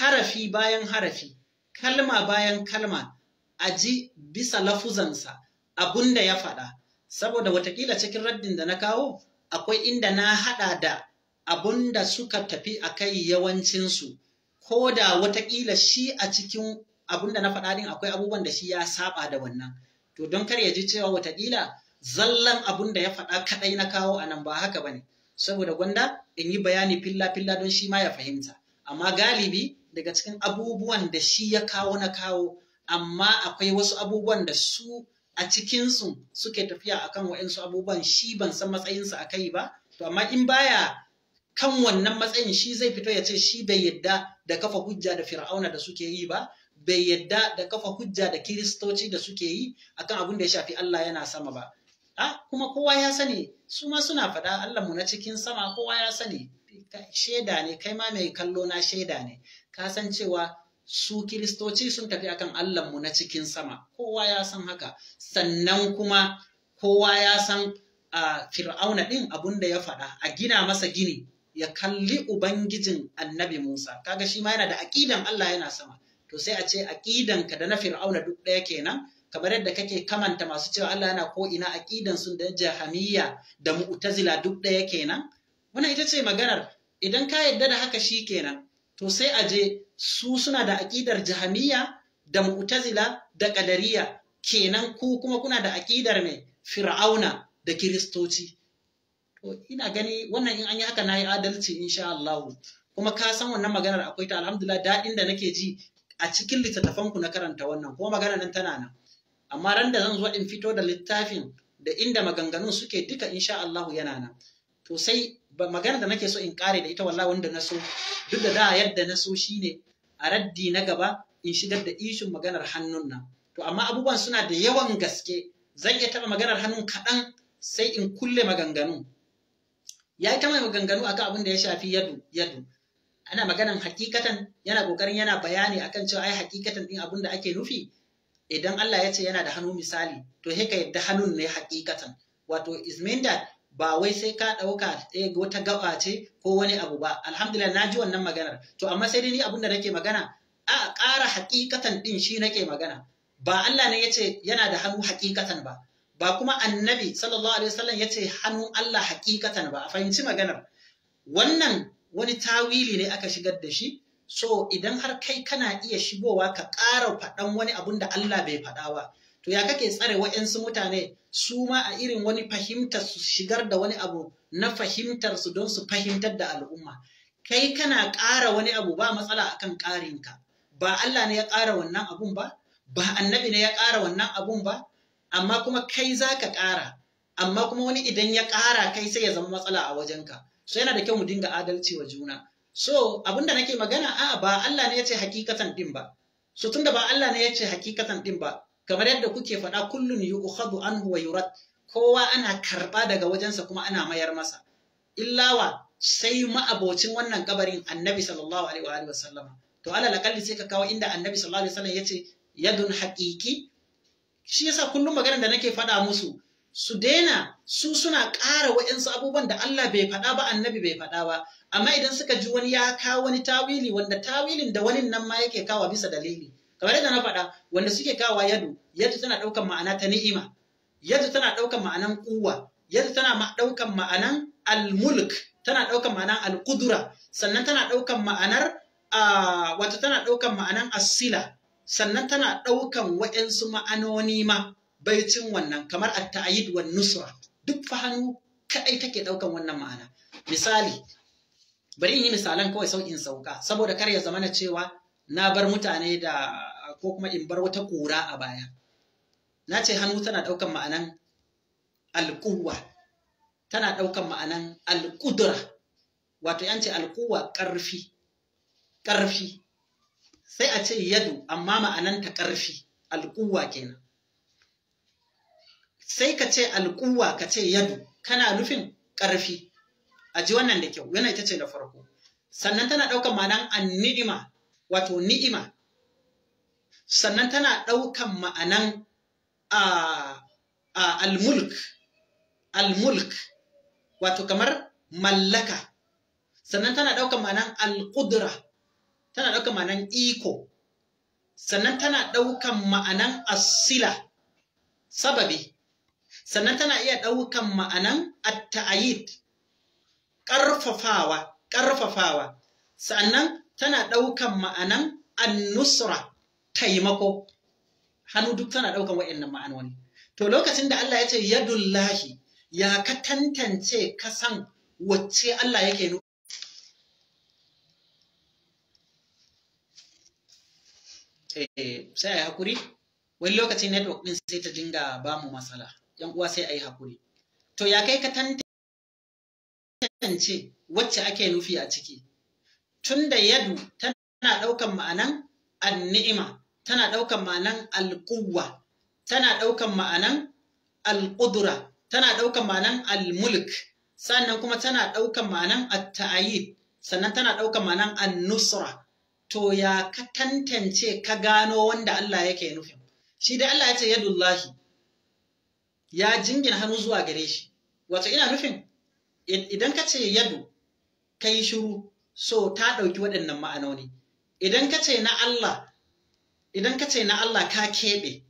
[SPEAKER 1] harafi bayan harafi kalma bayan kalma a ji bisa lafuzansa abunda ya faɗa saboda watakila cikin raddin da na kawo akwai inda na haɗa da abunda suka tafi a kai yawancinsu ko da watakila shi a cikin abunda na faɗa din akwai abubuwan da shi ya saba da wannan to don kar ya ji cewa watakila zallan abun da ya faɗa kaɗai na kawo a nan ba haka ba ne saboda gwanda in yi bayani filla-filla don shi ma ya fahimta amma galibi daga cikin abubuwan da shi ya kawo na kawo amma akwai wasu abubuwan da su a cikinsu suke tafiya a akan waɗansu abubuwan shi ban san matsayinsa a kai ba to amma in baya kan wannan matsayin shi zai fito ya ce shi bai yadda da kafa hujja da fir'auna da suke yi ba bai yadda da kafa hujja da kiristoci da suke yi akan abin da ya shafi Allah yana sama ba a kuma kowa ya sani su ma suna faɗa Allah mu na cikin sama kowa ya sani shaida ne kai ma mai kallo na shaida ne ka san cewa su kiristoci sun tafi akan Allah mu na cikin sama kowa ya san haka sannan kuma kowa ya san a fir'auna ɗin abun da ya faɗa a gina masa gini ya kalli ubangijin annabi Musa kaga shi ma yana da aƙidan Allah yana sama to sai a ce aƙidanka da na fir'auna duk ɗaya kenan kamar yadda kake kamanta masu cewa Allah yana ko ina aqidan sun da jahamiyya da mu'tazila duk ɗaya kenan wannan ita ce maganar idan ka yadda da haka shi kenan to sai a je su suna da aƙidar jahamiyya da mu'tazila da ƙadariya kenan ku kuma kuna da aƙidar mai fir'auna da kiristoci to ina gani wannan in an yi haka nayi adalci insha Allah kuma ka san wannan maganar akwai ta alhamdulillah daɗin da nake ji a cikin littattafanku na karanta wannan kuma maganar nan tana nan amma ran da zan zo in fito da littafin da inda maganganun suke duka insha Allah yana nan to sai magana da nake so in kare da ita wallahi wanda na so duk da da yadda na so shine a raddi na gaba in shigar da ishin maganar hannun nan to amma abubuwan suna da yawan gaske zan iya taba maganar hannun kaɗan sai in kulle maganganu ya yi ta mai maganganu akan abin da ya shafi yadu yadu ana maganan hakikatan yana kokarin yana bayani akan cewa ai hakikatan din abin da ake nufi idan Allah ya ce yana da hannu misali to sai ka yadda hannun ne hakikatan wato is mean that ba wai sai ka ɗauka eh, wata gaba ce ko wani abu ba alhamdulillah na ji wannan maganar to amma sai dai ni abin da nake magana a ƙara hakikatan ɗin shi nake magana ba Allah ne ya ce yana da hannu hakikatan ba ba kuma annabi sallallahu alaihi wasallam ya ce hannun Allah hakikatan ba a fahimci maganar wannan wani tawili ne aka shigar da shi so idan har kai kana iya shigowa ka ƙara faɗan wani abun da Allah bai faɗa ba to ya kake tsare wa'yansu mutane su ma a irin wani fahimtar su shigar da wani abu na fahimtar su don su fahimtar da al'umma kai kana ƙara wani abu ba matsala akan ƙarinka ba Allah ne ya ƙara wannan abun ba ba annabi ne ya ƙara wannan abun ba amma kuma kai za ka ƙara amma kuma wani idan ya ƙara kai sai ya zama matsala a wajenka so yana da kyau mu dinga adalci wa juna So abinda nake magana a ba Allah ne ya ce hakikatan din ba. So tunda ba Allah ne ya ce hakikatan din ba, kamar yadda kuke faɗa kullun yu'khadhu anhu wa yurad kowa ana karɓa daga wajensa kuma ana mayar masa. Illawa sai ma'abocin wannan kabarin Annabi sallallahu alaihi wa sallama. To ala akalli sai ka kawo inda Annabi sallallahu alaihi wa sallam yace yadun haqiqi shi yasa kullum maganar da nake faɗa musu su daina su suna ƙara waɗansu abubuwan da Allah bai faɗa ba annabi bai faɗa ba amma idan suka ji wani ya kawo wani tawili wanda tawilin da wani nan ma yake kawo bisa dalili kamar yadda na faɗa wanda suke kawo yadu yadu tana ɗaukan ma'ana ta ni'ima yadu tana ɗaukan ma'anan kuwa yadu tana ɗaukan ma'anan al tana ɗaukan ma'anan al sannan tana ɗaukan ma'anar wato tana ɗaukan ma'anan asila sannan tana ɗaukan waɗansu ma'anoni ma baicin wannan kamar a tayid wan nusra duk fa hannu kadai take daukan wannan ma'ana misali bari in yi misalan kawai sau in sauka saboda kar ya zamana cewa na bar mutane da ko kuma in bar wata ƙura a baya na ce hannu tana ɗaukan ma'anan alƙuwa tana ɗaukan ma'anan alƙudura wato yan ce al-quwwa ƙarfi karfi sai a ce yadu amma ma'anan ma'ananta ƙarfi alƙuwa kenan sai ka ce alƙuwa ka ce yadu kana nufin ƙarfi a ji wannan da kyau yana ita ce da farko sannan tana ɗaukan ma'anan ni'ima wato ni'ima sannan tana ɗaukan ma'anan a almulk almulk wato kamar mallaka sannan tana ɗaukan ma'anan alƙudura tana ɗaukan ma'anan iko sannan tana ɗaukan ma'anan asila sababi sannan tana iya ɗaukan ma'anan atta'ayid ƙarfafawa ƙarfafawa sannan tana ɗaukan ma'anan annusra taimako hannu duk tana ɗaukan wa'annan ma'anoni to lokacin da Allah ya ce yadullahi ya ka tantance ka san wacce Allah yake nufi eh, eh, sai a yi hakuri wani lokaci network ɗin sai ta dinga ba mu matsala yan uwa sai a yi hakuri to ya kai ka tantance wacce ake nufi a ciki Tun da yadu tana ɗaukan ma'anan anni'ima tana ɗaukan ma'anan alƙuwa tana ɗaukan ma'anan alƙudura tana ɗaukan ma'anan almulk sannan kuma tana ɗaukan ma'anan atta'ayid sannan tana ɗaukan ma'anan annusra to ya ka tantance ka gano wanda Allah yake nufin shi dai Allah ya ce yadullahi ya jingina hannu zuwa gare shi wato ina nufin idan ka ce yadu ka yi shiru so ta ɗauki waɗannan ma'anoni idan ka ce na Allah idan ka ce na Allah ka keɓe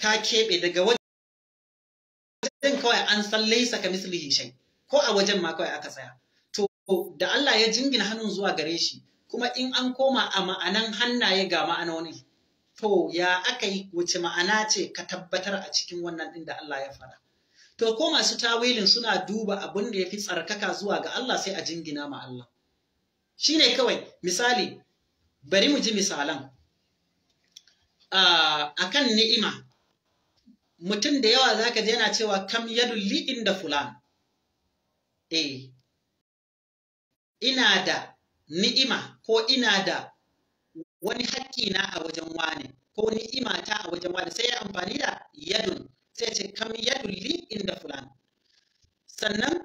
[SPEAKER 1] ka keɓe daga wajen kawai an san laisa ka mislihi shai ko a wajen ma kawai aka tsaya to da Allah ya jingina hannun zuwa gare shi kuma in an koma a ma'anan hannaye ga ma'anoni to ya aka yi wace ma'ana ce ka tabbatar a cikin wannan ɗin da Allah ya faɗa. To ko masu tawilin suna duba abin da ya fi tsarkaka zuwa ga Allah sai a jingina ma Allah. Shi ne kawai misali, bari mu ji misalan. A kan ni'ima, mutum da yawa za ka ji yana cewa kam yadu li'in da fulan. Eh, ina da ni'ima ko ina da wani haƙƙi na a wajen wane ko ni'ima ta a wajen wane sai ya amfani da yadun sai ce kam yadun li inda fulan sannan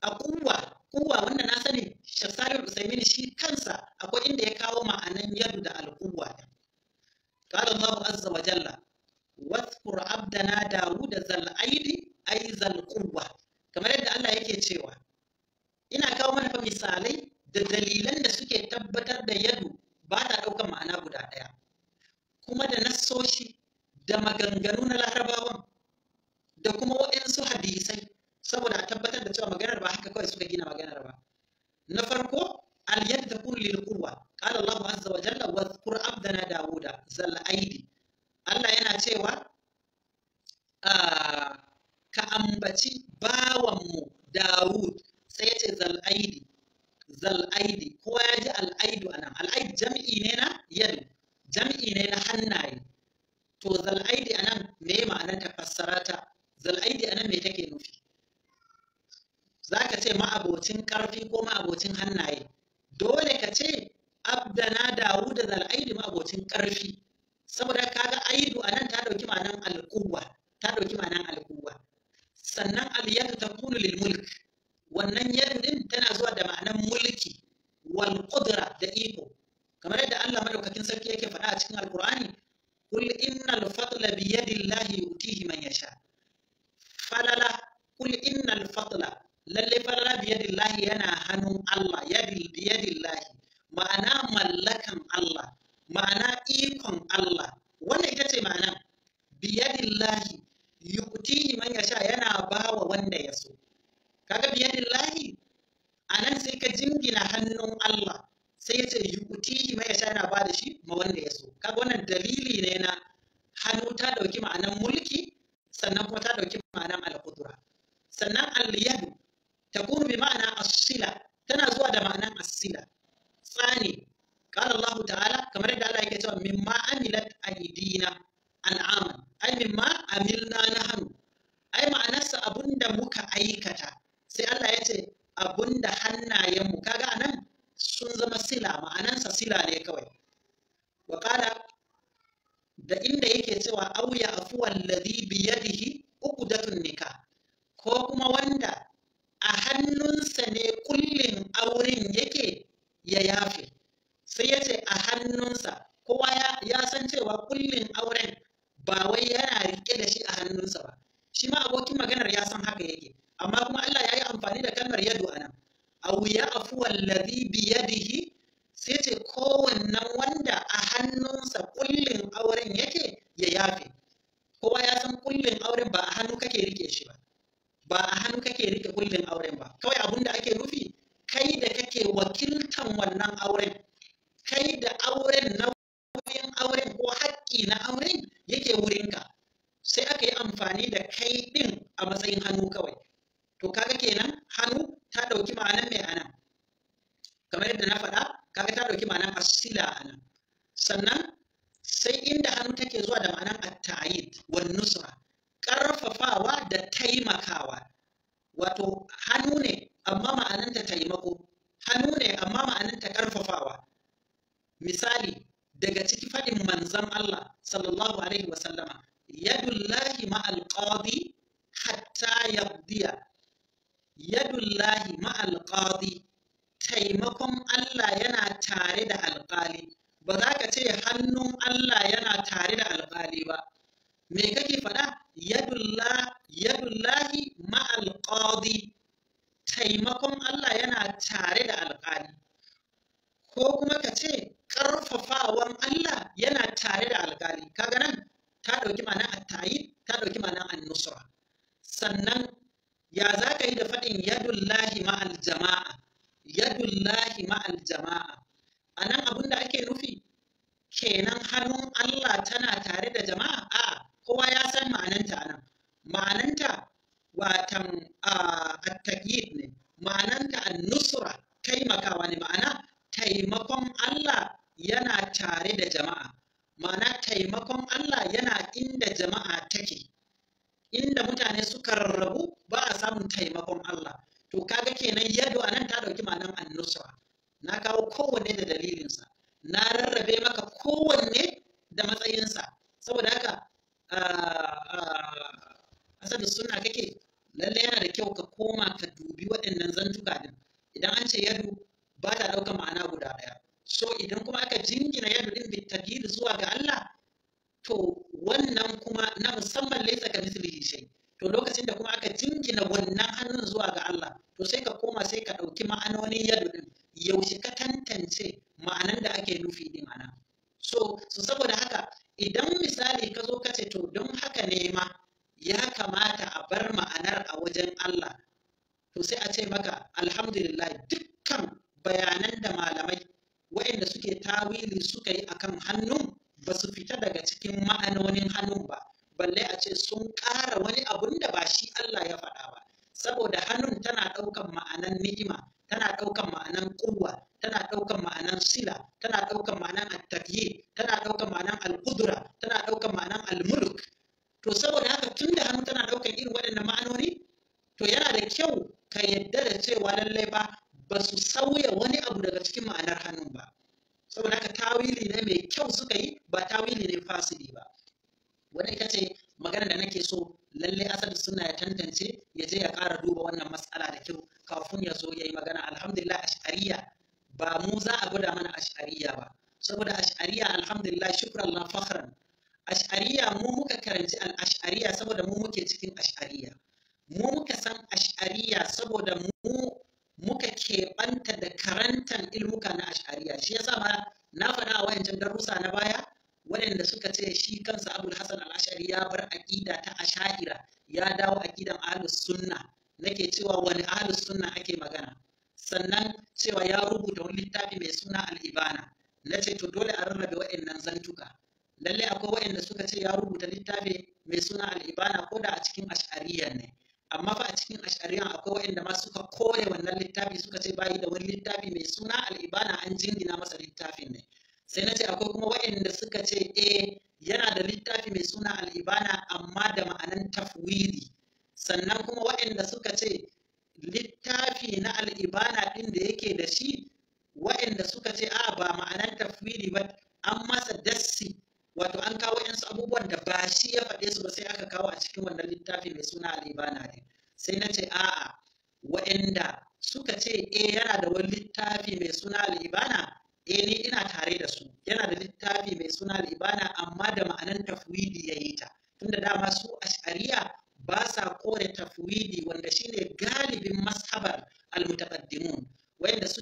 [SPEAKER 1] a kuwa kuwa wanda na sani shafsarul usaimin shi kansa akwai inda ya kawo ma'anan yadu da al'uwa qala allah azza wa jalla واذكر da داود ذا العيد أي ذا القوة kamar yadda Allah yake cewa ina kawo mana fa misalai da dalilan da suke tabbatar da yadu ba ta ɗaukan ma'ana guda ɗaya kuma da nassoshi da maganganu na larabawan da kuma waɗansu hadisai saboda a tabbatar da cewa maganar ba haka kawai suka gina maganar ba na farko al yadda kullil qurwa qala Allah azza wa jalla wa zkur abdana dawuda zal aidi Allah yana cewa ah, ka ambaci bawanmu Dawud sai ya ce zal zal'aidi kowa ya ji al'aidu a nan jam'i ne na yadu jam'i ne na hannaye to zal'aidi a nan me ma'anar ta fassara ta zal'aidi a nan me take nufi za ka ce ma'abocin ƙarfi ko ma'abocin hannaye dole ka ce abdana dawu da zal'aidi ma'abocin ƙarfi saboda kaga aidu a nan ta ɗauki ma'anar al'uwa ta ɗauki ma'anar al'uwa sannan al ta kunu lil mulk wannan yadin din tana zuwa da ma'anar mulki wal qudra da iko kamar yadda Allah madaukakin sarki yake faɗa a cikin alqur'ani kul innal fadla bi yadillahi yutihi man yasha falala kul innal fadla lalle falala bi yadillahi yana hannun Allah yadil bi yadillahi ma'ana mallakan Allah ma'ana ikon Allah wannan ita ce ma'ana bi yadillahi yutihi man yasha yana bawa wanda ya so kaga A anan sai ka jingina hannun Allah sai ce yutihi mai yasha na ba da shi ma wanda ya so kaga wannan dalili ne na hannu ta dauki ma'anan mulki sannan kuma ta dauki ma'anan al-qudra sannan al-yad takunu bi ma'ana as-sila tana zuwa da ma'anan as-sila tsani قال الله تعالى كما رد الله يكتب مما عملت أيدينا أنعاما أي مما عملنا نحن أي معنى سأبند مك أيكتا sai Allah ya ce abinda hannayenmu kaga nan sun zama sila ma'anansa sila ne kawai wa da inda yake cewa auya afuwan ladhi biyadihi uqdatun nikah ko kuma wanda a hannunsa ne kullin auren yake ya yafe sai yace a hannunsa kowa ya san cewa kullin auren ba wai yana rike da shi a hannunsa ba shi ma abokin maganar ya san haka yake amma kuma Allah ya yi amfani da kalmar yadu anan aw ya'fu alladhi bi yadihi sai ce kowannen wanda a hannunsa kullin auren yake ya yafe kowa ya san kullin auren ba a hannu kake rike shi ba ba a hannu kake rike kullin auren ba kawai abun da ake nufi kai da kake wakiltan wannan auren kai da auren na wuyan auren ko haƙƙi na auren yake wurinka sai aka yi amfani da kai ɗin a matsayin hannu kawai to kaga kenan hannu ta ɗauki ma'anan mai ana kamar yadda na faɗa kaga ta ɗauki ma'anan asila ana sannan sai inda hannu take zuwa da ma'anan attayid wa nusra karfafawa da taimakawa wato hannu ne amma ma'ananta taimako hannu ne amma ma'ananta karfafawa misali daga ciki faɗin manzon Allah sallallahu alaihi wasallama yadullahi ma'al qadi hatta yabdiya yadullahi ma'al qadi taimakon Allah yana tare da alƙali ba za ka ce hannun Allah yana tare da alƙali ba me kake faɗa yadullah yadullahi ma'al qadi taimakon Allah yana tare da alƙali ko kuma ka ce ƙarfafawan Allah yana tare da alƙali kaga nan ta ɗauki ma'ana at ta ɗauki ma'ana an-nusra sannan ya za ka yi da faɗin yadullahi ma'al jama'a yadullahi ma'al jama'a a nan abin da ake nufi kenan hannun Allah tana tare da jama'a a kowa ya san ma'ananta nan ma'ananta watan attaqid ne ma'ananta nusura taimakawa ne ma'ana taimakon Allah yana tare da jama'a ma'ana taimakon Allah yana inda jama'a take inda mutane suka rarrabu ba a samun taimakon Allah to kaga kenan yadu nan ta dauki ma'anar annusra na kawo kowanne da dalili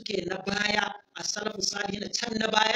[SPEAKER 1] suke na baya a salafu salih can na baya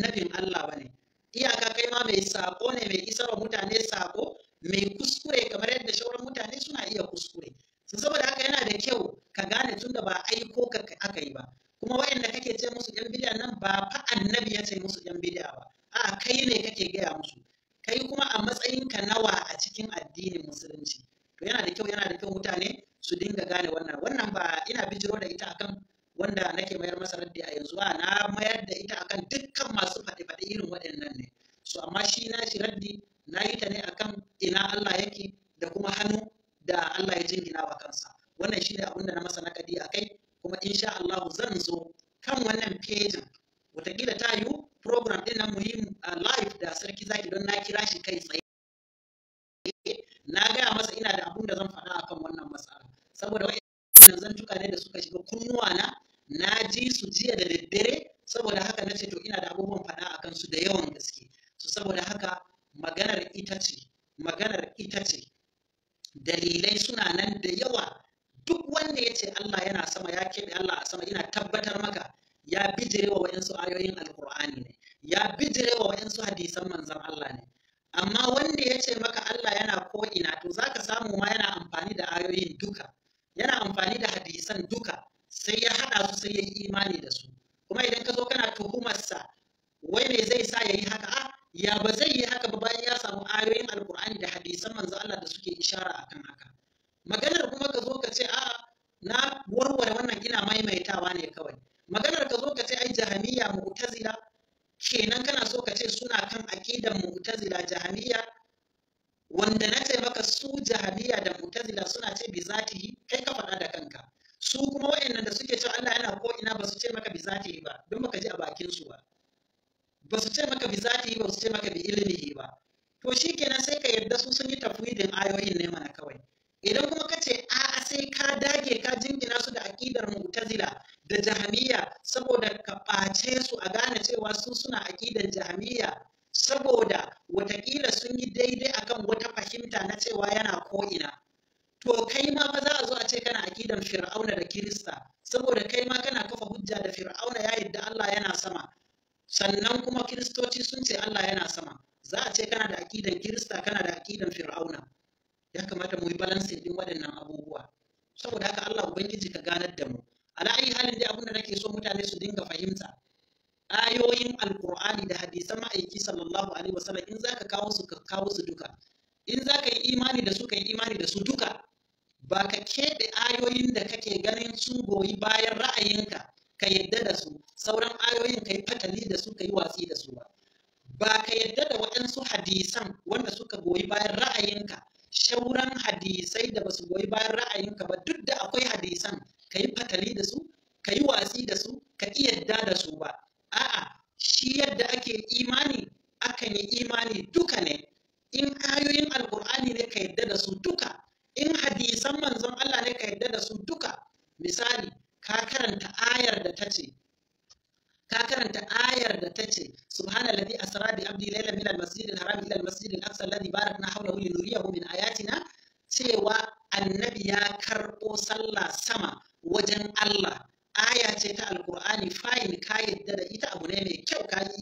[SPEAKER 1] annabin Allah ba ne iyaka kai ma mai sako ne mai isarwa mutane sako mai kuskure kamar yadda shauran mutane suna iya kuskure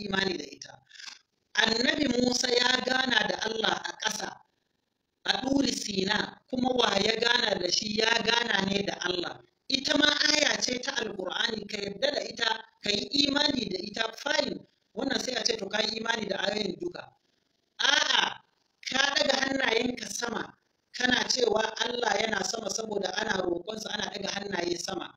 [SPEAKER 1] imani da ita annabi musa ya gana da allah a ƙasa a ɗuri sina kuma wa ya gana da shi ya gana ne da allah ita ma aya ce ta alkur'ani ka yarda da ita ka yi imani da ita fayin wannan sai a ce to ka yi imani da ayoyin duka a'a ka daga hannayenka sama kana cewa allah yana sama saboda ana roƙonsa ana daga hannaye sama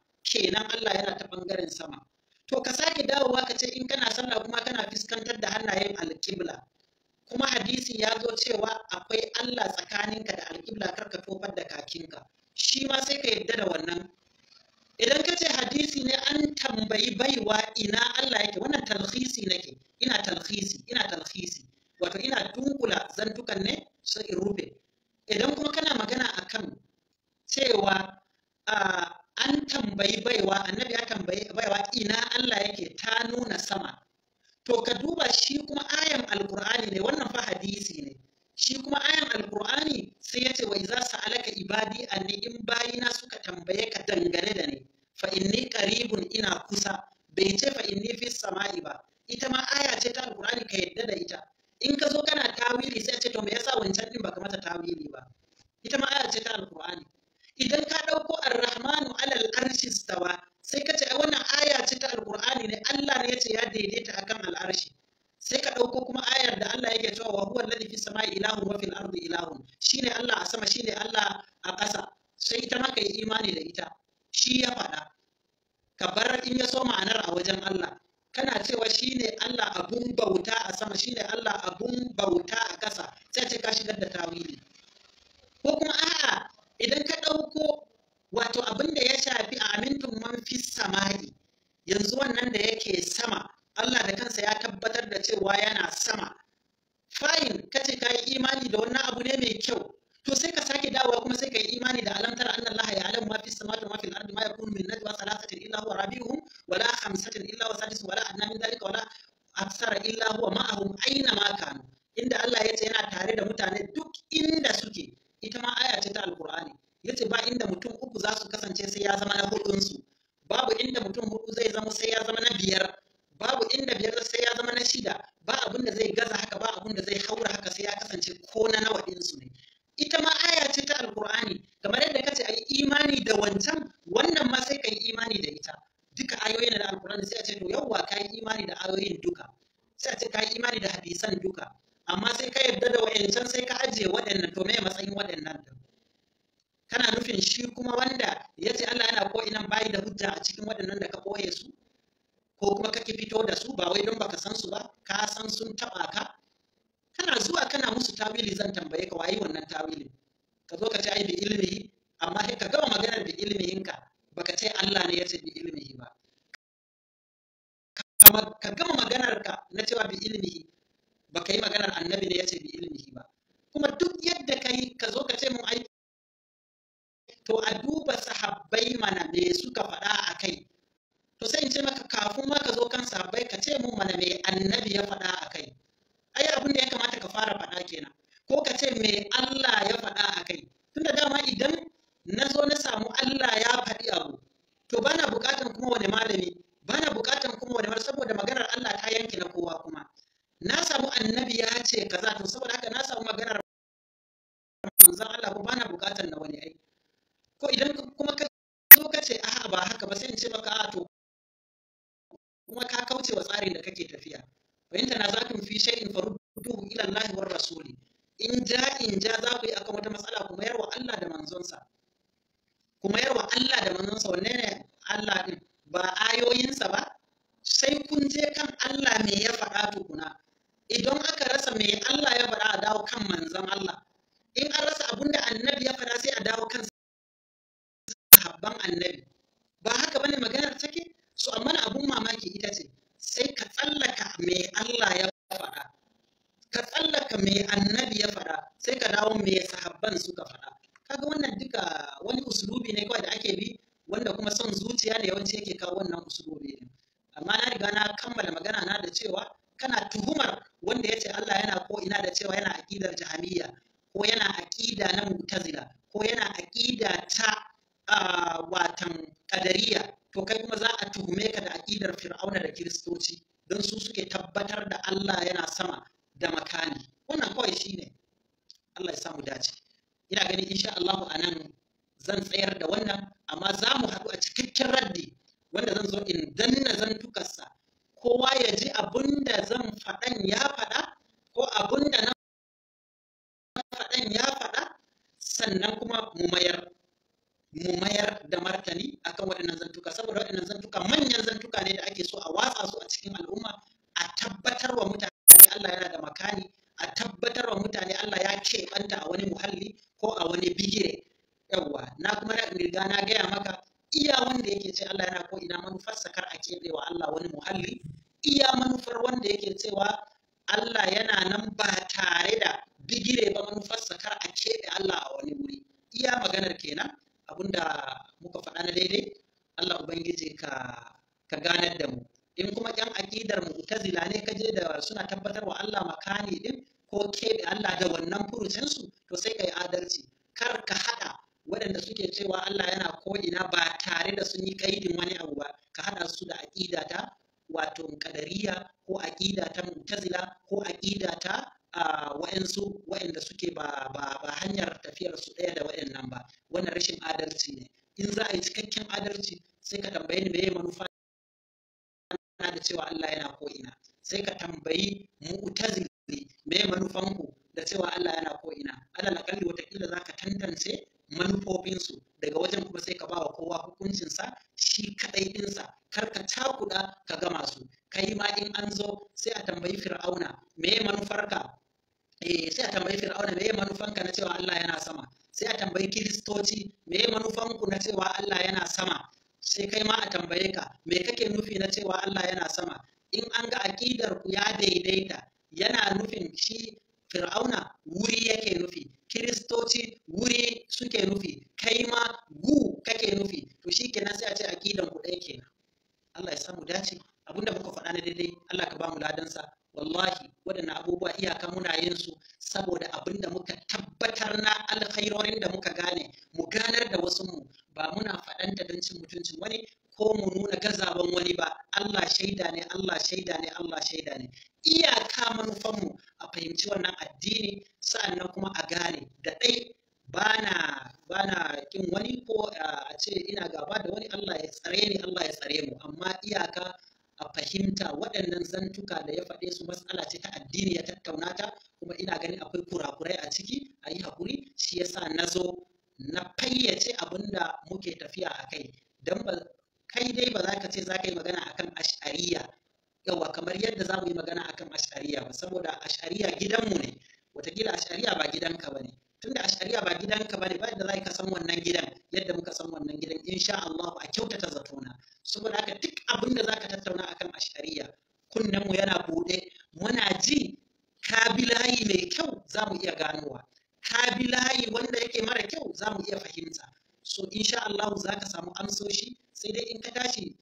[SPEAKER 1] samu annabi ya ce kaza to saboda haka na samu maganar manzon Allah ba na bukatar na wani ai ko idan kuma ka so ka ce a'a ba haka ba sai in ce maka a'a to kuma ka kauce wa tsarin da kake tafiya na na tanazatum fi shay'in farudduhu ila Allah wa rasuli in ja in ja za ku yi akan wata matsala kuma yarwa Allah da manzonsa kuma yarwa Allah da manzonsa wanne ne Allah din ba ayoyinsa ba sai kun je kan Allah me ya faɗa tukuna me Allah ya bara a dawo kan manzon Allah aqidar jahmiyya addini sa'annan kuma a gane da ɗai bana bana kin wani ko a ce ina gaba da wani Allah ya tsare ni Allah ya tsare mu amma iyaka a fahimta waɗannan zantuka da ya faɗe su matsala ce ta addini ya tattauna ta kuma ina ganin akwai kurakurai a ciki a yi haƙuri shi yasa na zo na fayyace abin da muke tafiya a kai don kai dai ba za ka ce za ka yi magana a akan ash'ariya yawa kamar yadda za mu yi magana akan ashariya ba saboda ashariya gidanmu ne watakila ashariya ba gidanka ba ne tunda ashariya ba gidanka ba ne ba yadda za ka san wannan gidan yadda muka san wannan gidan insha Allah a kyautata zatona saboda haka duk abin da za ka tattauna akan ashariya mu yana buɗe muna ji kabilayi mai kyau za mu iya ganowa kabilayi wanda yake mara kyau za mu iya fahimta so insha Allah za ka samu amsoshi sai dai in ka tashi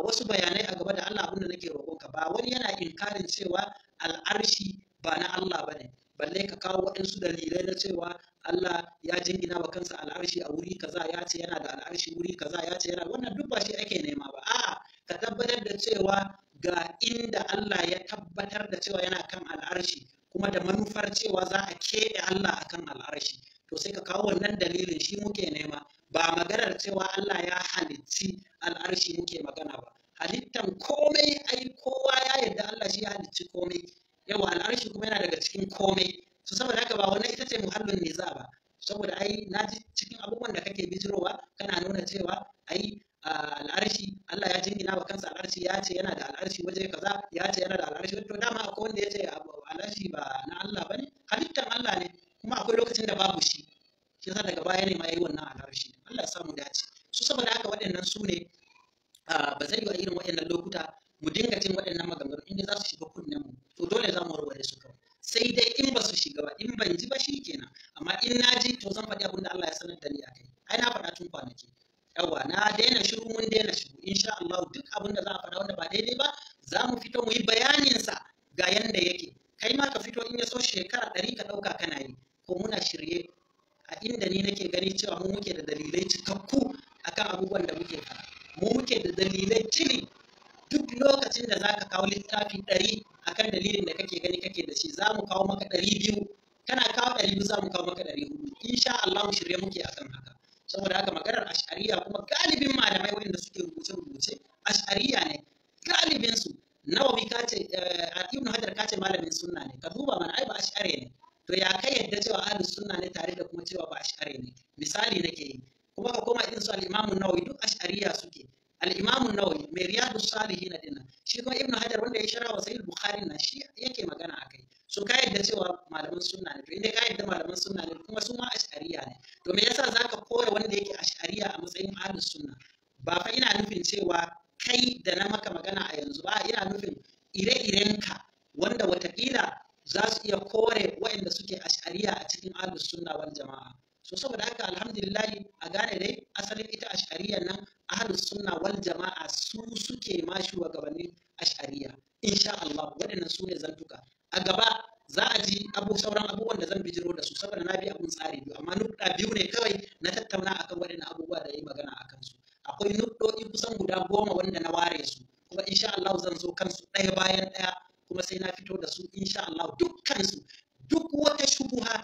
[SPEAKER 1] wasu bayanai a gaba da Allah abin da nake roƙonka ba wani yana inkarin cewa al'arshi ba na Allah bane balle ka kawo waɗansu dalilai na cewa Allah ya jingina wa kansa al'arshi a wuri kaza ya ce yana da al'arshi wuri kaza ya ce yana wannan duk ba shi ake nema ba a'a ka tabbatar da cewa ga inda Allah ya tabbatar da cewa yana kan al'arshi kuma da manufar cewa za a keɓe Allah akan al'arshi to sai ka kawo wannan dalilin shi muke nema ba maganar cewa Allah ya halicci al'arshi muke magana ba halittan komai ai kowa ya yarda Allah shi ya halicci komai yawa al'arshi kuma yana daga cikin komai su saboda haka ba wannan ita ce muhallin niza ba saboda ai na ji cikin abubuwan da kake bijirowa kana nuna cewa ai al'arshi Allah ya jingina wa kansa al'arshi ya ce yana da al'arshi waje kaza ya ce yana da al'arshi to dama akwai wanda ya ce al'arshi ba na Allah bane halittan Allah ne kuma akwai lokacin da babu shi shi yasa daga baya ne ma yayi wannan shi? Allah ya samu dace su saboda haka waɗannan su ne ba zai yi irin waɗannan lokuta mu dinga jin waɗannan maganganu inda za su shiga kunnen mu to dole za mu warware su kawai sai dai in ba su shiga ba in ban ji ba shi kenan amma in na ji to zan faɗi abin da Allah ya sanar da ni a kai ai na faɗa tun kwanaki yawa na daina shiru mun daina shiru insha Allah duk abin da za a faɗa wanda ba daidai ba za mu fito mu yi bayaninsa ga yanda yake kai ma ka fito in ya so shekara ɗari ka ɗauka kana yi ko muna shirye a inda ni nake gani cewa mu muke da dalilai cikakku akan abubuwan da muke fara mu muke da dalilai cili duk lokacin da za ka kawo littafi ɗari akan dalilin da kake gani kake da shi za mu kawo maka ɗari biyu kana kawo ɗari biyu za mu kawo maka ɗari hudu insha Allah mu shirye muke akan haka saboda haka maganar ashariya kuma galibin malamai waɗanda suke rubuce-rubuce ashariya ne galibinsu nawawi kace a eh, ibnu hajar kace malamin sunna ne ka duba mana ai ba ashari ne to ya kai yadda cewa ahli sunna ne tare da kuma cewa ba ash'ari ne misali nake yi kuma ka koma irin su al-imamu nawawi duk ash'ariya suke al-imamu nawawi mai riyadu salihin din shi kuma ibnu hajar wanda ya shara wa sahih bukhari na shi yake magana akai so ka yadda cewa malaman sunna ne to inda ka yadda malaman sunna ne kuma su ma ash'ariya ne to me yasa zaka koya wanda yake ash'ariya a matsayin ahli sunna ba fa ina nufin cewa kai da na maka magana a yanzu ba ina nufin ire-irenka wanda watakila za su iya kore waɗanda suke ash'ariya a cikin ahlus sunna wal jama'a so saboda haka alhamdulillahi a gane dai asalin ita ash'ariya nan ahlus sunna wal jama'a su suke ma shugabannin ash'ariya insha Allah waɗannan su ne zantuka a gaba za a ji abu sauran abubuwan da zan bijiro da su saboda na bi abun tsari biyu amma nukɗa biyu ne kawai na tattauna akan waɗannan abubuwa da yi magana a kansu akwai nukɗoɗi kusan guda goma wanda na ware su kuma insha Allah zan zo kansu ɗaya bayan ɗaya kuma sai na fito da su insha Allah dukkan su duk wata shubuha